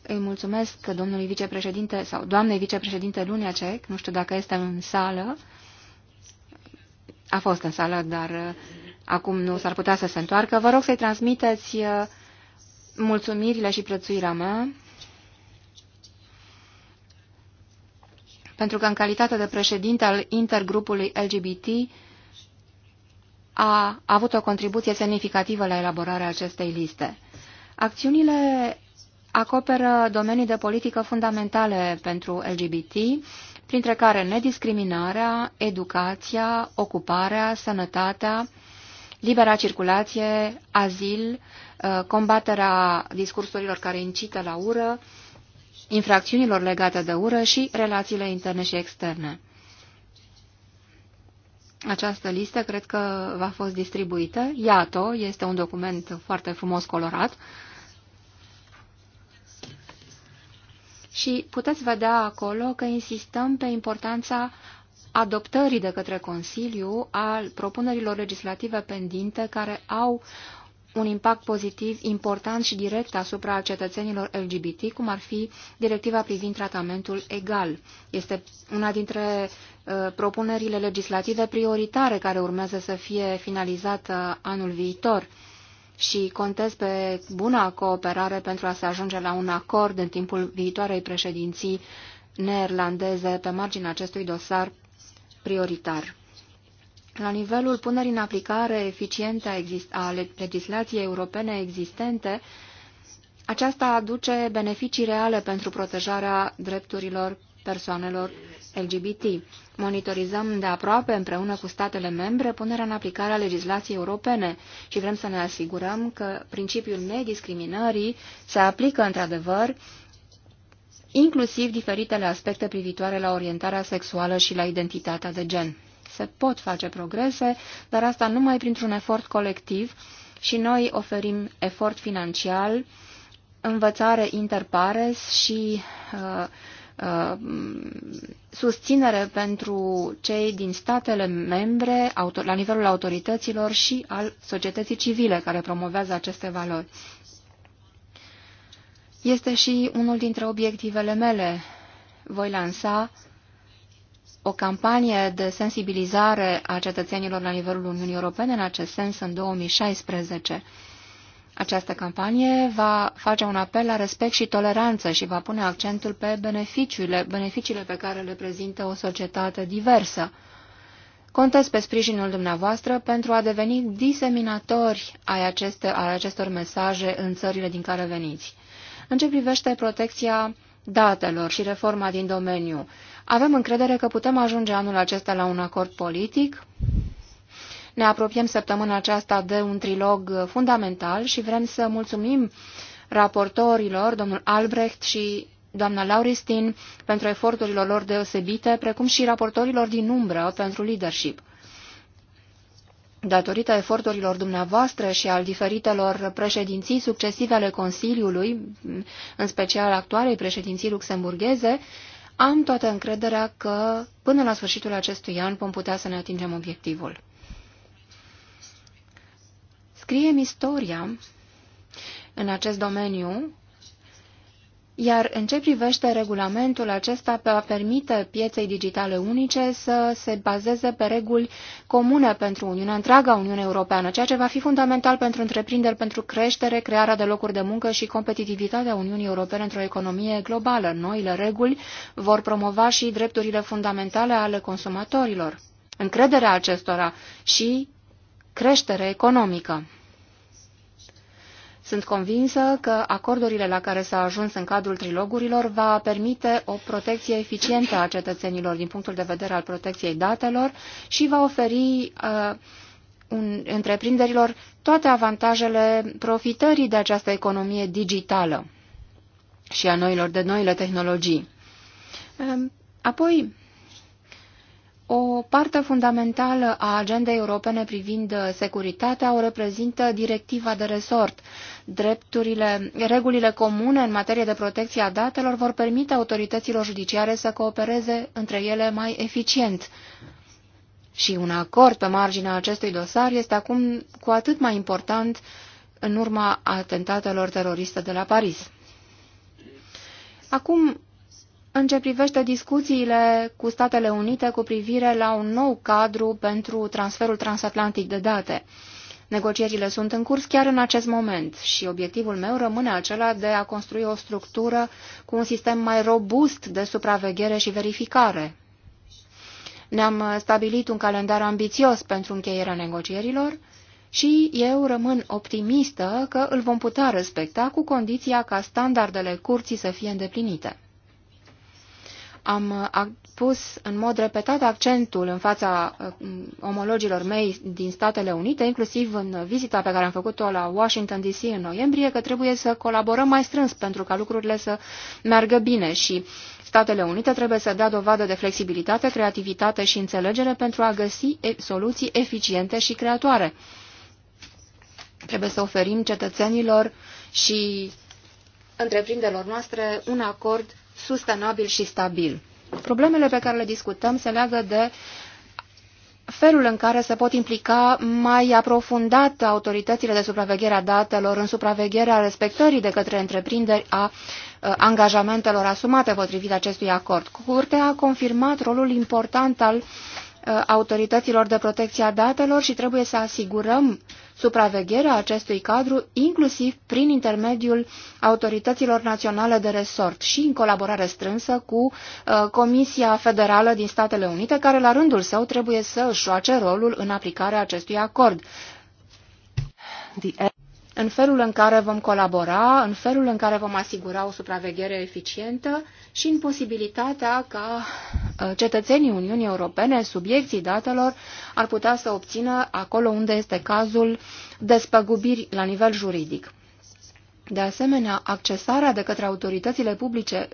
B: Îi mulțumesc că domnului vicepreședinte sau doamnei vicepreședinte Lunacek, nu știu dacă este în sală, a fost în sală, dar uh, acum nu s-ar putea să se întoarcă. Vă rog să-i transmiteți uh, mulțumirile și prețuirea mea, pentru că în calitate de președinte al intergrupului LGBT a avut o contribuție semnificativă la elaborarea acestei liste. Acțiunile acoperă domenii de politică fundamentale pentru LGBT, printre care nediscriminarea, educația, ocuparea, sănătatea, libera circulație, azil, uh, combaterea discursurilor care incită la ură, infracțiunilor legate de ură și relațiile interne și externe. Această listă cred că va fost distribuită. Iată, este un document foarte frumos colorat. Și puteți vedea acolo că insistăm pe importanța adoptării de către Consiliu al propunerilor legislative pendinte care au un impact pozitiv important și direct asupra cetățenilor LGBT, cum ar fi directiva privind tratamentul egal. Este una dintre uh, propunerile legislative prioritare care urmează să fie finalizată anul viitor și contez pe buna cooperare pentru a se ajunge la un acord în timpul viitoarei președinții neerlandeze pe marginea acestui dosar prioritar. La nivelul punerii în aplicare eficiente a legislației europene existente, aceasta aduce beneficii reale pentru protejarea drepturilor persoanelor LGBT. Monitorizăm de aproape împreună cu statele membre punerea în aplicare a legislației europene și vrem să ne asigurăm că principiul nediscriminării se aplică într-adevăr inclusiv diferitele aspecte privitoare la orientarea sexuală și la identitatea de gen. Se pot face progrese, dar asta numai printr-un efort colectiv și noi oferim efort financiar, învățare interpares și uh, uh, susținere pentru cei din statele membre la nivelul autorităților și al societății civile care promovează aceste valori este și unul dintre obiectivele mele. Voi lansa o campanie de sensibilizare a cetățenilor la nivelul Uniunii Europene în acest sens în 2016. Această campanie va face un apel la respect și toleranță și va pune accentul pe beneficiile, beneficiile pe care le prezintă o societate diversă. Contez pe sprijinul dumneavoastră pentru a deveni diseminatori ai aceste, al acestor mesaje în țările din care veniți. În ce privește protecția datelor și reforma din domeniu, avem încredere că putem ajunge anul acesta la un acord politic? Ne apropiem săptămâna aceasta de un trilog fundamental și vrem să mulțumim raportorilor, domnul Albrecht și doamna Lauristin, pentru eforturile lor deosebite, precum și raportorilor din umbră pentru leadership datorită eforturilor dumneavoastră și al diferitelor președinții succesive ale Consiliului, în special actualei președinții luxemburgheze, am toată încrederea că până la sfârșitul acestui an vom putea să ne atingem obiectivul. Scriem istoria în acest domeniu iar în ce privește regulamentul acesta pe a permite pieței digitale unice să se bazeze pe reguli comune pentru Uniunea, întreaga Uniune Europeană, ceea ce va fi fundamental pentru întreprinderi, pentru creștere, crearea de locuri de muncă și competitivitatea Uniunii Europene într-o economie globală. Noile reguli vor promova și drepturile fundamentale ale consumatorilor, încrederea acestora și creștere economică. Sunt convinsă că acordurile la care s-a ajuns în cadrul trilogurilor va permite o protecție eficientă a cetățenilor din punctul de vedere al protecției datelor și va oferi uh, un, întreprinderilor toate avantajele profitării de această economie digitală și a noilor de noile tehnologii. Uh, apoi, o parte fundamentală a agendei europene privind securitatea o reprezintă directiva de resort. Drepturile, regulile comune în materie de protecție a datelor vor permite autorităților judiciare să coopereze între ele mai eficient. Și un acord pe marginea acestui dosar este acum cu atât mai important în urma atentatelor teroriste de la Paris. Acum în ce privește discuțiile cu Statele Unite cu privire la un nou cadru pentru transferul transatlantic de date, negocierile sunt în curs chiar în acest moment și obiectivul meu rămâne acela de a construi o structură cu un sistem mai robust de supraveghere și verificare. Ne-am stabilit un calendar ambițios pentru încheierea negocierilor și eu rămân optimistă că îl vom putea respecta cu condiția ca standardele curții să fie îndeplinite. Am pus în mod repetat accentul în fața uh, omologilor mei din Statele Unite, inclusiv în vizita pe care am făcut-o la Washington DC în noiembrie, că trebuie să colaborăm mai strâns pentru ca lucrurile să meargă bine și Statele Unite trebuie să dea dovadă de flexibilitate, creativitate și înțelegere pentru a găsi soluții eficiente și creatoare. Trebuie să oferim cetățenilor și întreprinderilor noastre un acord sustenabil și stabil. Problemele pe care le discutăm se leagă de felul în care se pot implica mai aprofundat autoritățile de supraveghere a datelor în supravegherea respectării de către întreprinderi a angajamentelor asumate potrivit acestui acord. Curtea a confirmat rolul important al autorităților de protecție a datelor și trebuie să asigurăm supravegherea acestui cadru, inclusiv prin intermediul autorităților naționale de resort și în colaborare strânsă cu uh, Comisia Federală din Statele Unite, care la rândul său trebuie să își joace rolul în aplicarea acestui acord. The în felul în care vom colabora, în felul în care vom asigura o supraveghere eficientă și în posibilitatea ca uh, cetățenii Uniunii Europene, subiecții datelor, ar putea să obțină, acolo unde este cazul, despăgubiri la nivel juridic. De asemenea, accesarea de către autoritățile publice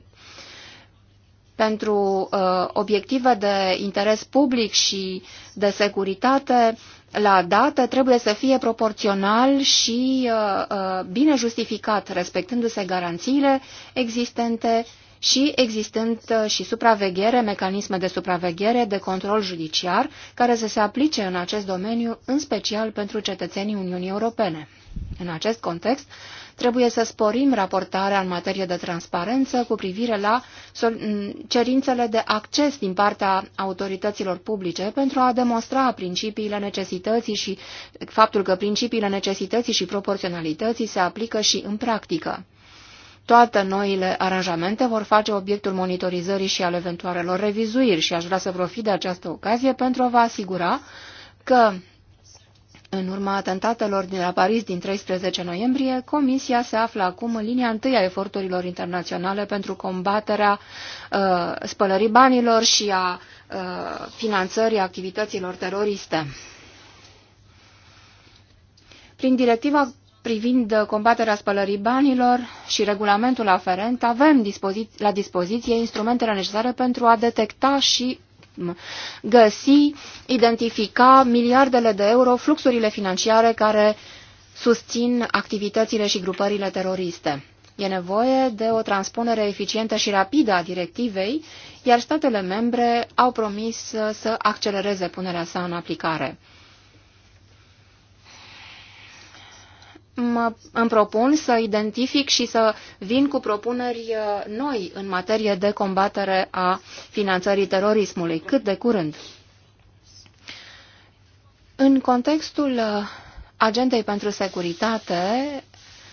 B: pentru uh, obiective de interes public și de securitate la dată trebuie să fie proporțional și uh, uh bine justificat, respectându-se garanțiile existente și existând uh, și supraveghere, mecanisme de supraveghere, de control judiciar, care să se aplice în acest domeniu, în special pentru cetățenii Uniunii Europene. În acest context, trebuie să sporim raportarea în materie de transparență cu privire la cerințele de acces din partea autorităților publice pentru a demonstra principiile necesității și faptul că principiile necesității și proporționalității se aplică și în practică. Toate noile aranjamente vor face obiectul monitorizării și al eventualelor revizuiri și aș vrea să profit de această ocazie pentru a vă asigura că în urma atentatelor din la Paris din 13 noiembrie, Comisia se află acum în linia întâi a eforturilor internaționale pentru combaterea uh, spălării banilor și a uh, finanțării activităților teroriste. Prin directiva privind combaterea spălării banilor și regulamentul aferent, avem dispozi la dispoziție instrumentele necesare pentru a detecta și găsi, identifica miliardele de euro, fluxurile financiare care susțin activitățile și grupările teroriste. E nevoie de o transpunere eficientă și rapidă a directivei, iar statele membre au promis să accelereze punerea sa în aplicare. mă, îmi propun să identific și să vin cu propuneri uh, noi în materie de combatere a finanțării terorismului, cât de curând. În contextul uh, agendei pentru securitate,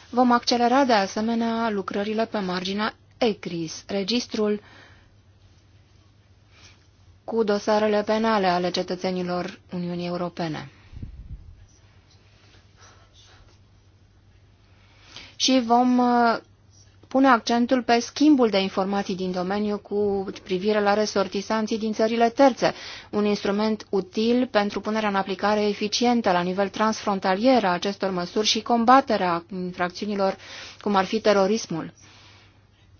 B: vom accelera de asemenea lucrările pe marginea ECRIS, registrul cu dosarele penale ale cetățenilor Uniunii Europene. și vom uh, pune accentul pe schimbul de informații din domeniu cu privire la resortisanții din țările terțe, un instrument util pentru punerea în aplicare eficientă la nivel transfrontalier a acestor măsuri și combaterea infracțiunilor cum ar fi terorismul.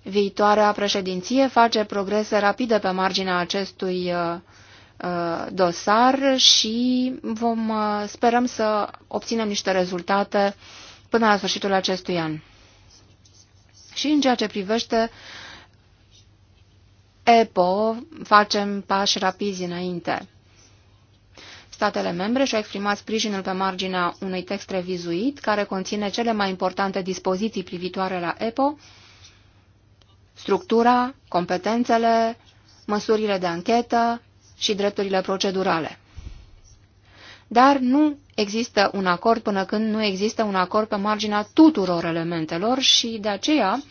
B: Viitoarea președinție face progrese rapide pe marginea acestui uh, uh, dosar și vom sperăm să obținem niște rezultate până la sfârșitul acestui an. Și în ceea ce privește EPO, facem pași rapizi înainte. Statele membre și-au exprimat sprijinul pe marginea unui text revizuit care conține cele mai importante dispoziții privitoare la EPO, structura, competențele, măsurile de anchetă și drepturile procedurale dar nu există un acord până când nu există un acord pe marginea tuturor elementelor și de aceea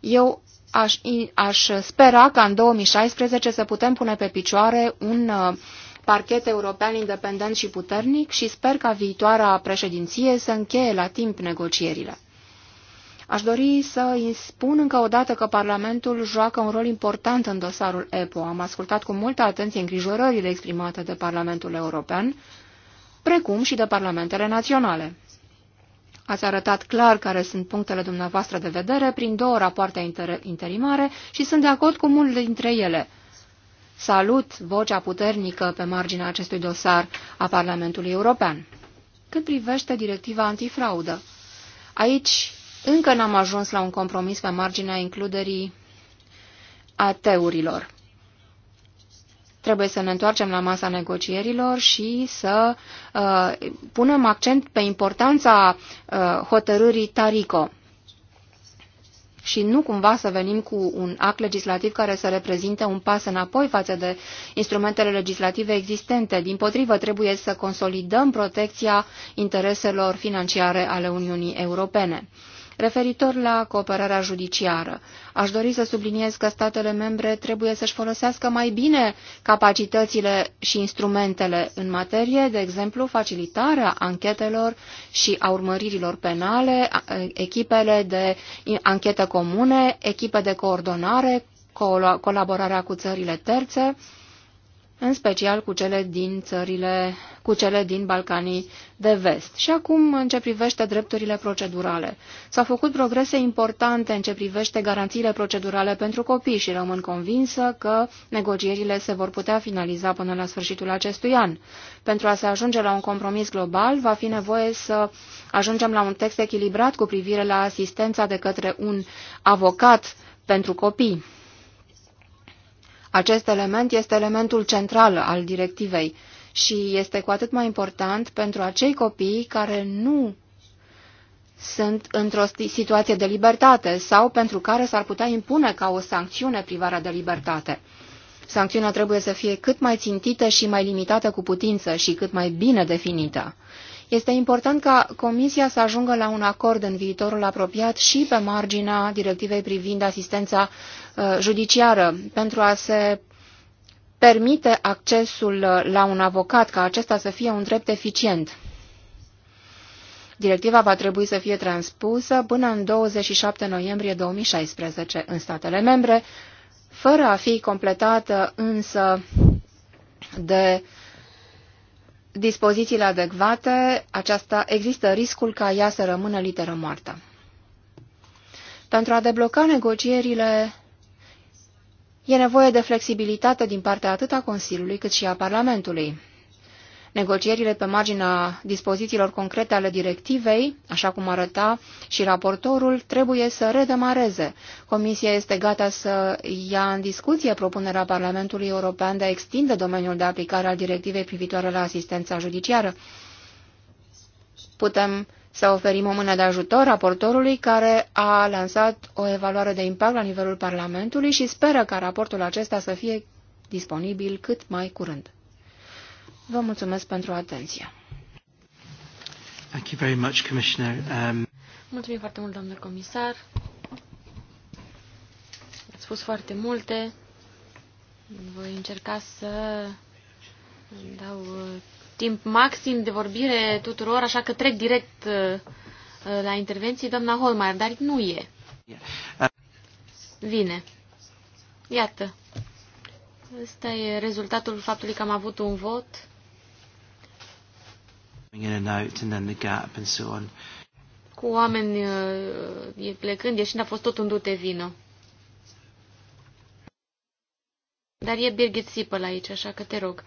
B: eu aș, aș spera ca în 2016 să putem pune pe picioare un uh, parchet european independent și puternic și sper ca viitoarea președinție să încheie la timp negocierile. Aș dori să îi spun încă o dată că Parlamentul joacă un rol important în dosarul EPO. Am ascultat cu multă atenție îngrijorările exprimate de Parlamentul European, precum și de parlamentele naționale. Ați arătat clar care sunt punctele dumneavoastră de vedere prin două rapoarte inter interimare și sunt de acord cu multe dintre ele. Salut vocea puternică pe marginea acestui dosar a Parlamentului European. Cât privește directiva antifraudă, aici încă n-am ajuns la un compromis pe marginea includerii ateurilor. Trebuie să ne întoarcem la masa negocierilor și să uh, punem accent pe importanța uh, hotărârii Tarico și nu cumva să venim cu un act legislativ care să reprezinte un pas înapoi față de instrumentele legislative existente. Din potrivă, trebuie să consolidăm protecția intereselor financiare ale Uniunii Europene. Referitor la cooperarea judiciară, aș dori să subliniez că statele membre trebuie să-și folosească mai bine capacitățile și instrumentele în materie, de exemplu, facilitarea anchetelor și a urmăririlor penale, echipele de anchetă comune, echipe de coordonare, colaborarea cu țările terțe, în special cu cele din țările, cu cele din Balcanii de vest. Și acum, în ce privește drepturile procedurale. S-au făcut progrese importante în ce privește garanțiile procedurale pentru copii și rămân convinsă că negocierile se vor putea finaliza până la sfârșitul acestui an. Pentru a se ajunge la un compromis global, va fi nevoie să ajungem la un text echilibrat cu privire la asistența de către un avocat pentru copii. Acest element este elementul central al directivei și este cu atât mai important pentru acei copii care nu sunt într-o situație de libertate sau pentru care s-ar putea impune ca o sancțiune privarea de libertate. Sancțiunea trebuie să fie cât mai țintită și mai limitată cu putință și cât mai bine definită. Este important ca Comisia să ajungă la un acord în viitorul apropiat și pe marginea directivei privind asistența uh, judiciară pentru a se permite accesul uh, la un avocat, ca acesta să fie un drept eficient. Directiva va trebui să fie transpusă până în 27 noiembrie 2016 în statele membre, fără a fi completată însă de uh, dispozițiile adecvate, aceasta, există riscul ca ea să rămână literă moartă. Pentru a debloca negocierile, e nevoie de flexibilitate din partea atât a Consiliului cât și a Parlamentului. Negocierile pe marginea dispozițiilor concrete ale directivei, așa cum arăta și raportorul, trebuie să redemareze. Comisia este gata să ia în discuție propunerea Parlamentului European de a extinde domeniul de aplicare al directivei privitoare la asistența judiciară. Putem să oferim o mână de ajutor raportorului care a lansat o evaluare de impact la nivelul Parlamentului și speră ca raportul acesta să fie disponibil cât mai curând. Vă mulțumesc pentru atenție.
E: Thank you very much, Commissioner. Um...
C: Mulțumim foarte mult, doamnă comisar. Ați spus foarte multe. Voi încerca să dau uh, timp maxim de vorbire tuturor, așa că trec direct uh, la intervenții, doamna Holmeier, dar nu e. Vine. Iată. Ăsta e rezultatul faptului că am avut un vot cu oameni uh, plecând, ieșind, a fost tot un dute vină. Dar e Birgit Sipăl aici, așa că te rog.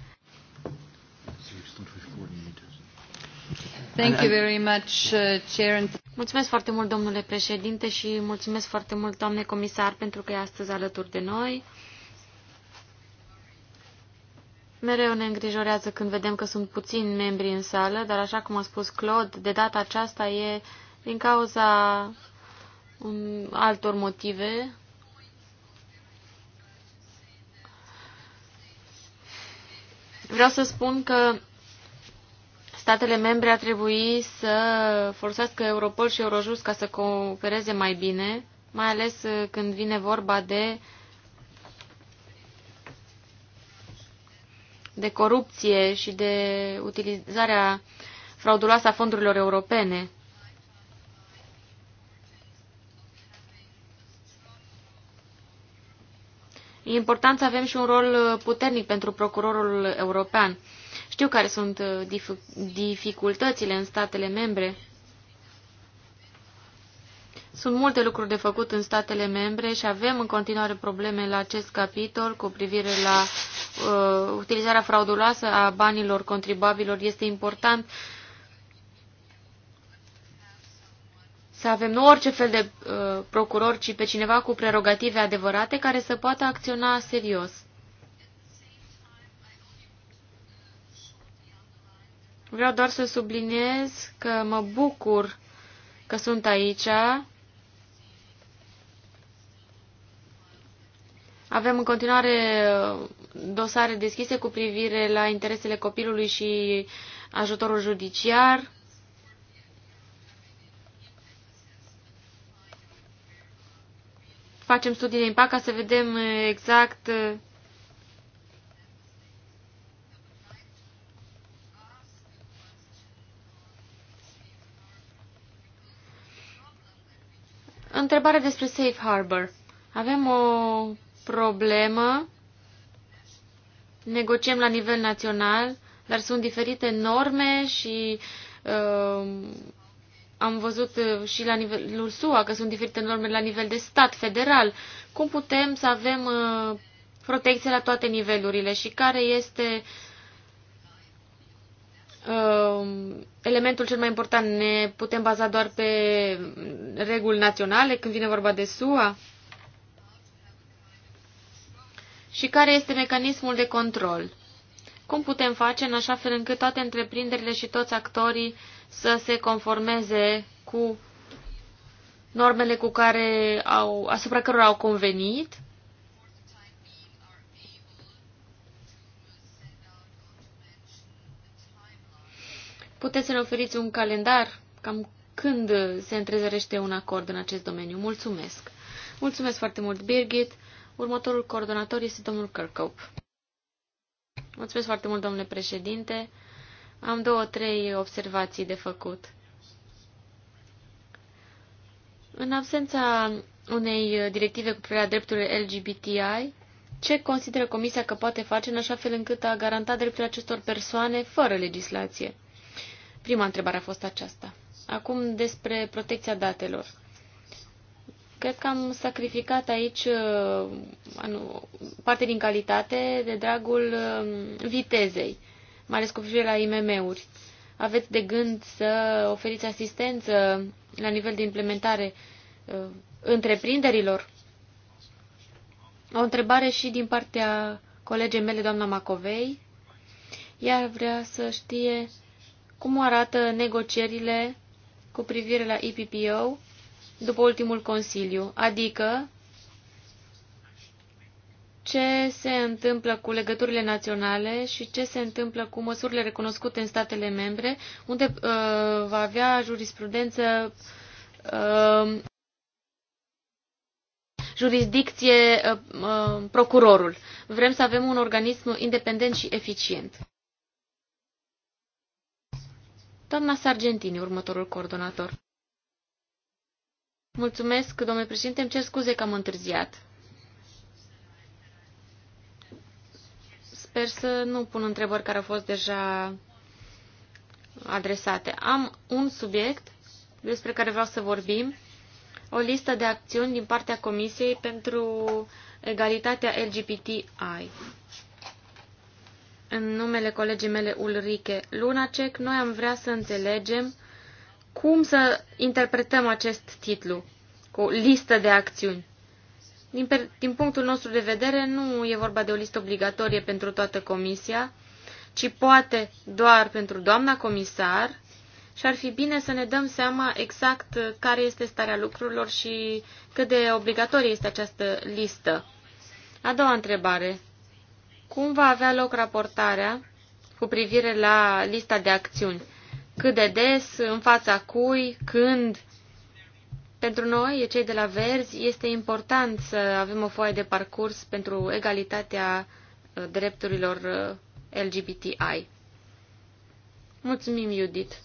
C: Thank you very much, uh, Chair. Mulțumesc foarte mult, domnule președinte, și mulțumesc foarte mult, doamne comisar, pentru că e astăzi alături de noi. Mereu ne îngrijorează când vedem că sunt puțini membri în sală, dar așa cum a spus Claude, de data aceasta e din cauza um, altor motive. Vreau să spun că statele membre ar trebui să forțească Europol și Eurojust ca să coopereze mai bine, mai ales uh, când vine vorba de uh, de corupție și de utilizarea frauduloasă a fondurilor europene. E important să avem și un rol puternic pentru procurorul european. Știu care sunt dificultățile în statele membre. Sunt multe lucruri de făcut în statele membre și avem în continuare probleme la acest capitol cu privire la uh, utilizarea frauduloasă a banilor contribuabilor. Este important să avem nu orice fel de uh, procuror, ci pe cineva cu prerogative adevărate care să poată acționa serios. Vreau doar să subliniez că mă bucur că sunt aici Avem în continuare uh, dosare deschise cu privire la interesele copilului și ajutorul judiciar. Facem studii de impact ca să vedem uh, exact uh, Întrebare despre Safe Harbor. Avem o problemă, negociem la nivel național, dar sunt diferite norme și uh, am văzut uh, și la nivelul SUA că sunt diferite norme la nivel de stat federal. Cum putem să avem uh, protecție la toate nivelurile și care este uh, elementul cel mai important? Ne putem baza doar pe reguli naționale când vine vorba de SUA? și care este mecanismul de control. Cum putem face în așa fel încât toate întreprinderile și toți actorii să se conformeze cu normele cu care au, asupra cărora au convenit? Puteți să ne oferiți un calendar? Cam când se întrezărește un acord în acest domeniu? Mulțumesc! Mulțumesc foarte mult, Birgit! Următorul coordonator este domnul Kirkhope. Mulțumesc foarte mult, domnule președinte. Am două, trei observații de făcut. În absența unei directive cu privire la drepturile LGBTI, ce consideră Comisia că poate face în așa fel încât a garanta drepturile acestor persoane fără legislație? Prima întrebare a fost aceasta. Acum despre protecția datelor. Cred că am sacrificat aici uh, parte din calitate de dragul uh, vitezei, mai ales cu privire la IMM-uri. Aveți de gând să oferiți asistență la nivel de implementare uh, întreprinderilor? O întrebare și din partea colegei mele, doamna Macovei. Ea vrea să știe cum arată negocierile cu privire la IPPO după ultimul Consiliu, adică ce se întâmplă cu legăturile naționale și ce se întâmplă cu măsurile recunoscute în statele membre, unde uh, va avea jurisprudență uh, jurisdicție uh, uh procurorul. Vrem să avem un organism independent și eficient. Doamna Sargentini, următorul coordonator. Mulțumesc, domnule președinte. Îmi cer scuze că am întârziat. Sper să nu pun întrebări care au fost deja adresate. Am un subiect despre care vreau să vorbim, o listă de acțiuni din partea Comisiei pentru egalitatea LGBTI. În numele colegii mele Ulrike Lunacek, noi am vrea să înțelegem cum să interpretăm acest titlu cu listă de acțiuni. Din, per, din punctul nostru de vedere, nu e vorba de o listă obligatorie pentru toată comisia, ci poate doar pentru doamna comisar și ar fi bine să ne dăm seama exact care este starea lucrurilor și cât de obligatorie este această listă. A doua întrebare. Cum va avea loc raportarea cu privire la lista de acțiuni? cât de des, în fața cui, când. Pentru noi, cei de la Verzi, este important să avem o foaie de parcurs pentru egalitatea uh, drepturilor uh, LGBTI. Mulțumim, Judith.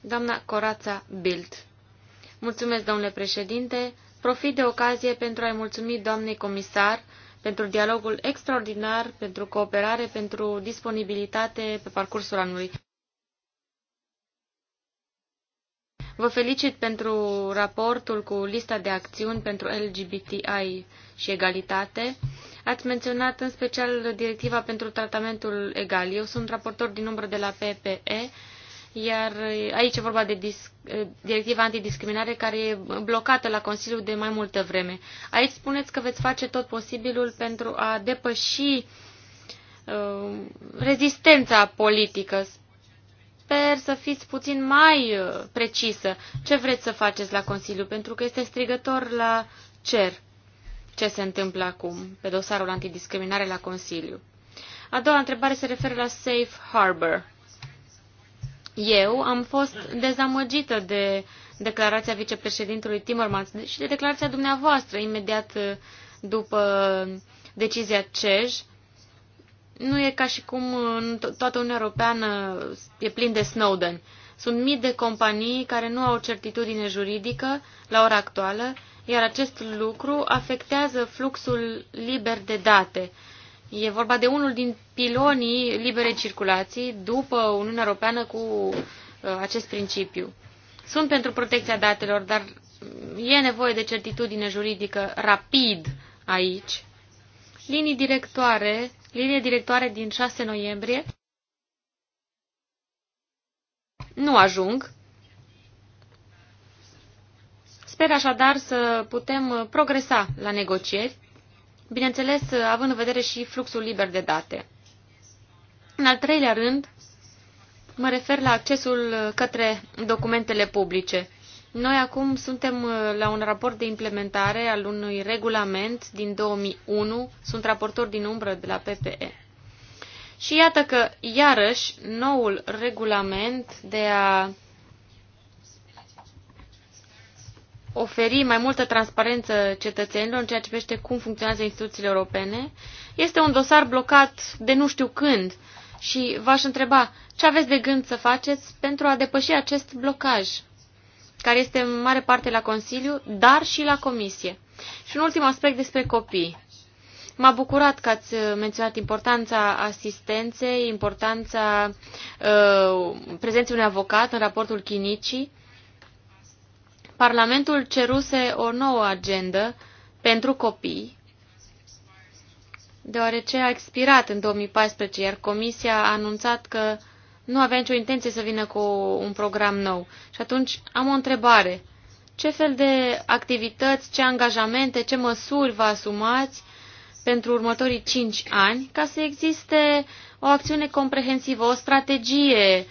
C: Doamna Corața Bild. Mulțumesc, domnule președinte. Profit de ocazie pentru a-i mulțumi doamnei comisar pentru dialogul extraordinar, pentru cooperare, pentru disponibilitate pe parcursul anului. Vă felicit pentru raportul cu lista de acțiuni pentru LGBTI și egalitate. Ați menționat în special directiva pentru tratamentul egal. Eu sunt raportor din umbră de la PPE, iar aici e vorba de directiva antidiscriminare care e blocată la Consiliu de mai multă vreme. Aici spuneți că veți face tot posibilul pentru a depăși uh, rezistența politică sper să fiți puțin mai uh, precisă ce vreți să faceți la Consiliu, pentru că este strigător la cer ce se întâmplă acum pe dosarul antidiscriminare la Consiliu. A doua întrebare se referă la Safe Harbor. Eu am fost dezamăgită de declarația vicepreședintelui Timmermans și de declarația dumneavoastră imediat uh, după decizia CEJ nu e ca și cum în toată Uniunea Europeană e plin de Snowden. Sunt mii de companii care nu au certitudine juridică la ora actuală, iar acest lucru afectează fluxul liber de date. E vorba de unul din pilonii libere circulații după Uniunea Europeană cu uh, acest principiu. Sunt pentru protecția datelor, dar e nevoie de certitudine juridică rapid aici. Linii directoare linie directoare din 6 noiembrie nu ajung. Sper așadar să putem progresa la negocieri, bineînțeles având în vedere și fluxul liber de date. În al treilea rând, mă refer la accesul către documentele publice. Noi acum suntem uh, la un raport de implementare al unui regulament din 2001, sunt raportor din umbră de la PPE. Și iată că, iarăși, noul regulament de a oferi mai multă transparență cetățenilor în ceea ce privește cum funcționează instituțiile europene, este un dosar blocat de nu știu când și v-aș întreba ce aveți de gând să faceți pentru a depăși acest blocaj care este în mare parte la Consiliu, dar și la Comisie. Și un ultim aspect despre copii. M-a bucurat că ați menționat importanța asistenței, importanța uh, prezenței unui avocat în raportul Chinicii. Parlamentul ceruse o nouă agendă pentru copii, deoarece a expirat în 2014, iar Comisia a anunțat că nu avea nicio intenție să vină cu un program nou. Și atunci am o întrebare. Ce fel de activități, ce angajamente, ce măsuri vă asumați pentru următorii cinci ani ca să existe o acțiune comprehensivă, o strategie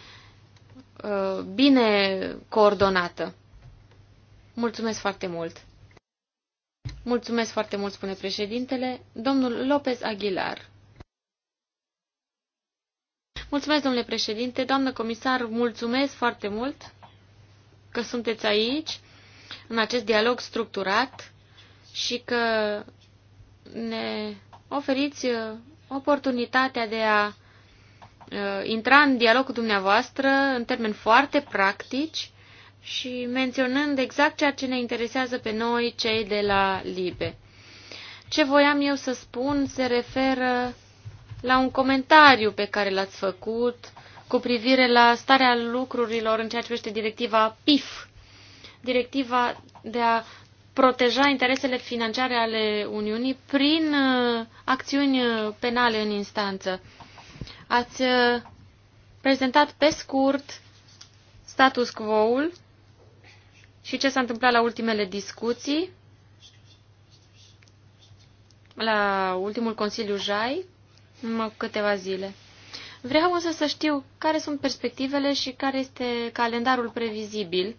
C: uh, bine coordonată? Mulțumesc foarte mult! Mulțumesc foarte mult, spune președintele, domnul Lopez Aguilar. Mulțumesc, domnule președinte. Doamnă comisar, mulțumesc foarte mult că sunteți aici, în acest dialog structurat și că ne oferiți uh, oportunitatea de a uh, intra în dialog cu dumneavoastră în termeni foarte practici și menționând exact ceea ce ne interesează pe noi, cei de la LIBE. Ce voiam eu să spun se referă la un comentariu pe care l-ați făcut cu privire la starea lucrurilor în ceea ce privește directiva PIF, directiva de a proteja interesele financiare ale Uniunii prin uh, acțiuni uh, penale în instanță. Ați uh, prezentat pe scurt status quo-ul și ce s-a întâmplat la ultimele discuții, la ultimul Consiliu JAI, numai câteva zile. Vreau însă să știu care sunt perspectivele și care este calendarul previzibil.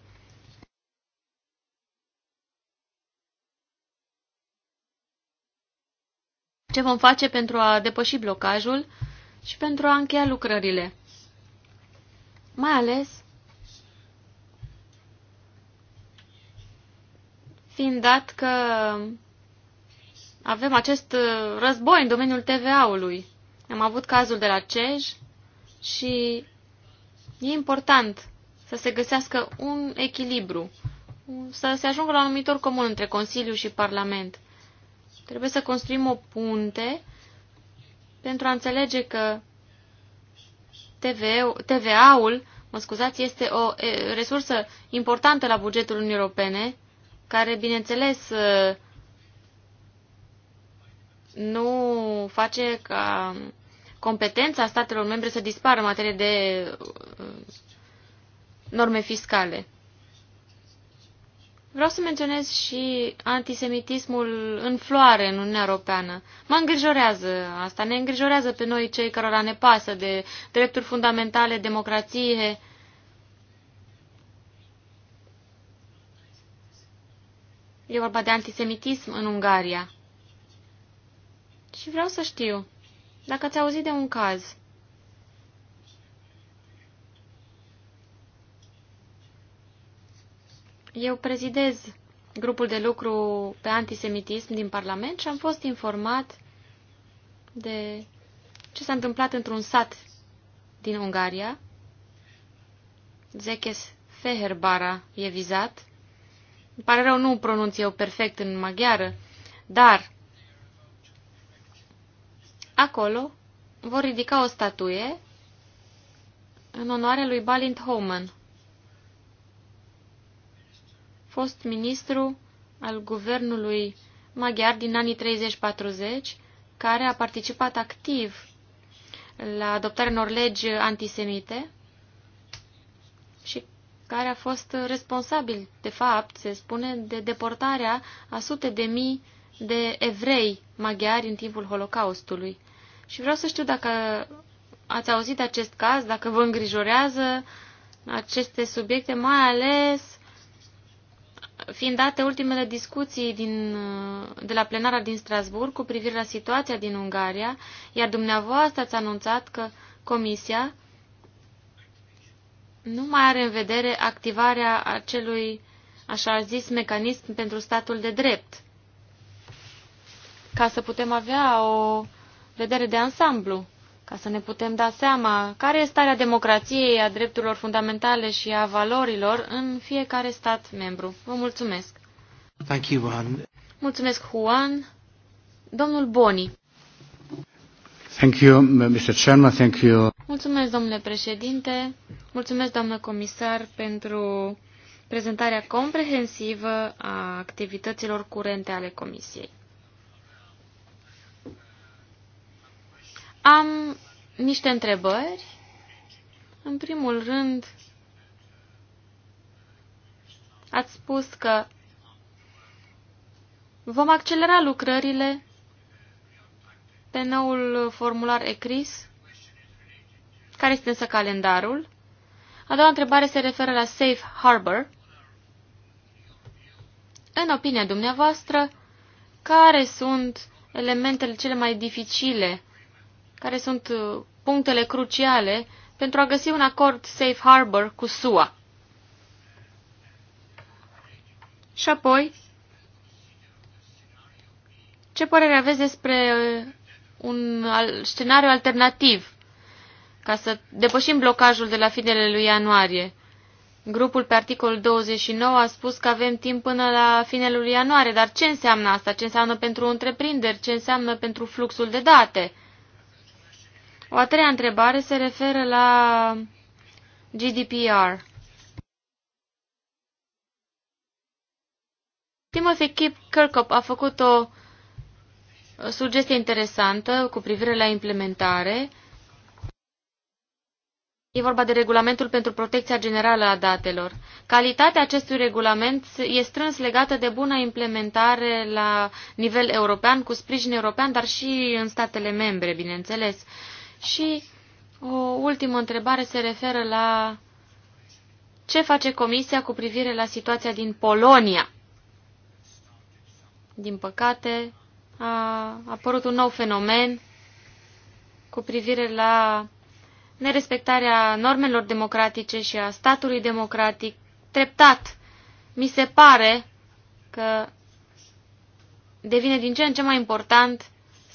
C: Ce vom face pentru a depăși blocajul și pentru a încheia lucrările. Mai ales fiind dat că avem acest uh, război în domeniul TVA-ului. Am avut cazul de la CEJ și e important să se găsească un echilibru, să se ajungă la un numitor comun între Consiliu și Parlament. Trebuie să construim o punte pentru a înțelege că TVA-ul, mă scuzați, este o resursă importantă la bugetul Uniunii Europene, care, bineînțeles, uh, nu face ca competența statelor membre să dispară în materie de uh, norme fiscale. Vreau să menționez și antisemitismul în floare în Uniunea Europeană. Mă îngrijorează asta, ne îngrijorează pe noi cei cărora ne pasă de drepturi fundamentale, democrație. E vorba de antisemitism în Ungaria. Și vreau să știu dacă ați auzit de un caz Eu prezidez grupul de lucru pe antisemitism din Parlament și am fost informat de ce s-a întâmplat într-un sat din Ungaria. Zekes Feherbara e vizat. Îmi pare rău, nu pronunț eu perfect în maghiară, dar Acolo vor ridica o statuie în onoarea lui Balint Homan, fost ministru al guvernului maghiar din anii 30-40, care a participat activ la adoptarea unor legi antisemite și care a fost responsabil, de fapt, se spune, de deportarea a sute de mii de evrei maghiari în timpul Holocaustului. Și vreau să știu dacă ați auzit acest caz, dacă vă îngrijorează aceste subiecte, mai ales fiind date ultimele discuții din, de la plenara din Strasburg cu privire la situația din Ungaria, iar dumneavoastră ați anunțat că Comisia nu mai are în vedere activarea acelui, așa zis, mecanism pentru statul de drept, ca să putem avea o vedere de ansamblu, ca să ne putem da seama care este starea democrației, a drepturilor fundamentale și a valorilor în fiecare stat membru. Vă mulțumesc! Thank you, Juan. Mulțumesc, Juan. Domnul Boni.
E: Thank you, Mr. Chairman. Thank you.
C: Mulțumesc, domnule președinte. Mulțumesc, doamnă comisar, pentru prezentarea comprehensivă a activităților curente ale Comisiei. Am niște întrebări. În primul rând, ați spus că vom accelera lucrările pe noul formular ECRIS. Care este însă calendarul? A doua întrebare se referă la Safe Harbor. În opinia dumneavoastră, care sunt elementele cele mai dificile care sunt uh, punctele cruciale pentru a găsi un acord safe harbor cu SUA. Și apoi, ce părere aveți despre uh, un scenariu alternativ ca să depășim blocajul de la finele lui ianuarie? Grupul pe articolul 29 a spus că avem timp până la finele lui ianuarie, dar ce înseamnă asta? Ce înseamnă pentru întreprinderi? Ce înseamnă pentru fluxul de date? O a treia întrebare se referă la GDPR. Timothy Kip Kirkhope a făcut o sugestie interesantă cu privire la implementare. E vorba de regulamentul pentru protecția generală a datelor. Calitatea acestui regulament e strâns legată de buna implementare la nivel european, cu sprijin european, dar și în statele membre, bineînțeles. Uh, și o ultimă întrebare se referă la ce face Comisia cu privire la situația din Polonia. Din păcate, a apărut un nou fenomen cu privire la nerespectarea normelor democratice și a statului democratic treptat. Mi se pare că devine din ce în ce mai important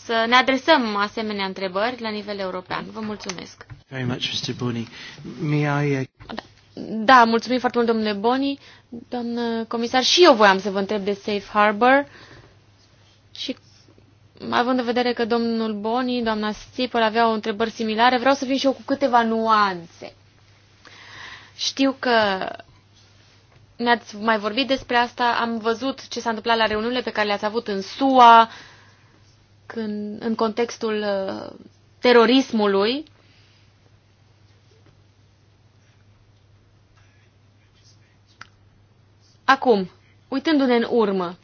C: să ne adresăm asemenea întrebări la nivel european. Vă mulțumesc.
E: Very much, Mr. Boni. May I...
G: Uh,
C: da, mulțumim foarte mult, domnule Boni. Doamnă comisar, și eu voiam să vă întreb de Safe Harbor și având în vedere că domnul Boni, doamna Stipăl aveau întrebări similare, vreau să vin și eu cu câteva nuanțe. Știu că ne-ați mai vorbit despre asta, am văzut ce s-a întâmplat la reuniunile pe care le-ați avut în SUA, când, în contextul uh, terorismului, Acum, uitându-ne în urmă,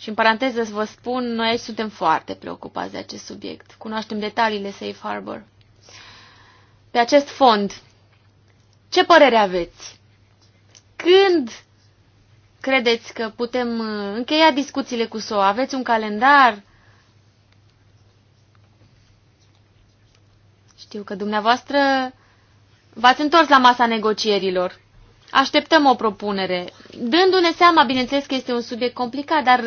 C: și în paranteză să vă spun, noi aici suntem foarte preocupați de acest subiect. Cunoaștem detaliile Safe Harbor. Pe acest fond,
A: ce părere aveți?
C: Când credeți că putem uh, încheia discuțiile cu SOA? Aveți un calendar? Știu că dumneavoastră v-ați întors la masa negocierilor. Așteptăm o propunere, dându-ne seama, bineînțeles că este un subiect complicat, dar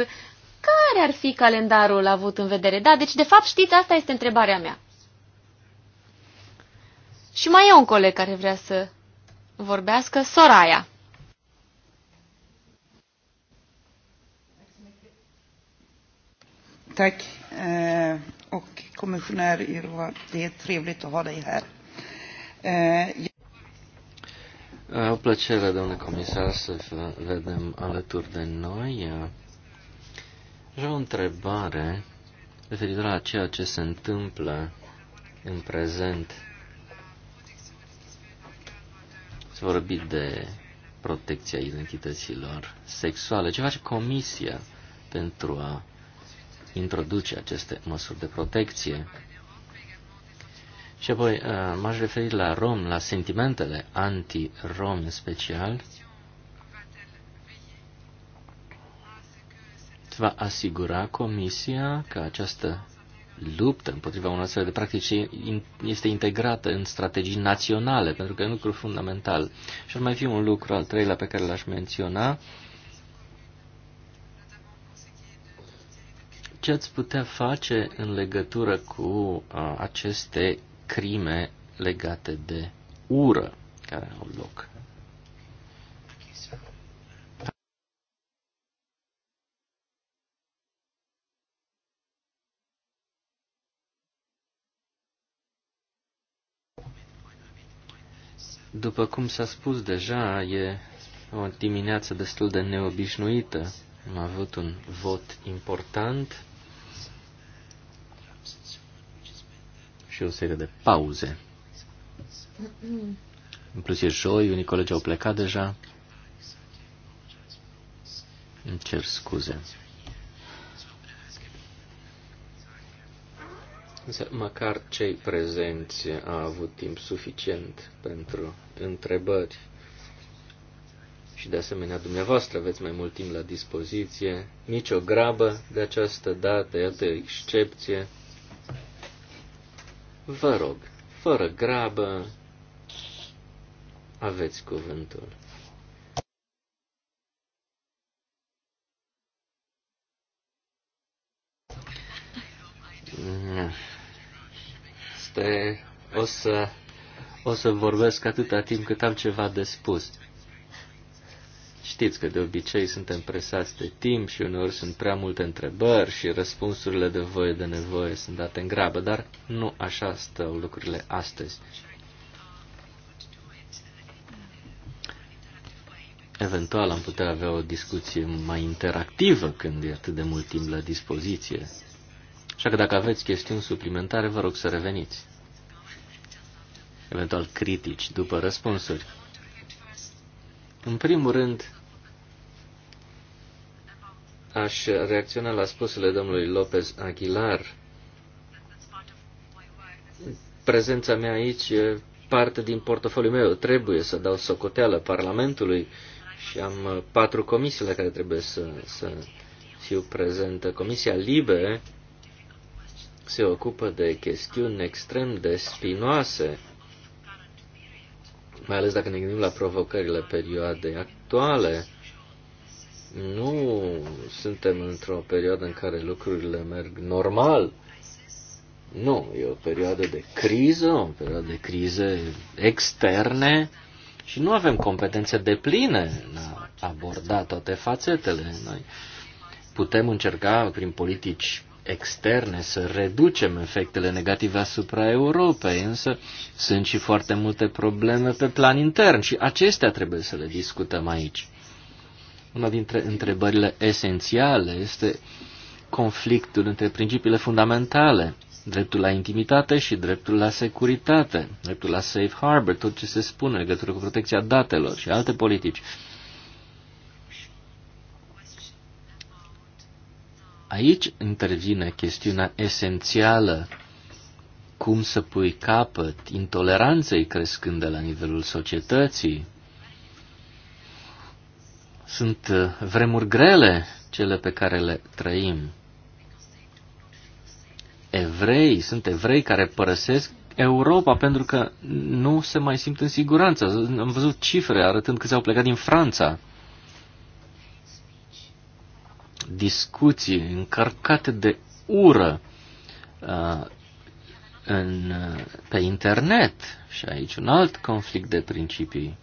C: care ar fi calendarul avut în vedere? Da, deci de fapt știți, asta este întrebarea mea. Și mai e un coleg care vrea să vorbească, Soraya.
A: Tack. Eh, och kommissionär Irva. Det är trevligt att ha dig här. O eh,
D: eh, plăcere, domnule comisar, să vă vedem alături de noi. Și o întrebare referitor la ceea ce se întâmplă în prezent. S-a vorbit de protecția identităților sexuale. Ce face Comisia pentru a introduce aceste măsuri de protecție. Și apoi uh, m-aș referi la rom, la sentimentele anti-rom în special. Se va asigura Comisia că această luptă împotriva unor astfel de practici este integrată în strategii naționale, pentru că e un lucru fundamental. Și ar mai fi un lucru al treilea pe care l-aș menționa, ce ați putea face în legătură cu aceste crime legate de ură care au loc? După cum s-a spus deja, e o dimineață destul de neobișnuită. Am avut un vot important și o serie de pauze. În plus e joi, unii colegi au plecat deja. Îmi cer scuze. Însă măcar cei prezenți au avut timp suficient pentru întrebări. Și de asemenea, dumneavoastră aveți mai mult timp la dispoziție. Nici o grabă de această dată, iată excepție. Vă rog, fără grabă, aveți cuvântul. Stai, o să, o să vorbesc atâta timp cât am ceva de spus. Știți că de obicei suntem presați de timp și uneori sunt prea multe întrebări și răspunsurile de voie de nevoie sunt date în grabă, dar nu așa stau lucrurile astăzi. Eventual am putea avea o discuție mai interactivă când e atât de mult timp la dispoziție. Așa că dacă aveți chestiuni suplimentare, vă rog să reveniți. Eventual critici după răspunsuri. În primul rând, aș reacționa la spusele domnului Lopez Aguilar. Prezența mea aici e parte din portofoliul meu. Trebuie să dau socoteală Parlamentului și am patru comisii la care trebuie să, să fiu prezentă. Comisia Libe se ocupă de chestiuni extrem de spinoase, mai ales dacă ne gândim la provocările perioadei actuale. Nu suntem într-o perioadă în care lucrurile merg normal. Nu, e o perioadă de criză, o perioadă de crize externe și nu avem competențe de pline în a aborda toate fațetele. Noi putem încerca prin politici externe să reducem efectele negative asupra Europei, însă sunt și foarte multe probleme pe plan intern și acestea trebuie să le discutăm aici. Una dintre întrebările esențiale este conflictul între principiile fundamentale, dreptul la intimitate și dreptul la securitate, dreptul la safe harbor, tot ce se spune în legătură cu protecția datelor și alte politici. Aici intervine chestiunea esențială cum să pui capăt intoleranței crescând de la nivelul societății, sunt uh, vremuri grele cele pe care le trăim. Evrei, sunt evrei care părăsesc Europa pentru că nu se mai simt în siguranță. Am văzut cifre arătând s au plecat din Franța. Discuții încărcate de ură uh, în, uh, pe internet. Și aici un alt conflict de principii.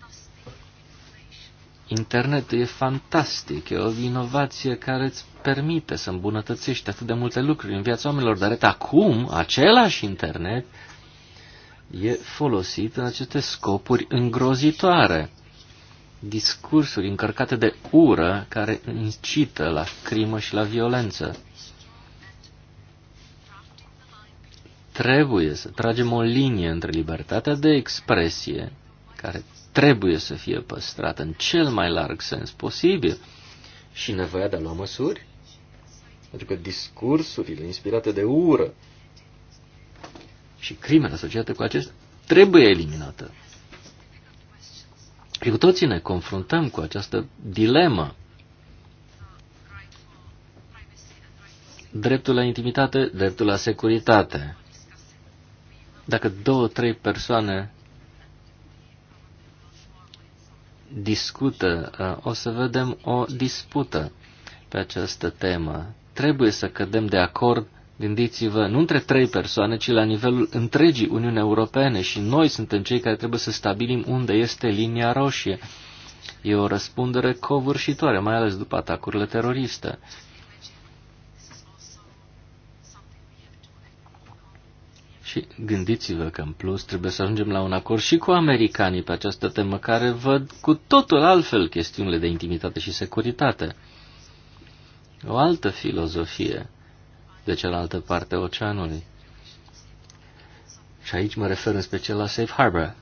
D: Internetul e fantastic, e o inovație care îți permite să îmbunătățești atât de multe lucruri în viața oamenilor, dar acum același internet e folosit în aceste scopuri îngrozitoare, discursuri încărcate de ură care incită la crimă și la violență. Trebuie să tragem o linie între libertatea de expresie, care trebuie să fie păstrată în cel mai larg sens posibil și nevoia de a lua măsuri. Pentru că discursurile inspirate de ură și crimele asociate cu acest trebuie eliminată. Și cu toții ne confruntăm cu această dilemă. Dreptul la intimitate, dreptul la securitate. Dacă două, trei persoane discută, uh, o să vedem o dispută pe această temă. Trebuie să cădem de acord, gândiți-vă, nu între trei persoane, ci la nivelul întregii Uniuni Europene și noi suntem cei care trebuie să stabilim unde este linia roșie. E o răspundere covârșitoare, mai ales după atacurile teroriste. Și gândiți-vă că în plus trebuie să ajungem la un acord și cu americanii pe această temă care văd cu totul altfel chestiunile de intimitate și securitate. O altă filozofie de cealaltă parte a oceanului. Și aici mă refer în special la Safe Harbor.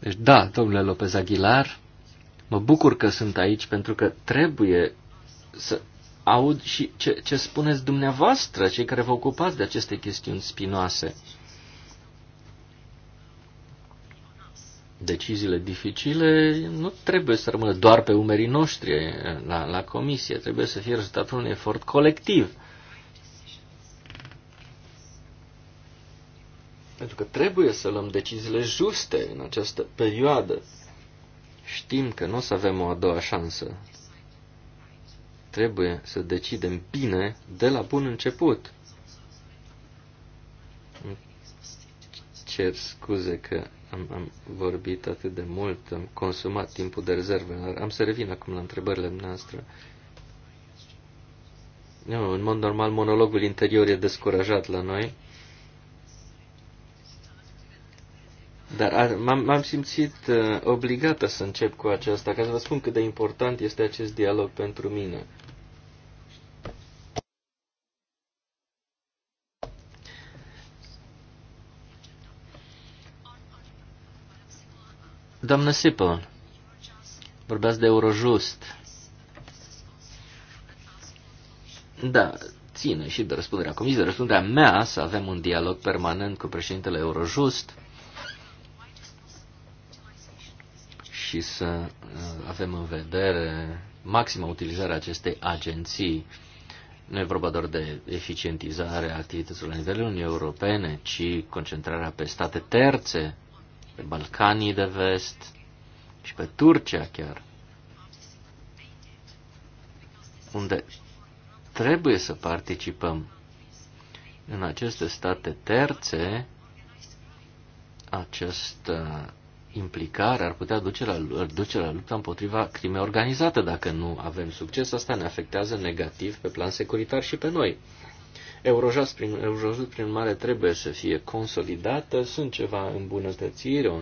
D: Deci da, domnule Lopez Aguilar, mă bucur că sunt aici pentru că trebuie să aud și ce, ce spuneți dumneavoastră, cei care vă ocupați de aceste chestiuni spinoase. deciziile dificile nu trebuie să rămână doar pe umerii noștri la, la comisie, trebuie să fie rezultatul unui efort colectiv. Pentru că trebuie să luăm deciziile juste în această perioadă. Știm că nu o să avem o a doua șansă. Trebuie să decidem bine de la bun început. Cer scuze că am, am vorbit atât de mult, am consumat timpul de rezervă, dar am să revin acum la întrebările noastre. Nu, în mod normal, monologul interior e descurajat la noi. Dar m-am simțit uh, obligată să încep cu aceasta, ca să vă spun cât de important este acest dialog pentru mine. Doamnă Sipel, vorbeați de Eurojust. Da, ține și de răspunderea comisiei, de răspunderea mea să avem un dialog permanent cu președintele Eurojust și să uh, avem în vedere maximă utilizarea acestei agenții. Nu e vorba doar de eficientizarea activităților la nivelul Uniunii Europene, ci concentrarea pe state terțe pe Balcanii de vest și pe Turcia chiar, unde trebuie să participăm în aceste state terțe, această implicare ar putea duce la, ar duce la lupta împotriva crimei organizate. Dacă nu avem succes, asta ne afectează negativ pe plan securitar și pe noi. Eurojust prin, Eurojust, prin mare, trebuie să fie consolidată. Sunt ceva îmbunătățiri, o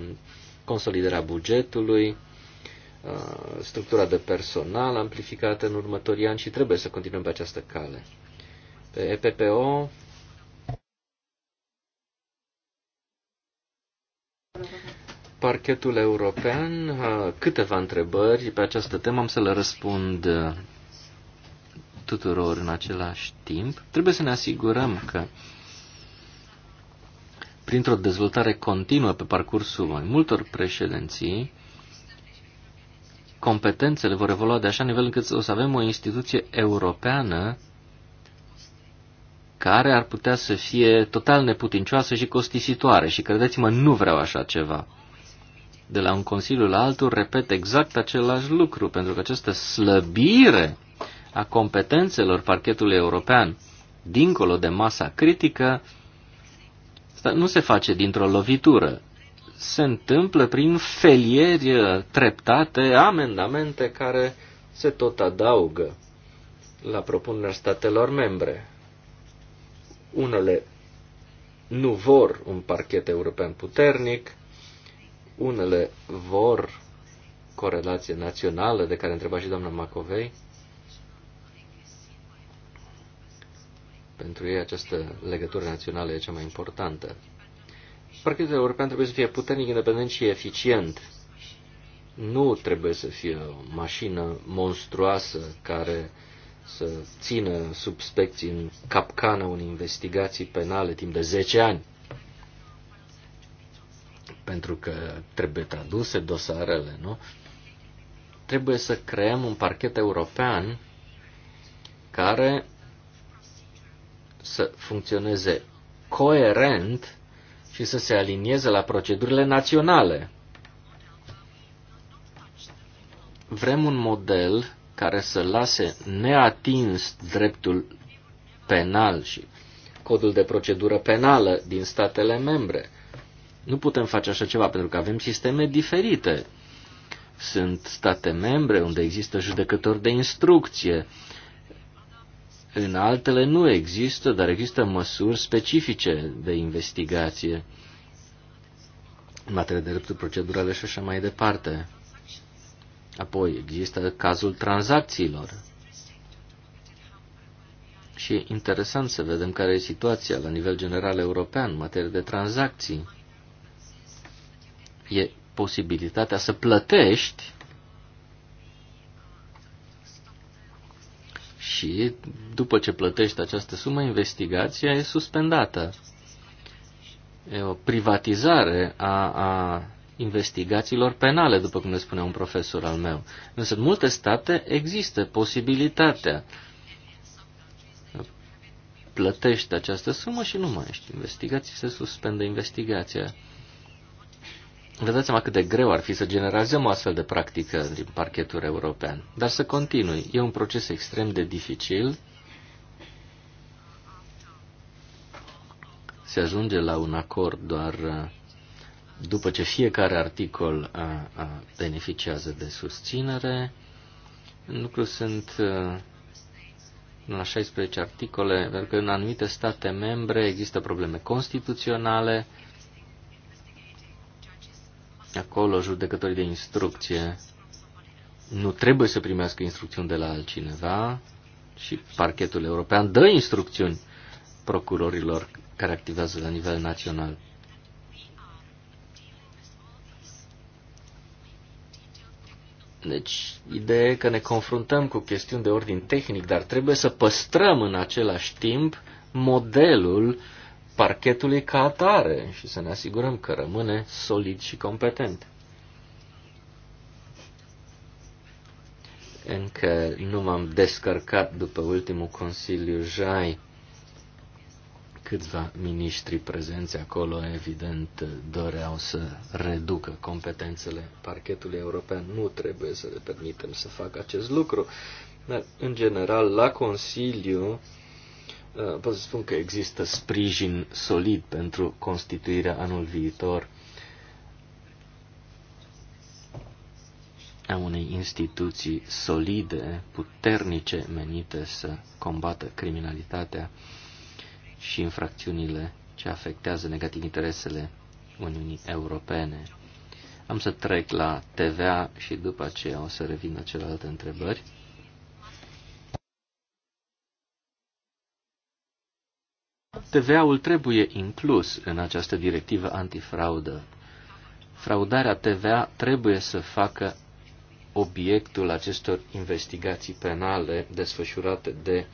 D: consolidarea bugetului, uh, structura de personal amplificată în următorii ani și trebuie să continuăm pe această cale. Pe EPPO parchetul european, uh, câteva întrebări pe această temă, am să le răspund uh, tuturor în același timp, trebuie să ne asigurăm că printr-o dezvoltare continuă pe parcursul mai multor președinții, competențele vor evolua de așa nivel încât o să avem o instituție europeană care ar putea să fie total neputincioasă și costisitoare. Și credeți-mă, nu vreau așa ceva. De la un consiliu la altul repet exact același lucru, pentru că această slăbire a competențelor parchetului european dincolo de masa critică, nu se face dintr-o lovitură. Se întâmplă prin felieri treptate, amendamente care se tot adaugă la propunerea statelor membre. Unele nu vor un parchet european puternic, unele vor corelație națională, de care întreba și doamna Macovei, Pentru ei această legătură națională e cea mai importantă. Parchetul european trebuie să fie puternic, independent și eficient. Nu trebuie să fie o mașină monstruoasă care să țină subspecții în capcană unei investigații penale timp de 10 ani. Pentru că trebuie traduse dosarele, nu? Trebuie să creăm un parchet european care să funcționeze coerent și să se alinieze la procedurile naționale. Vrem un model care să lase neatins dreptul penal și codul de procedură penală din statele membre. Nu putem face așa ceva pentru că avem sisteme diferite. Sunt state membre unde există judecători de instrucție, în altele nu există, dar există măsuri specifice de investigație în materie de drepturi procedurale și așa mai departe. Apoi există cazul tranzacțiilor. Și e interesant să vedem care e situația la nivel general european în materie de tranzacții. E posibilitatea să plătești și după ce plătești această sumă, investigația e suspendată. E o privatizare a, a investigațiilor penale, după cum ne spune un profesor al meu. Însă în multe state există posibilitatea. Plătești această sumă și nu mai ești investigații, se suspendă investigația. Vă dați seama cât de greu ar fi să generalizăm o astfel de practică din parchetul european. Dar să continui. E un proces extrem de dificil. Se ajunge la un acord doar uh, după ce fiecare articol a, uh, a uh, beneficiază de susținere. În lucru sunt la 16 articole, pentru că în anumite state membre există probleme constituționale, Acolo judecătorii de instrucție nu trebuie să primească instrucțiuni de la altcineva și parchetul european dă instrucțiuni procurorilor care activează la nivel național. Deci, ideea e că ne confruntăm cu chestiuni de ordin tehnic, dar trebuie să păstrăm în același timp modelul parchetului ca atare și să ne asigurăm că rămâne solid și competent. Încă nu m-am descărcat după ultimul Consiliu Jai. Câțiva miniștri prezenți acolo, evident, doreau să reducă competențele parchetului european. Nu trebuie să le permitem să facă acest lucru. Dar, în general, la Consiliu, uh, Uh, pot să spun că există sprijin solid pentru constituirea anul viitor a unei instituții solide, puternice, menite să combată criminalitatea și infracțiunile ce afectează negativ interesele Uniunii Europene. Am să trec la TVA și după aceea o să revin la celelalte întrebări. TVA-ul trebuie inclus în această directivă antifraudă. Fraudarea TVA trebuie să facă obiectul acestor investigații penale desfășurate de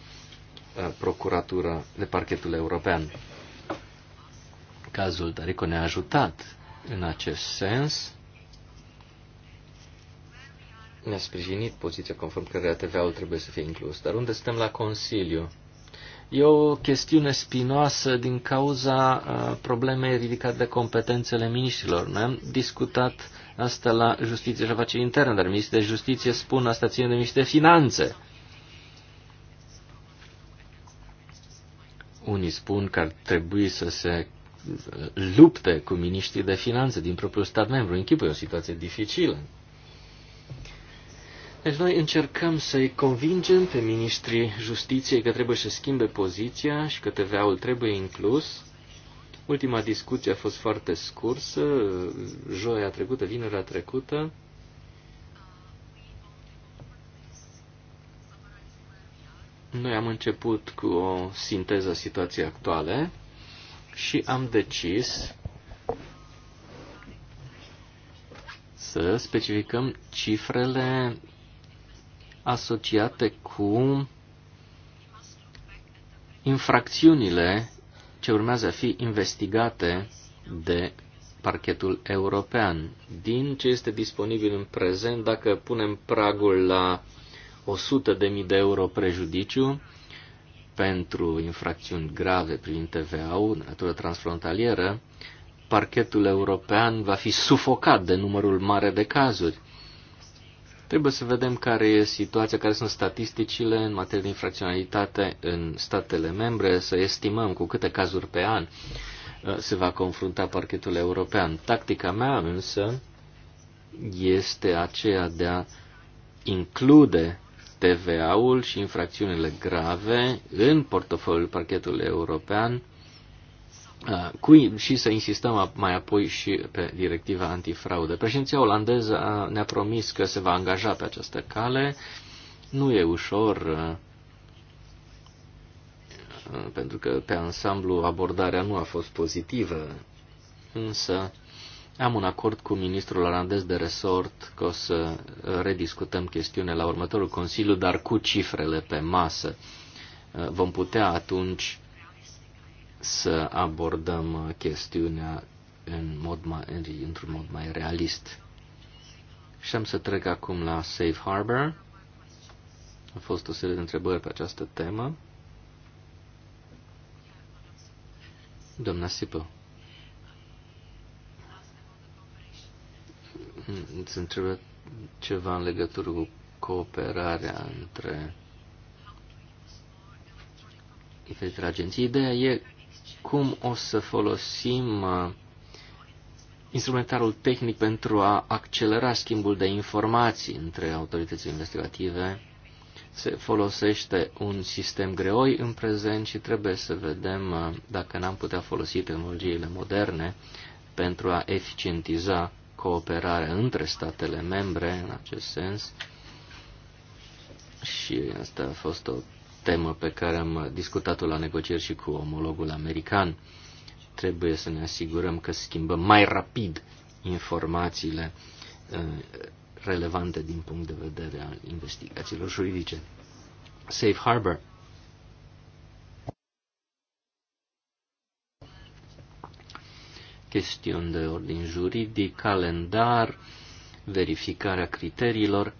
D: uh, procuratura de parchetul european. Cazul Tarico ne-a ajutat în acest sens. Ne-a sprijinit poziția conform că TVA-ul trebuie să fie inclus. Dar unde suntem la Consiliu? E o chestiune spinoasă din cauza problemei ridicate de competențele miniștrilor. Noi am discutat asta la Justiție și Afaceri Interne, dar ministrii de Justiție spun asta ține de miște finanțe. Unii spun că ar trebui să se uh, lupte cu miniștrii de finanțe din propriul stat membru. Închipă o situație dificilă. Deci noi încercăm să-i convingem pe ministrii justiției că trebuie să schimbe poziția și că TVA-ul trebuie inclus. Ultima discuție a fost foarte scursă, joia trecută, vinerea trecută. Noi am început cu o sinteză a situației actuale și am decis să specificăm cifrele asociate cu infracțiunile ce urmează a fi investigate de parchetul european. Din ce este disponibil în prezent, dacă punem pragul la 100.000 de euro prejudiciu pentru infracțiuni grave privind TVA-ul natură transfrontalieră, parchetul european va fi sufocat de numărul mare de cazuri. Trebuie să vedem care e situația, care sunt statisticile în materie de infracționalitate în statele membre, să estimăm cu câte cazuri pe an uh, se va confrunta parchetul european. Tactica mea însă este aceea de a include TVA-ul și infracțiunile grave în portofoliul parchetului european Uh, cu, și să insistăm mai apoi și pe directiva antifraudă. Președinția olandeză ne-a promis că se va angaja pe această cale. Nu e ușor, uh, uh, pentru că pe ansamblu abordarea nu a fost pozitivă, însă am un acord cu ministrul olandez de resort că o să rediscutăm chestiunea la următorul Consiliu, dar cu cifrele pe masă. Vom putea atunci să abordăm uh, chestiunea în mod mai, într-un mod mai realist. Și am să trec acum la Safe Harbor. A fost o serie de întrebări pe această temă. Doamna Sipă. Îți întrebă ceva în legătură cu cooperarea între diferitele agenții. Ideea e cum o să folosim uh, instrumentarul tehnic pentru a accelera schimbul de informații între autoritățile investigative. Se folosește un sistem greoi în prezent și trebuie să vedem uh, dacă n-am putea folosi tehnologiile moderne pentru a eficientiza cooperarea între statele membre în acest sens. Și asta a fost o temă pe care am discutat-o la negocieri și cu omologul american. Trebuie să ne asigurăm că schimbăm mai rapid informațiile uh, relevante din punct de vedere al investigațiilor juridice. Safe Harbor. Chestiuni de ordin juridic, calendar, verificarea criteriilor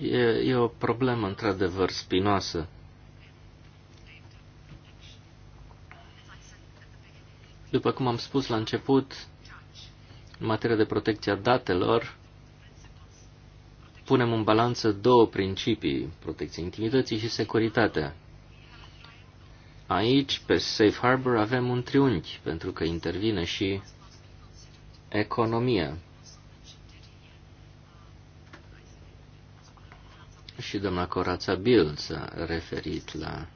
D: E, e o problemă într-adevăr spinoasă. După cum am spus la început, în materie de protecție a datelor, punem în balanță două principii, protecția intimității și securitatea. Aici, pe Safe Harbor, avem un triunghi, pentru că intervine și economia. și doamna Corața Bild a referit la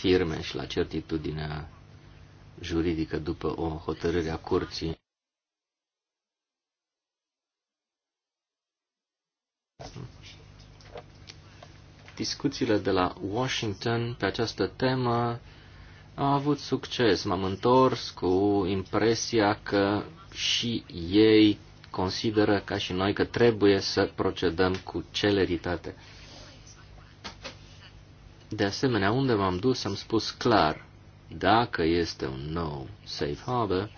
D: firme și la certitudinea juridică după o hotărâre a curții. Discuțiile de la Washington pe această temă au avut succes. M-am întors cu impresia că și ei consideră ca și noi că trebuie să procedăm cu celeritate. De asemenea, unde m-am dus, am spus clar, dacă este un nou safe harbor,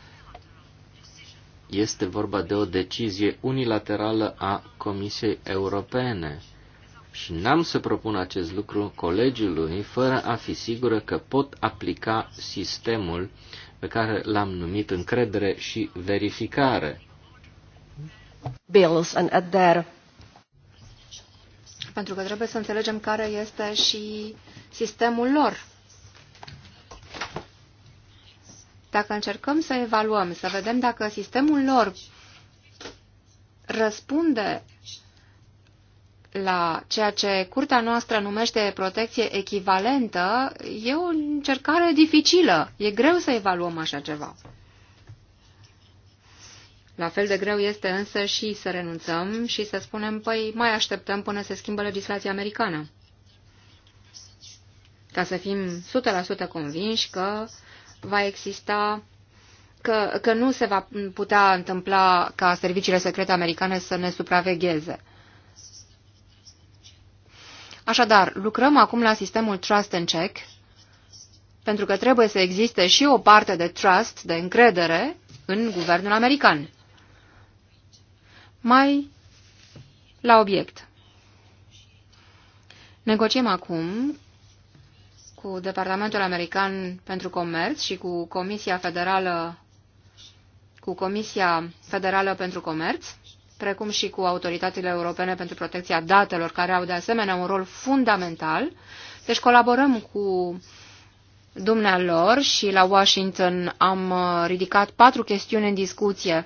D: este vorba de o decizie unilaterală a Comisiei Europene. Și n-am să propun acest lucru colegiului fără a fi sigură că pot aplica sistemul pe care l-am numit încredere și verificare
A: bills and at their
B: pentru că trebuie să înțelegem care este și sistemul lor. Dacă încercăm să evaluăm, să vedem dacă sistemul lor răspunde la ceea ce curtea noastră numește protecție echivalentă, e o încercare dificilă. E greu să evaluăm așa ceva. La fel de greu este însă și să renunțăm și să spunem, păi mai așteptăm până se schimbă legislația americană. Ca să fim 100% convinși că va exista, că, că nu se va putea întâmpla ca serviciile secrete americane să ne supravegheze. Așadar, lucrăm acum la sistemul Trust and Check, pentru că trebuie să existe și o parte de trust, de încredere, în guvernul american. Mai la obiect. Negociem acum cu Departamentul American pentru Comerț și cu Comisia Federală, cu Comisia Federală pentru Comerț, precum și cu autoritățile europene pentru protecția datelor, care au de asemenea un rol fundamental. Deci colaborăm cu dumnealor și la Washington am uh, ridicat patru chestiuni în discuție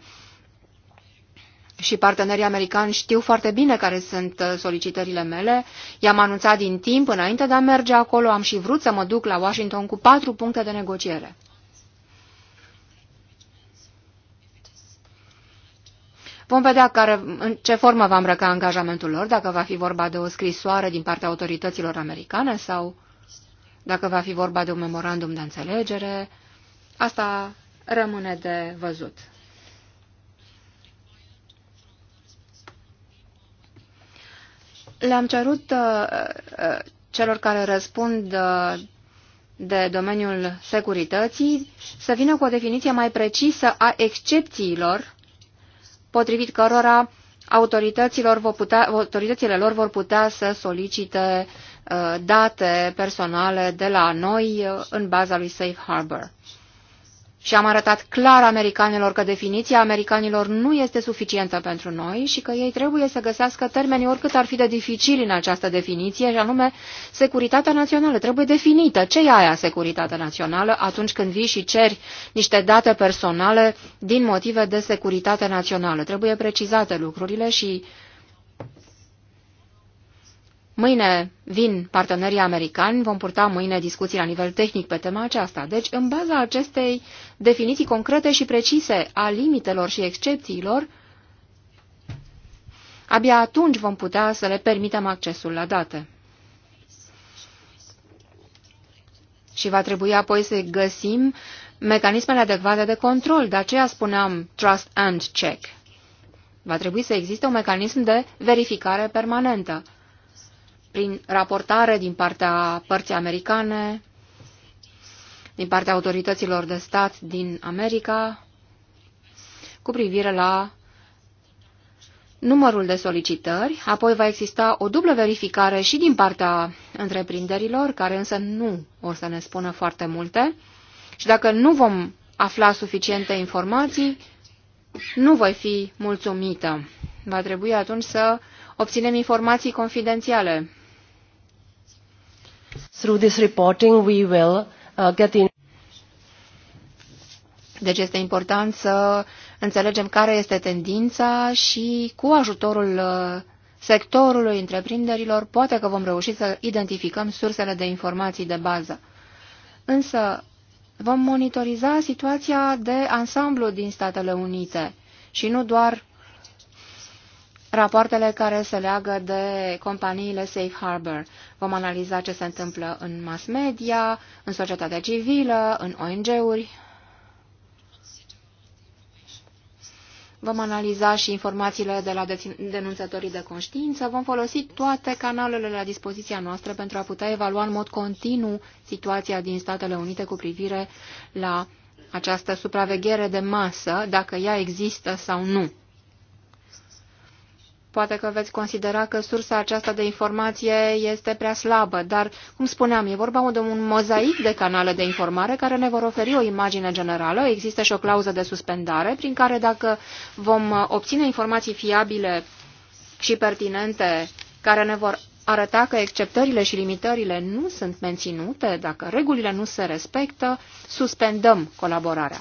B: și partenerii americani știu foarte bine care sunt uh, solicitările mele. I-am anunțat din timp, înainte de a merge acolo, am și vrut să mă duc la Washington cu patru puncte de negociere. Vom vedea care, în ce formă va îmbrăca angajamentul lor, dacă va fi vorba de o scrisoare din partea autorităților americane sau dacă va fi vorba de un memorandum de înțelegere. Asta rămâne de văzut. Le-am cerut uh, uh, celor care răspund uh, de domeniul securității să vină cu o definiție mai precisă a excepțiilor potrivit cărora autorităților vor putea, autoritățile lor vor putea să solicite uh, date personale de la noi uh, în baza lui Safe Harbor. Și am arătat clar americanilor că definiția americanilor nu este suficientă pentru noi și că ei trebuie să găsească termenii oricât ar fi de dificili în această definiție, și anume securitatea națională. Trebuie definită ce e aia securitatea națională atunci când vii și ceri niște date personale din motive de securitate națională. Trebuie precizate lucrurile și Mâine vin partenerii americani, vom purta mâine discuții la nivel tehnic pe tema aceasta. Deci, în baza acestei definiții concrete și precise a limitelor și excepțiilor, abia atunci vom putea să le permitem accesul la date. Și va trebui apoi să găsim mecanismele adecvate de control, de aceea spuneam trust and check. Va trebui să existe un mecanism de verificare permanentă prin raportare din partea părții americane, din partea autorităților de stat din America, cu privire la numărul de solicitări, apoi va exista o dublă verificare și din partea întreprinderilor, care însă nu o să ne spună foarte multe, și dacă nu vom afla suficiente informații, nu voi fi mulțumită. Va trebui atunci să obținem informații confidențiale.
A: Through this reporting we will uh, get in
B: deci este important să înțelegem care este tendința și cu ajutorul uh, sectorului întreprinderilor poate că vom reuși să identificăm sursele de informații de bază. Însă vom monitoriza situația de ansamblu din Statele Unite și nu doar rapoartele care se leagă de companiile Safe Harbor. Vom analiza ce se întâmplă în mass media, în societatea civilă, în ONG-uri. Vom analiza și informațiile de la denunțătorii de conștiință. Vom folosi toate canalele la dispoziția noastră pentru a putea evalua în mod continuu situația din Statele Unite cu privire la această supraveghere de masă, dacă ea există sau nu. Poate că veți considera că sursa aceasta de informație este prea slabă, dar, cum spuneam, e vorba de un mozaic de canale de informare care ne vor oferi o imagine generală. Există și o clauză de suspendare prin care dacă vom obține informații fiabile și pertinente care ne vor arăta că exceptările și limitările nu sunt menținute, dacă regulile nu se respectă, suspendăm colaborarea.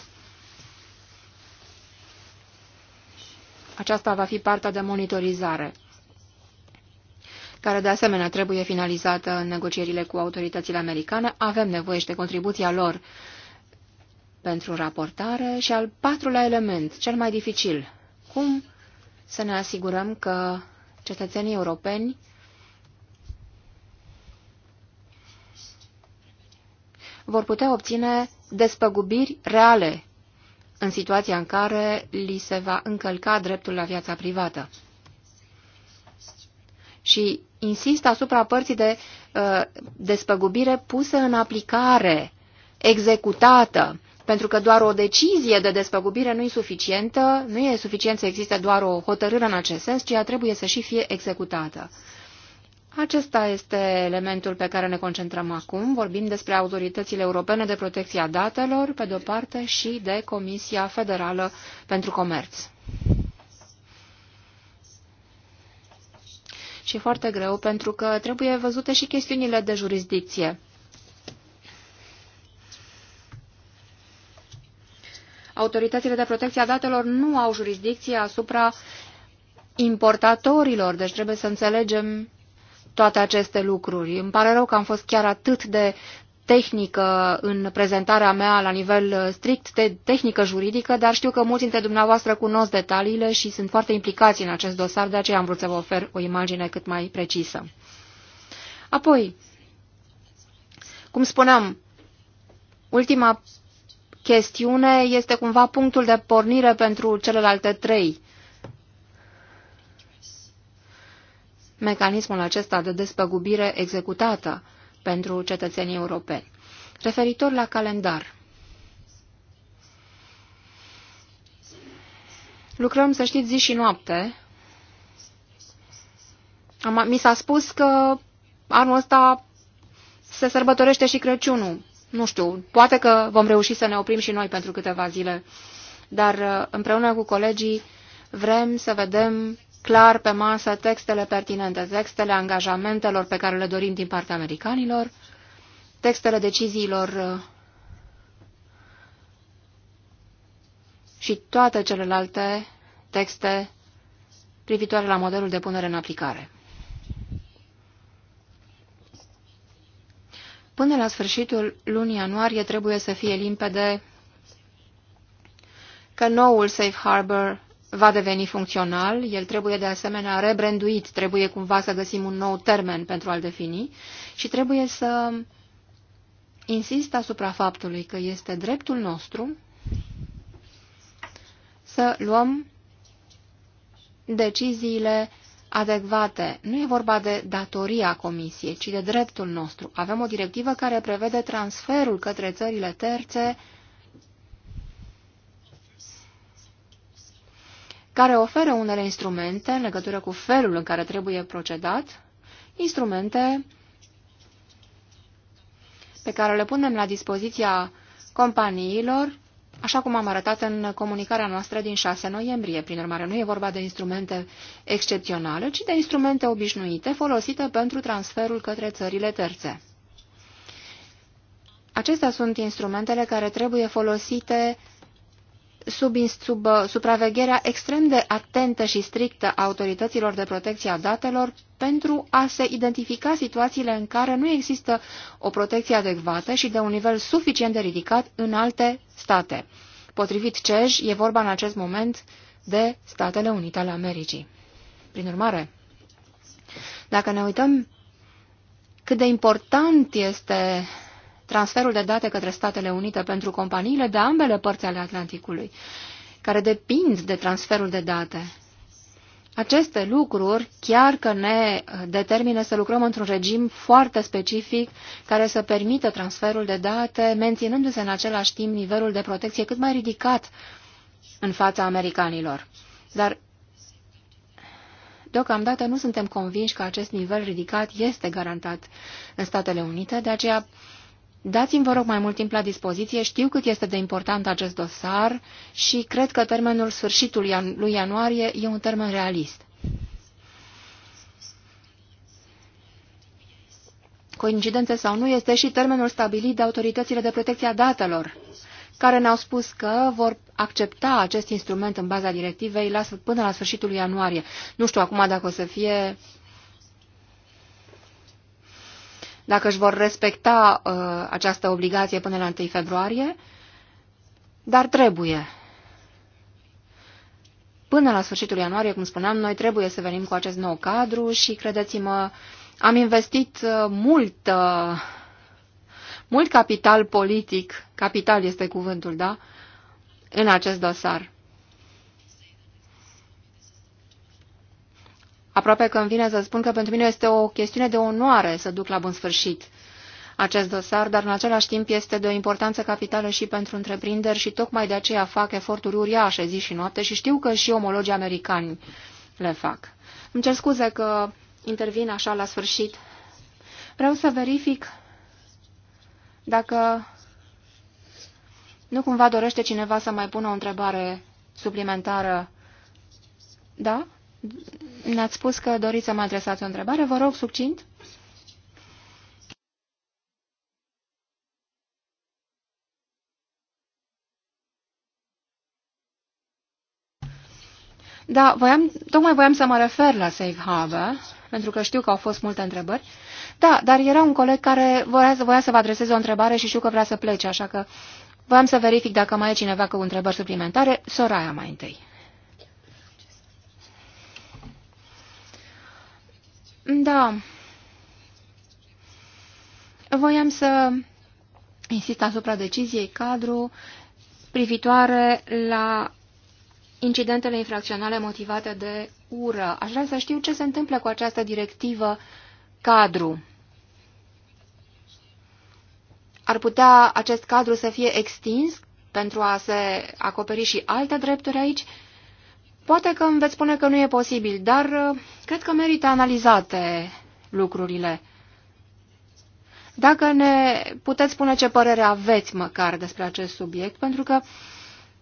B: Aceasta va fi partea de monitorizare, care de asemenea trebuie finalizată în negocierile cu autoritățile americane. Avem nevoie și de contribuția lor pentru raportare și al patrulea element, cel mai dificil, cum să ne asigurăm că cetățenii europeni vor putea obține despăgubiri reale în situația în care li se va încălca dreptul la viața privată. Și insist asupra părții de uh, despăgubire pusă în aplicare, executată, pentru că doar o decizie de despăgubire nu e suficientă, nu e suficient să existe doar o hotărâre în acest sens, ci ea trebuie să și fie executată. Acesta este elementul pe care ne concentrăm acum. Vorbim despre autoritățile europene de protecție a datelor, pe de-o parte, și de Comisia Federală pentru Comerț. Și foarte greu, pentru că trebuie văzute și chestiunile de jurisdicție. Autoritățile de protecție a datelor nu au jurisdicție asupra importatorilor, deci trebuie să înțelegem toate aceste lucruri. Îmi pare rău că am fost chiar atât de tehnică în prezentarea mea la nivel strict, de tehnică juridică, dar știu că mulți dintre dumneavoastră cunosc detaliile și sunt foarte implicați în acest dosar, de aceea am vrut să vă ofer o imagine cât mai precisă. Apoi, cum spuneam, ultima chestiune este cumva punctul de pornire pentru celelalte trei mecanismul acesta de despăgubire executată pentru cetățenii europeni. Referitor la calendar, lucrăm, să știți, zi și noapte. Am, mi s-a spus că anul ăsta se sărbătorește și Crăciunul. Nu știu, poate că vom reuși să ne oprim și noi pentru câteva zile, dar uh, împreună cu colegii vrem să vedem clar pe masă textele pertinente, textele angajamentelor pe care le dorim din partea americanilor, textele deciziilor uh, și toate celelalte texte privitoare la modelul de punere în aplicare. Până la sfârșitul lunii ianuarie trebuie să fie limpede că noul safe harbor va deveni funcțional, el trebuie de asemenea rebranduit, trebuie cumva să găsim un nou termen pentru a-l defini și trebuie să insist asupra faptului că este dreptul nostru să luăm deciziile adecvate. Nu e vorba de datoria Comisiei, ci de dreptul nostru. Avem o directivă care prevede transferul către țările terțe care oferă unele instrumente în legătură cu felul în care trebuie procedat, instrumente pe care le punem la dispoziția companiilor, așa cum am arătat în comunicarea noastră din 6 noiembrie. Prin urmare, nu e vorba de instrumente excepționale, ci de instrumente obișnuite folosite pentru transferul către țările terțe. Acestea sunt instrumentele care trebuie folosite sub, sub uh, supravegherea extrem de atentă și strictă a autorităților de protecție a datelor pentru a se identifica situațiile în care nu există o protecție adecvată și de un nivel suficient de ridicat în alte state. Potrivit CEJ, e vorba în acest moment de Statele Unite ale Americii. Prin urmare, dacă ne uităm cât de important este transferul de date către Statele Unite pentru companiile de ambele părți ale Atlanticului, care depind de transferul de date. Aceste lucruri chiar că ne determină să lucrăm într-un regim foarte specific care să permită transferul de date, menținându-se în același timp nivelul de protecție cât mai ridicat în fața americanilor. Dar Deocamdată nu suntem convinși că acest nivel ridicat este garantat în Statele Unite, de aceea Dați-mi, vă rog, mai mult timp la dispoziție. Știu cât este de important acest dosar și cred că termenul sfârșitului lui ianuarie e un termen realist. Coincidență sau nu, este și termenul stabilit de autoritățile de protecție a datelor, care ne-au spus că vor accepta acest instrument în baza directivei la, până la sfârșitul ianuarie. Nu știu acum dacă o să fie dacă își vor respecta uh, această obligație până la 1 februarie, dar trebuie. Până la sfârșitul ianuarie, cum spuneam, noi trebuie să venim cu acest nou cadru și, credeți-mă, am investit uh, mult, uh, mult capital politic, capital este cuvântul, da, în acest dosar. Aproape că îmi vine să spun că pentru mine este o chestiune de onoare să duc la bun sfârșit acest dosar, dar în același timp este de o importanță capitală și pentru întreprinderi și tocmai de aceea fac eforturi uriașe zi și noapte și știu că și omologii americani le fac. Îmi cer scuze că intervin așa la sfârșit. Vreau să verific dacă nu cumva dorește cineva să mai pună o întrebare suplimentară. Da? Ne-ați spus că doriți să mă adresați o întrebare. Vă rog, succint. Da, voiam, tocmai voiam să mă refer la Safe Harbor, pentru că știu că au fost multe întrebări. Da, dar era un coleg care voia, voia să vă adreseze o întrebare și știu că vrea să plece, așa că voiam să verific dacă mai e cineva cu întrebări suplimentare. Soraya mai întâi. Da. Voiam să insist asupra deciziei cadru privitoare la incidentele infracționale motivate de ură. Aș vrea să știu ce se întâmplă cu această directivă cadru. Ar putea acest cadru să fie extins pentru a se acoperi și alte drepturi aici? Poate că îmi veți spune că nu e posibil, dar uh, cred că merită analizate lucrurile. Dacă ne puteți spune ce părere aveți măcar despre acest subiect, pentru că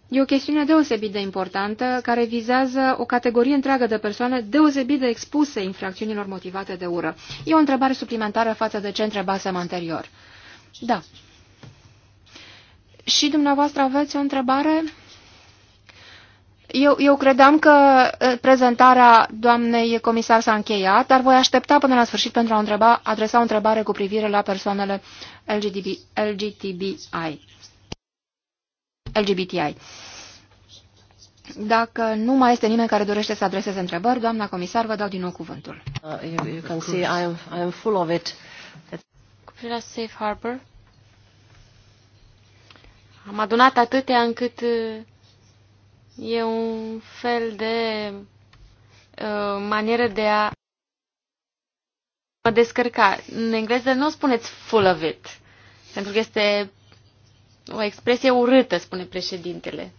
B: e o chestiune deosebit de importantă care vizează o categorie întreagă de persoane deosebit de expuse infracțiunilor motivate de ură. E o întrebare suplimentară față de ce întrebasem anterior. Da. Și dumneavoastră aveți o întrebare? Eu, eu credeam că prezentarea doamnei comisar s-a încheiat, dar voi aștepta până la sfârșit pentru a întreba, adresa o întrebare cu privire la persoanele LGTB, LGTBI. LGBTI. Dacă nu mai este nimeni care dorește să adreseze întrebări, doamna comisar, vă dau din nou cuvântul.
A: Uh, cu
B: privire
C: la Safe Harbor, am adunat atâtea încât uh, E un fel de uh, manieră de a mă descărca. În engleză nu spuneți
A: full of it, pentru că este o expresie urâtă, spune președintele.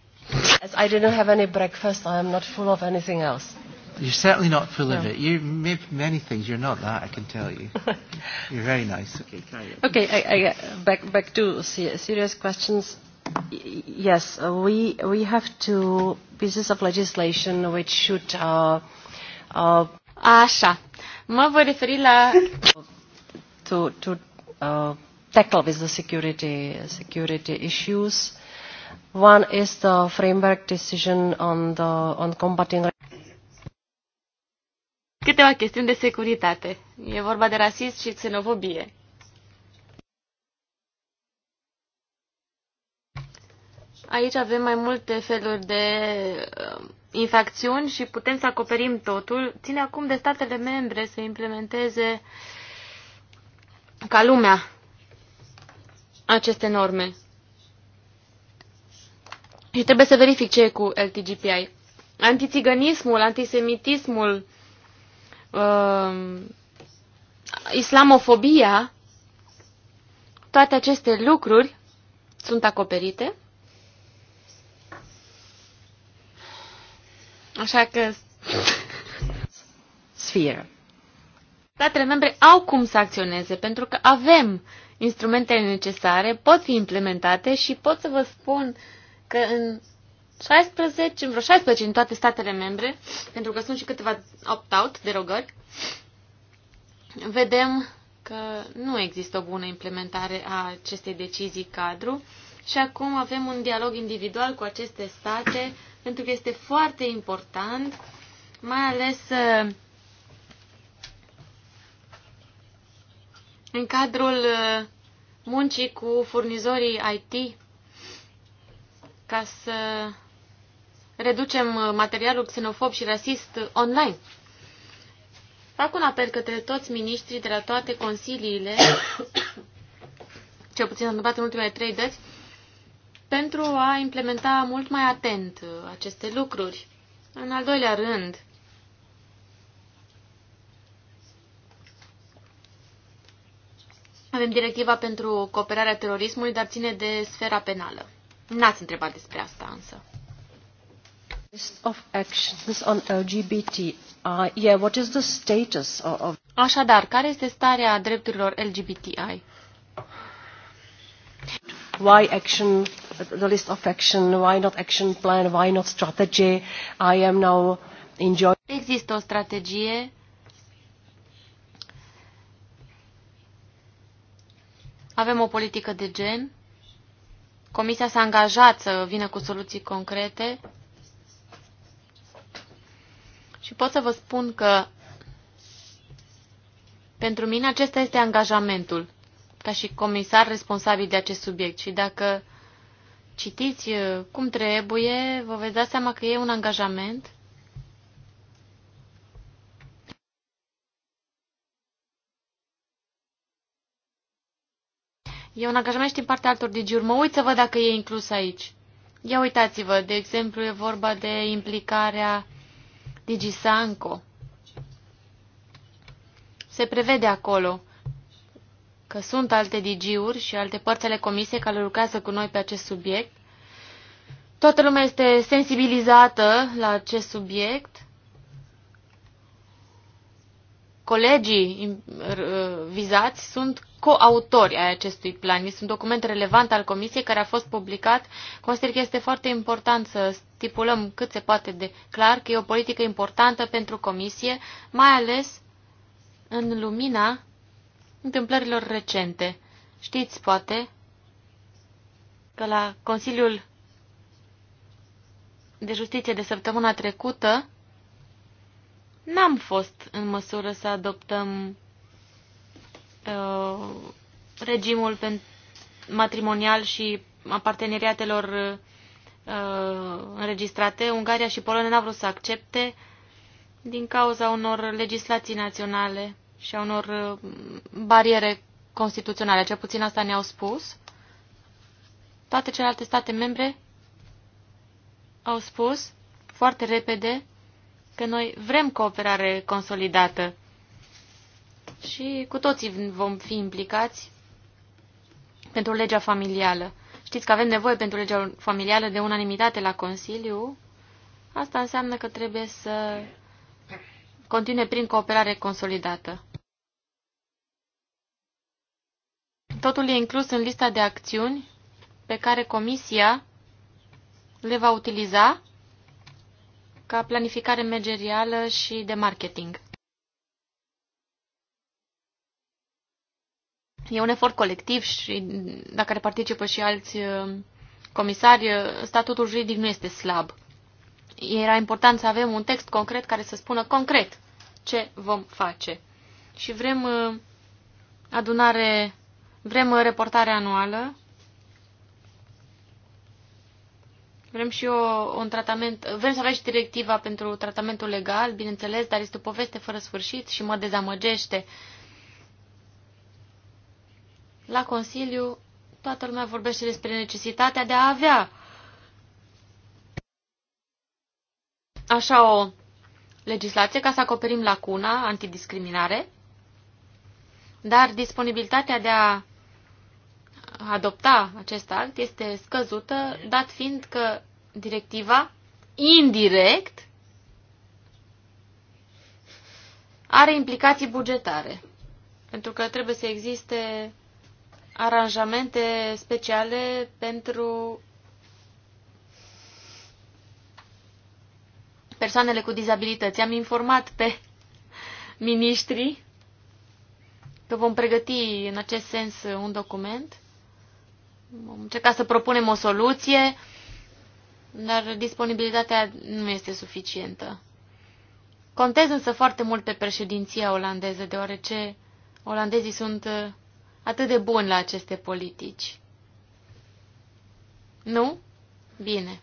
A: As I didn't have any breakfast, I am not full of anything else.
E: You're certainly not full no. of it. You may many things. You're not that, I can tell you. <laughs> You're very nice. Okay,
A: carry on. Okay, I, I, back, back to serious questions yes, we, we have two pieces of legislation which should... Uh, uh, Așa. Mă voi referi la... to, to uh, tackle with the security, security issues. One is the framework decision on, the, on combating...
C: Câteva chestiuni de securitate. E vorba de rasism și xenofobie. Aici avem mai multe feluri de uh, infracțiuni și putem să acoperim totul. Ține acum de statele membre să implementeze ca lumea aceste norme. Și trebuie să verific ce e cu LTGPI. Antițiganismul, antisemitismul, uh, islamofobia, toate aceste lucruri sunt acoperite Așa că... Sphere. Statele membre au cum să acționeze, pentru că avem instrumentele necesare, pot fi implementate și pot să vă spun că în 16, în vreo 16 în toate statele membre, pentru că sunt și câteva opt-out, derogări, vedem că nu există o bună implementare a acestei decizii cadru și acum avem un dialog individual cu aceste state, pentru că este foarte important, mai ales uh, în cadrul uh, muncii cu furnizorii IT, ca să reducem materialul xenofob și rasist online. Fac un apel către toți miniștrii de la toate consiliile, <coughs> cel puțin am întâmplat în ultimele trei dăți, pentru a implementa mult mai atent aceste lucruri. În al doilea rând, avem directiva pentru cooperarea terorismului, dar ține de sfera penală. N-ați întrebat despre
A: asta însă.
C: Așadar, care este starea drepturilor LGBTI?
A: Why action the list of action, why not action plan, why not strategy. I am now enjoying... Există o strategie
C: Avem o politică de gen. Comisia s-a angajat să vină cu soluții concrete. Și pot să vă spun că pentru mine acesta este angajamentul ca și comisar responsabil de acest subiect. Și dacă citiți uh, cum trebuie, vă veți da seama că e un angajament. E un angajament și din partea altor digiuri. Mă uit să văd dacă e inclus aici. Ia uitați-vă, de exemplu, e vorba de implicarea DigiSanco. Se prevede acolo că sunt alte DG-uri și alte părți ale comisiei care lucrează cu noi pe acest subiect. Toată lumea este sensibilizată la acest subiect. Colegii vizați sunt coautori ai acestui plan. Este un document relevant al Comisiei care a fost publicat. Consider că este foarte important să stipulăm cât se poate de clar că e o politică importantă pentru Comisie, mai ales în lumina întâmplărilor recente. Știți, poate, că la Consiliul de Justiție de săptămâna trecută n-am fost în măsură să adoptăm uh, regimul matrimonial și a parteneriatelor uh, înregistrate. Ungaria și Polonia n-au vrut să accepte din cauza unor legislații naționale și a unor uh, bariere constituționale, cel puțin asta ne-au spus. Toate celelalte state membre au spus foarte repede că noi vrem cooperare consolidată și cu toții vom fi implicați pentru legea familială. Știți că avem nevoie pentru legea familială de unanimitate la Consiliu. Asta înseamnă că trebuie să continue prin cooperare consolidată. Totul e inclus în lista de acțiuni pe care Comisia le va utiliza ca planificare managerială și de marketing. E un efort colectiv și la care participă și alți uh, comisari, uh, statutul juridic nu este slab. Era important să avem un text concret care să spună concret ce vom face. Și vrem uh, adunare Vrem o uh, reportare anuală. Vrem și o, un tratament, vrem să avem și directiva pentru tratamentul legal, bineînțeles, dar este o poveste fără sfârșit și mă dezamăgește. La Consiliu toată lumea vorbește despre necesitatea de a avea așa o legislație ca să acoperim lacuna antidiscriminare, dar disponibilitatea de a adopta acest act este scăzută, dat fiind că directiva indirect are implicații bugetare, pentru că trebuie să existe aranjamente speciale pentru persoanele cu dizabilități. Am informat pe ministrii. că vom pregăti în acest sens un document Vom încerca să propunem o soluție, dar disponibilitatea nu este suficientă. Contez însă foarte mult pe președinția olandeză, deoarece olandezii sunt uh, atât de buni la aceste politici. Nu? Bine.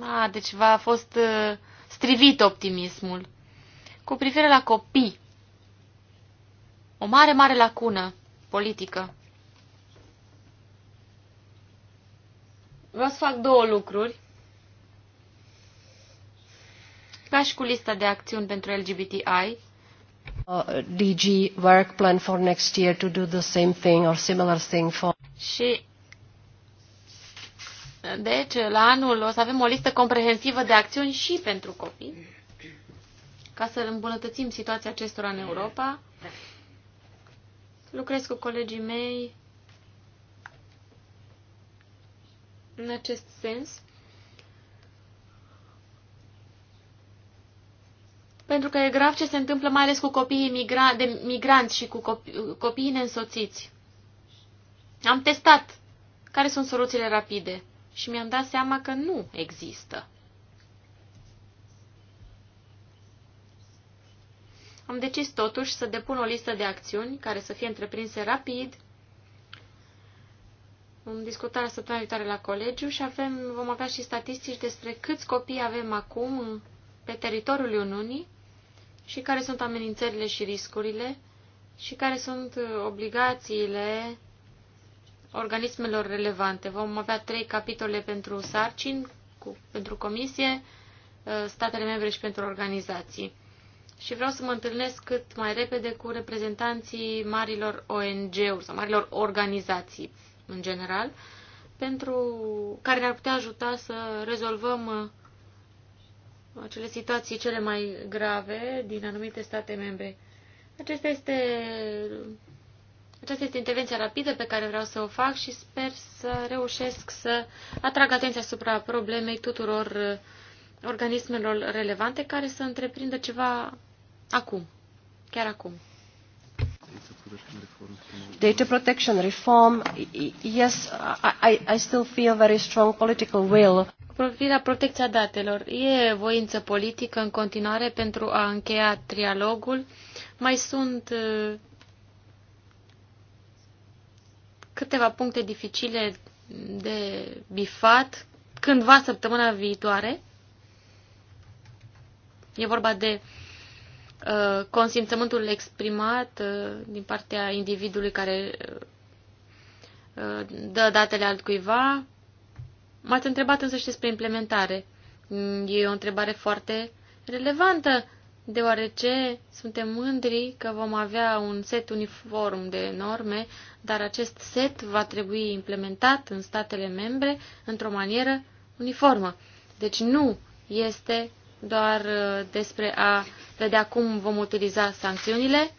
C: A, deci v-a fost uh, strivit optimismul. Cu privire la copii, o mare, mare lacună politică. Vreau să fac două lucruri. Ca și cu lista de acțiuni pentru LGBTI.
A: Uh, DG work plan for next year to do the same thing or similar thing for...
C: Și deci, la anul o să avem o listă comprehensivă de acțiuni și pentru copii, ca să îmbunătățim situația acestora în Europa. Lucrez cu colegii mei În acest sens, pentru că e grav ce se întâmplă mai ales cu copiii migra de migranți și cu copi copiii neînsoțiți. Am testat care sunt soluțiile rapide și mi-am dat seama că nu există. Am decis totuși să depun o listă de acțiuni care să fie întreprinse rapid în discutarea săptămâna viitoare la colegiu și avem, vom avea și statistici despre câți copii avem acum pe teritoriul Uniunii și care sunt amenințările și riscurile și care sunt uh, obligațiile organismelor relevante. Vom avea trei capitole pentru sarcini, cu, pentru comisie, uh, statele membre și pentru organizații. Și vreau să mă întâlnesc cât mai repede cu reprezentanții marilor ONG-uri sau marilor organizații în general, pentru care ne-ar putea ajuta să rezolvăm uh, acele situații cele mai grave din anumite state membre. Acesta este aceasta este intervenția rapidă pe care vreau să o fac și sper să reușesc să atrag atenția asupra problemei tuturor uh, organismelor relevante care să întreprindă ceva acum, chiar acum.
A: Data protection reform, yes, I, I still feel very strong political will.
C: Privirea protecția datelor, e voință politică în continuare pentru a încheia trialogul. Mai sunt uh, câteva puncte dificile de bifat cândva săptămâna viitoare. E vorba de uh, Uh, consimțământul exprimat uh, din partea individului care uh, dă datele altcuiva. M-ați întrebat însă și despre implementare. Mm, e o întrebare foarte relevantă, deoarece suntem mândri că vom avea un set uniform de norme, dar acest set va trebui implementat în statele membre într-o manieră uniformă. Deci nu este doar despre a de acum vom utiliza sancțiunile,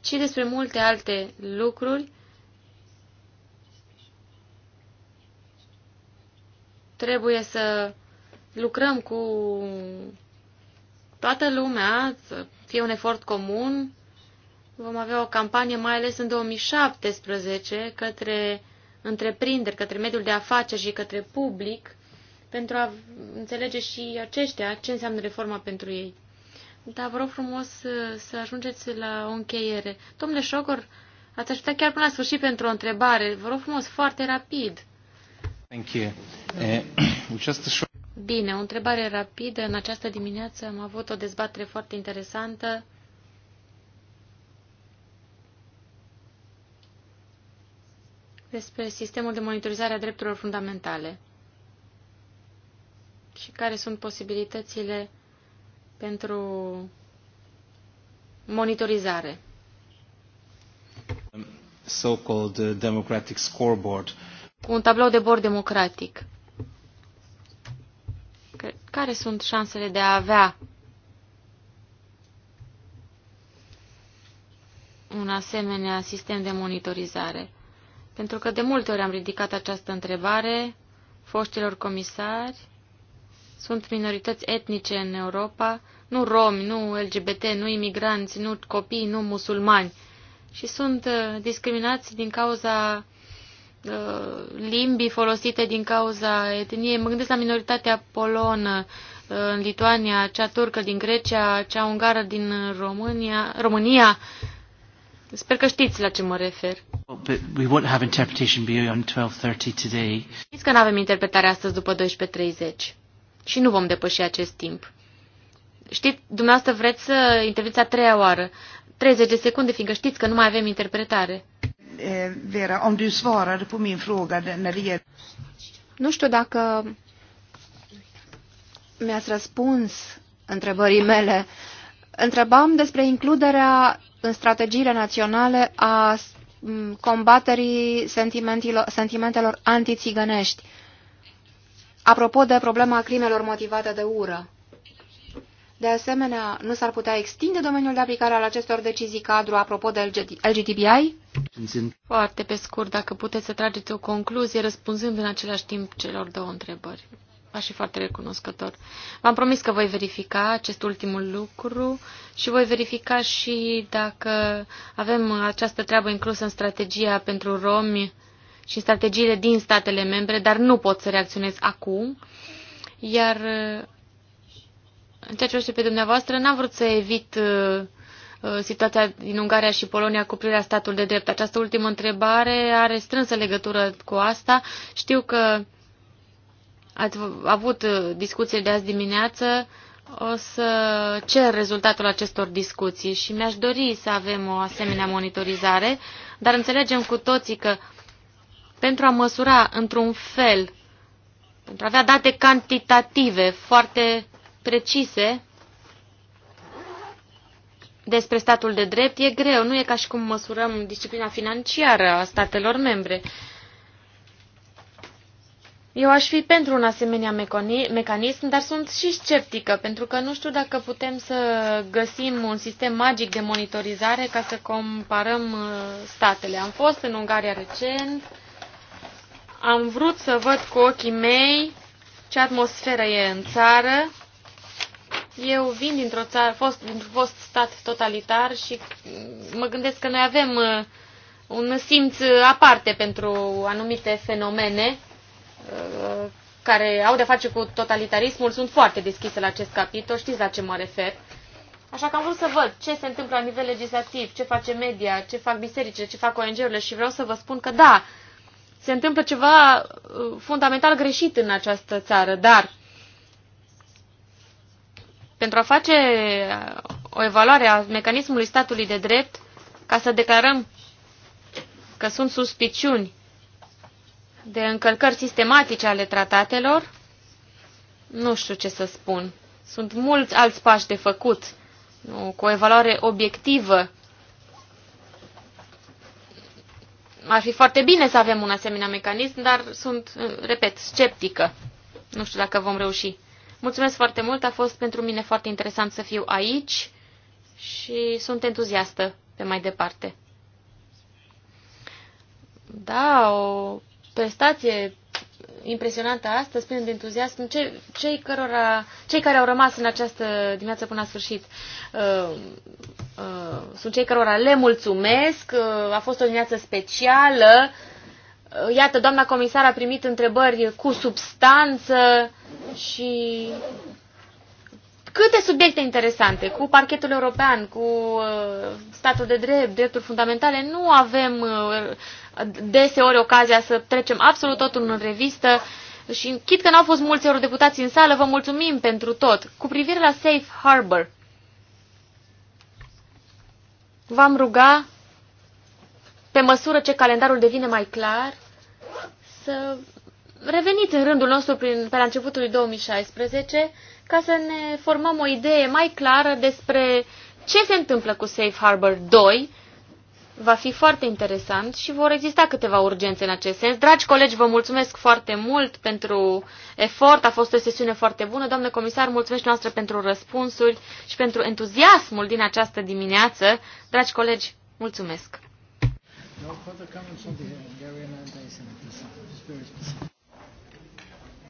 C: ci despre multe alte lucruri trebuie să lucrăm cu toată lumea, să fie un efort comun. Vom avea o campanie, mai ales în 2017, către întreprinderi, către mediul de afaceri și către public, pentru a înțelege și aceștia ce înseamnă reforma pentru ei. Da, vă rog frumos uh, să ajungeți la o încheiere. Domnule Șogor, ați așteptat chiar până la sfârșit pentru o întrebare. Vă rog frumos, foarte rapid.
F: Thank you. Eh,
C: <clears throat> Bine, o întrebare rapidă. În această dimineață am avut o dezbatere foarte interesantă. despre sistemul de monitorizare a drepturilor fundamentale și care sunt posibilitățile pentru monitorizare.
E: So-called uh, democratic scoreboard.
C: Un tablou de bord democratic. Care sunt șansele de a avea un asemenea sistem de monitorizare? Pentru că de multe ori am ridicat această întrebare foștilor comisari sunt minorități etnice în Europa, nu romi, nu LGBT, nu imigranți, nu copii, nu musulmani. Și sunt uh, discriminați din cauza uh, limbii folosite din cauza etniei. Mă gândesc la minoritatea polonă uh, în Lituania, cea turcă din Grecia, cea ungară din România. România. Sper că știți la ce mă refer.
E: we won't have interpretation beyond 12:30 today.
C: Știți că nu avem interpretare astăzi după 12:30 și nu vom depăși acest timp. Știți, dumneavoastră vreți să interviți a treia oară. 30 de secunde, fiindcă știți că nu mai avem interpretare.
B: Vera, om du svarade på min fråga när det gäller... Nu știu dacă mi-ați răspuns întrebării mele. Întrebam despre includerea în strategiile naționale a combaterii sentimentelor antițigănești apropo de problema crimelor motivate de ură. De asemenea, nu s-ar putea
C: extinde domeniul de aplicare al acestor decizii cadru apropo de LGTBI? Foarte pe scurt, dacă puteți să trageți o concluzie răspunzând în același timp celor două întrebări. Aș fi foarte recunoscător. V-am promis că voi verifica acest ultimul lucru și voi verifica și dacă avem această treabă inclusă în strategia pentru romi și strategiile din statele membre, dar nu pot să reacționez acum. Iar uh, în ceea ce o pe dumneavoastră, n-am vrut să evit uh, uh, situația din Ungaria și Polonia cu privire la statul de drept. Această ultimă întrebare are strânsă legătură cu asta. Știu că ați avut discuții de azi dimineață. O să cer rezultatul acestor discuții și mi-aș dori să avem o asemenea monitorizare, dar înțelegem cu toții că pentru a măsura într-un fel, pentru a avea date cantitative foarte precise despre statul de drept, e greu. Nu e ca și cum măsurăm disciplina financiară a statelor membre. Eu aș fi pentru un asemenea mecanism, dar sunt și sceptică, pentru că nu știu dacă putem să găsim un sistem magic de monitorizare ca să comparăm uh, statele. Am fost în Ungaria recent am vrut să văd cu ochii mei ce atmosferă e în țară. Eu vin dintr-o țară, fost, dintr-un fost stat totalitar și mă gândesc că noi avem uh, un simț aparte pentru anumite fenomene uh, care au de-a face cu totalitarismul. Sunt foarte deschise la acest capitol, știți la ce mă refer. Așa că am vrut să văd ce se întâmplă la nivel legislativ, ce face media, ce fac bisericile, ce fac ONG-urile și vreau să vă spun că da, se întâmplă ceva uh, fundamental greșit în această țară, dar pentru a face uh, o evaluare a mecanismului statului de drept, ca să declarăm că sunt suspiciuni de încălcări sistematice ale tratatelor, nu știu ce să spun. Sunt mulți alți pași de făcut, cu o evaluare obiectivă ar fi foarte bine să avem un asemenea mecanism, dar sunt, repet, sceptică. Nu știu dacă vom reuși. Mulțumesc foarte mult, a fost pentru mine foarte interesant să fiu aici și sunt entuziastă pe mai departe. Da, o prestație impresionantă astăzi, plină de entuziasm, ce, cei, cărora, cei care au rămas în această dimineață până la sfârșit uh, uh, sunt cei cărora le mulțumesc, uh, a fost o dimineață specială, uh, iată, doamna comisar a primit întrebări cu substanță și câte subiecte interesante, cu parchetul european, cu uh, statul de drept, drepturi fundamentale, nu avem uh, deseori ocazia să trecem absolut totul în revistă și chit că n-au fost mulți eurodeputați în sală, vă mulțumim pentru tot. Cu privire la Safe Harbor, v-am ruga, pe măsură ce calendarul devine mai clar, să reveniți în rândul nostru prin, pe la începutul 2016 ca să ne formăm o idee mai clară despre ce se întâmplă cu Safe Harbor 2 va fi foarte interesant și vor exista câteva urgențe în acest sens. Dragi colegi, vă mulțumesc foarte mult pentru efort, a fost o sesiune foarte bună. Doamne comisar, mulțumesc noastră pentru răspunsuri și pentru entuziasmul din această dimineață. Dragi colegi, mulțumesc!
F: No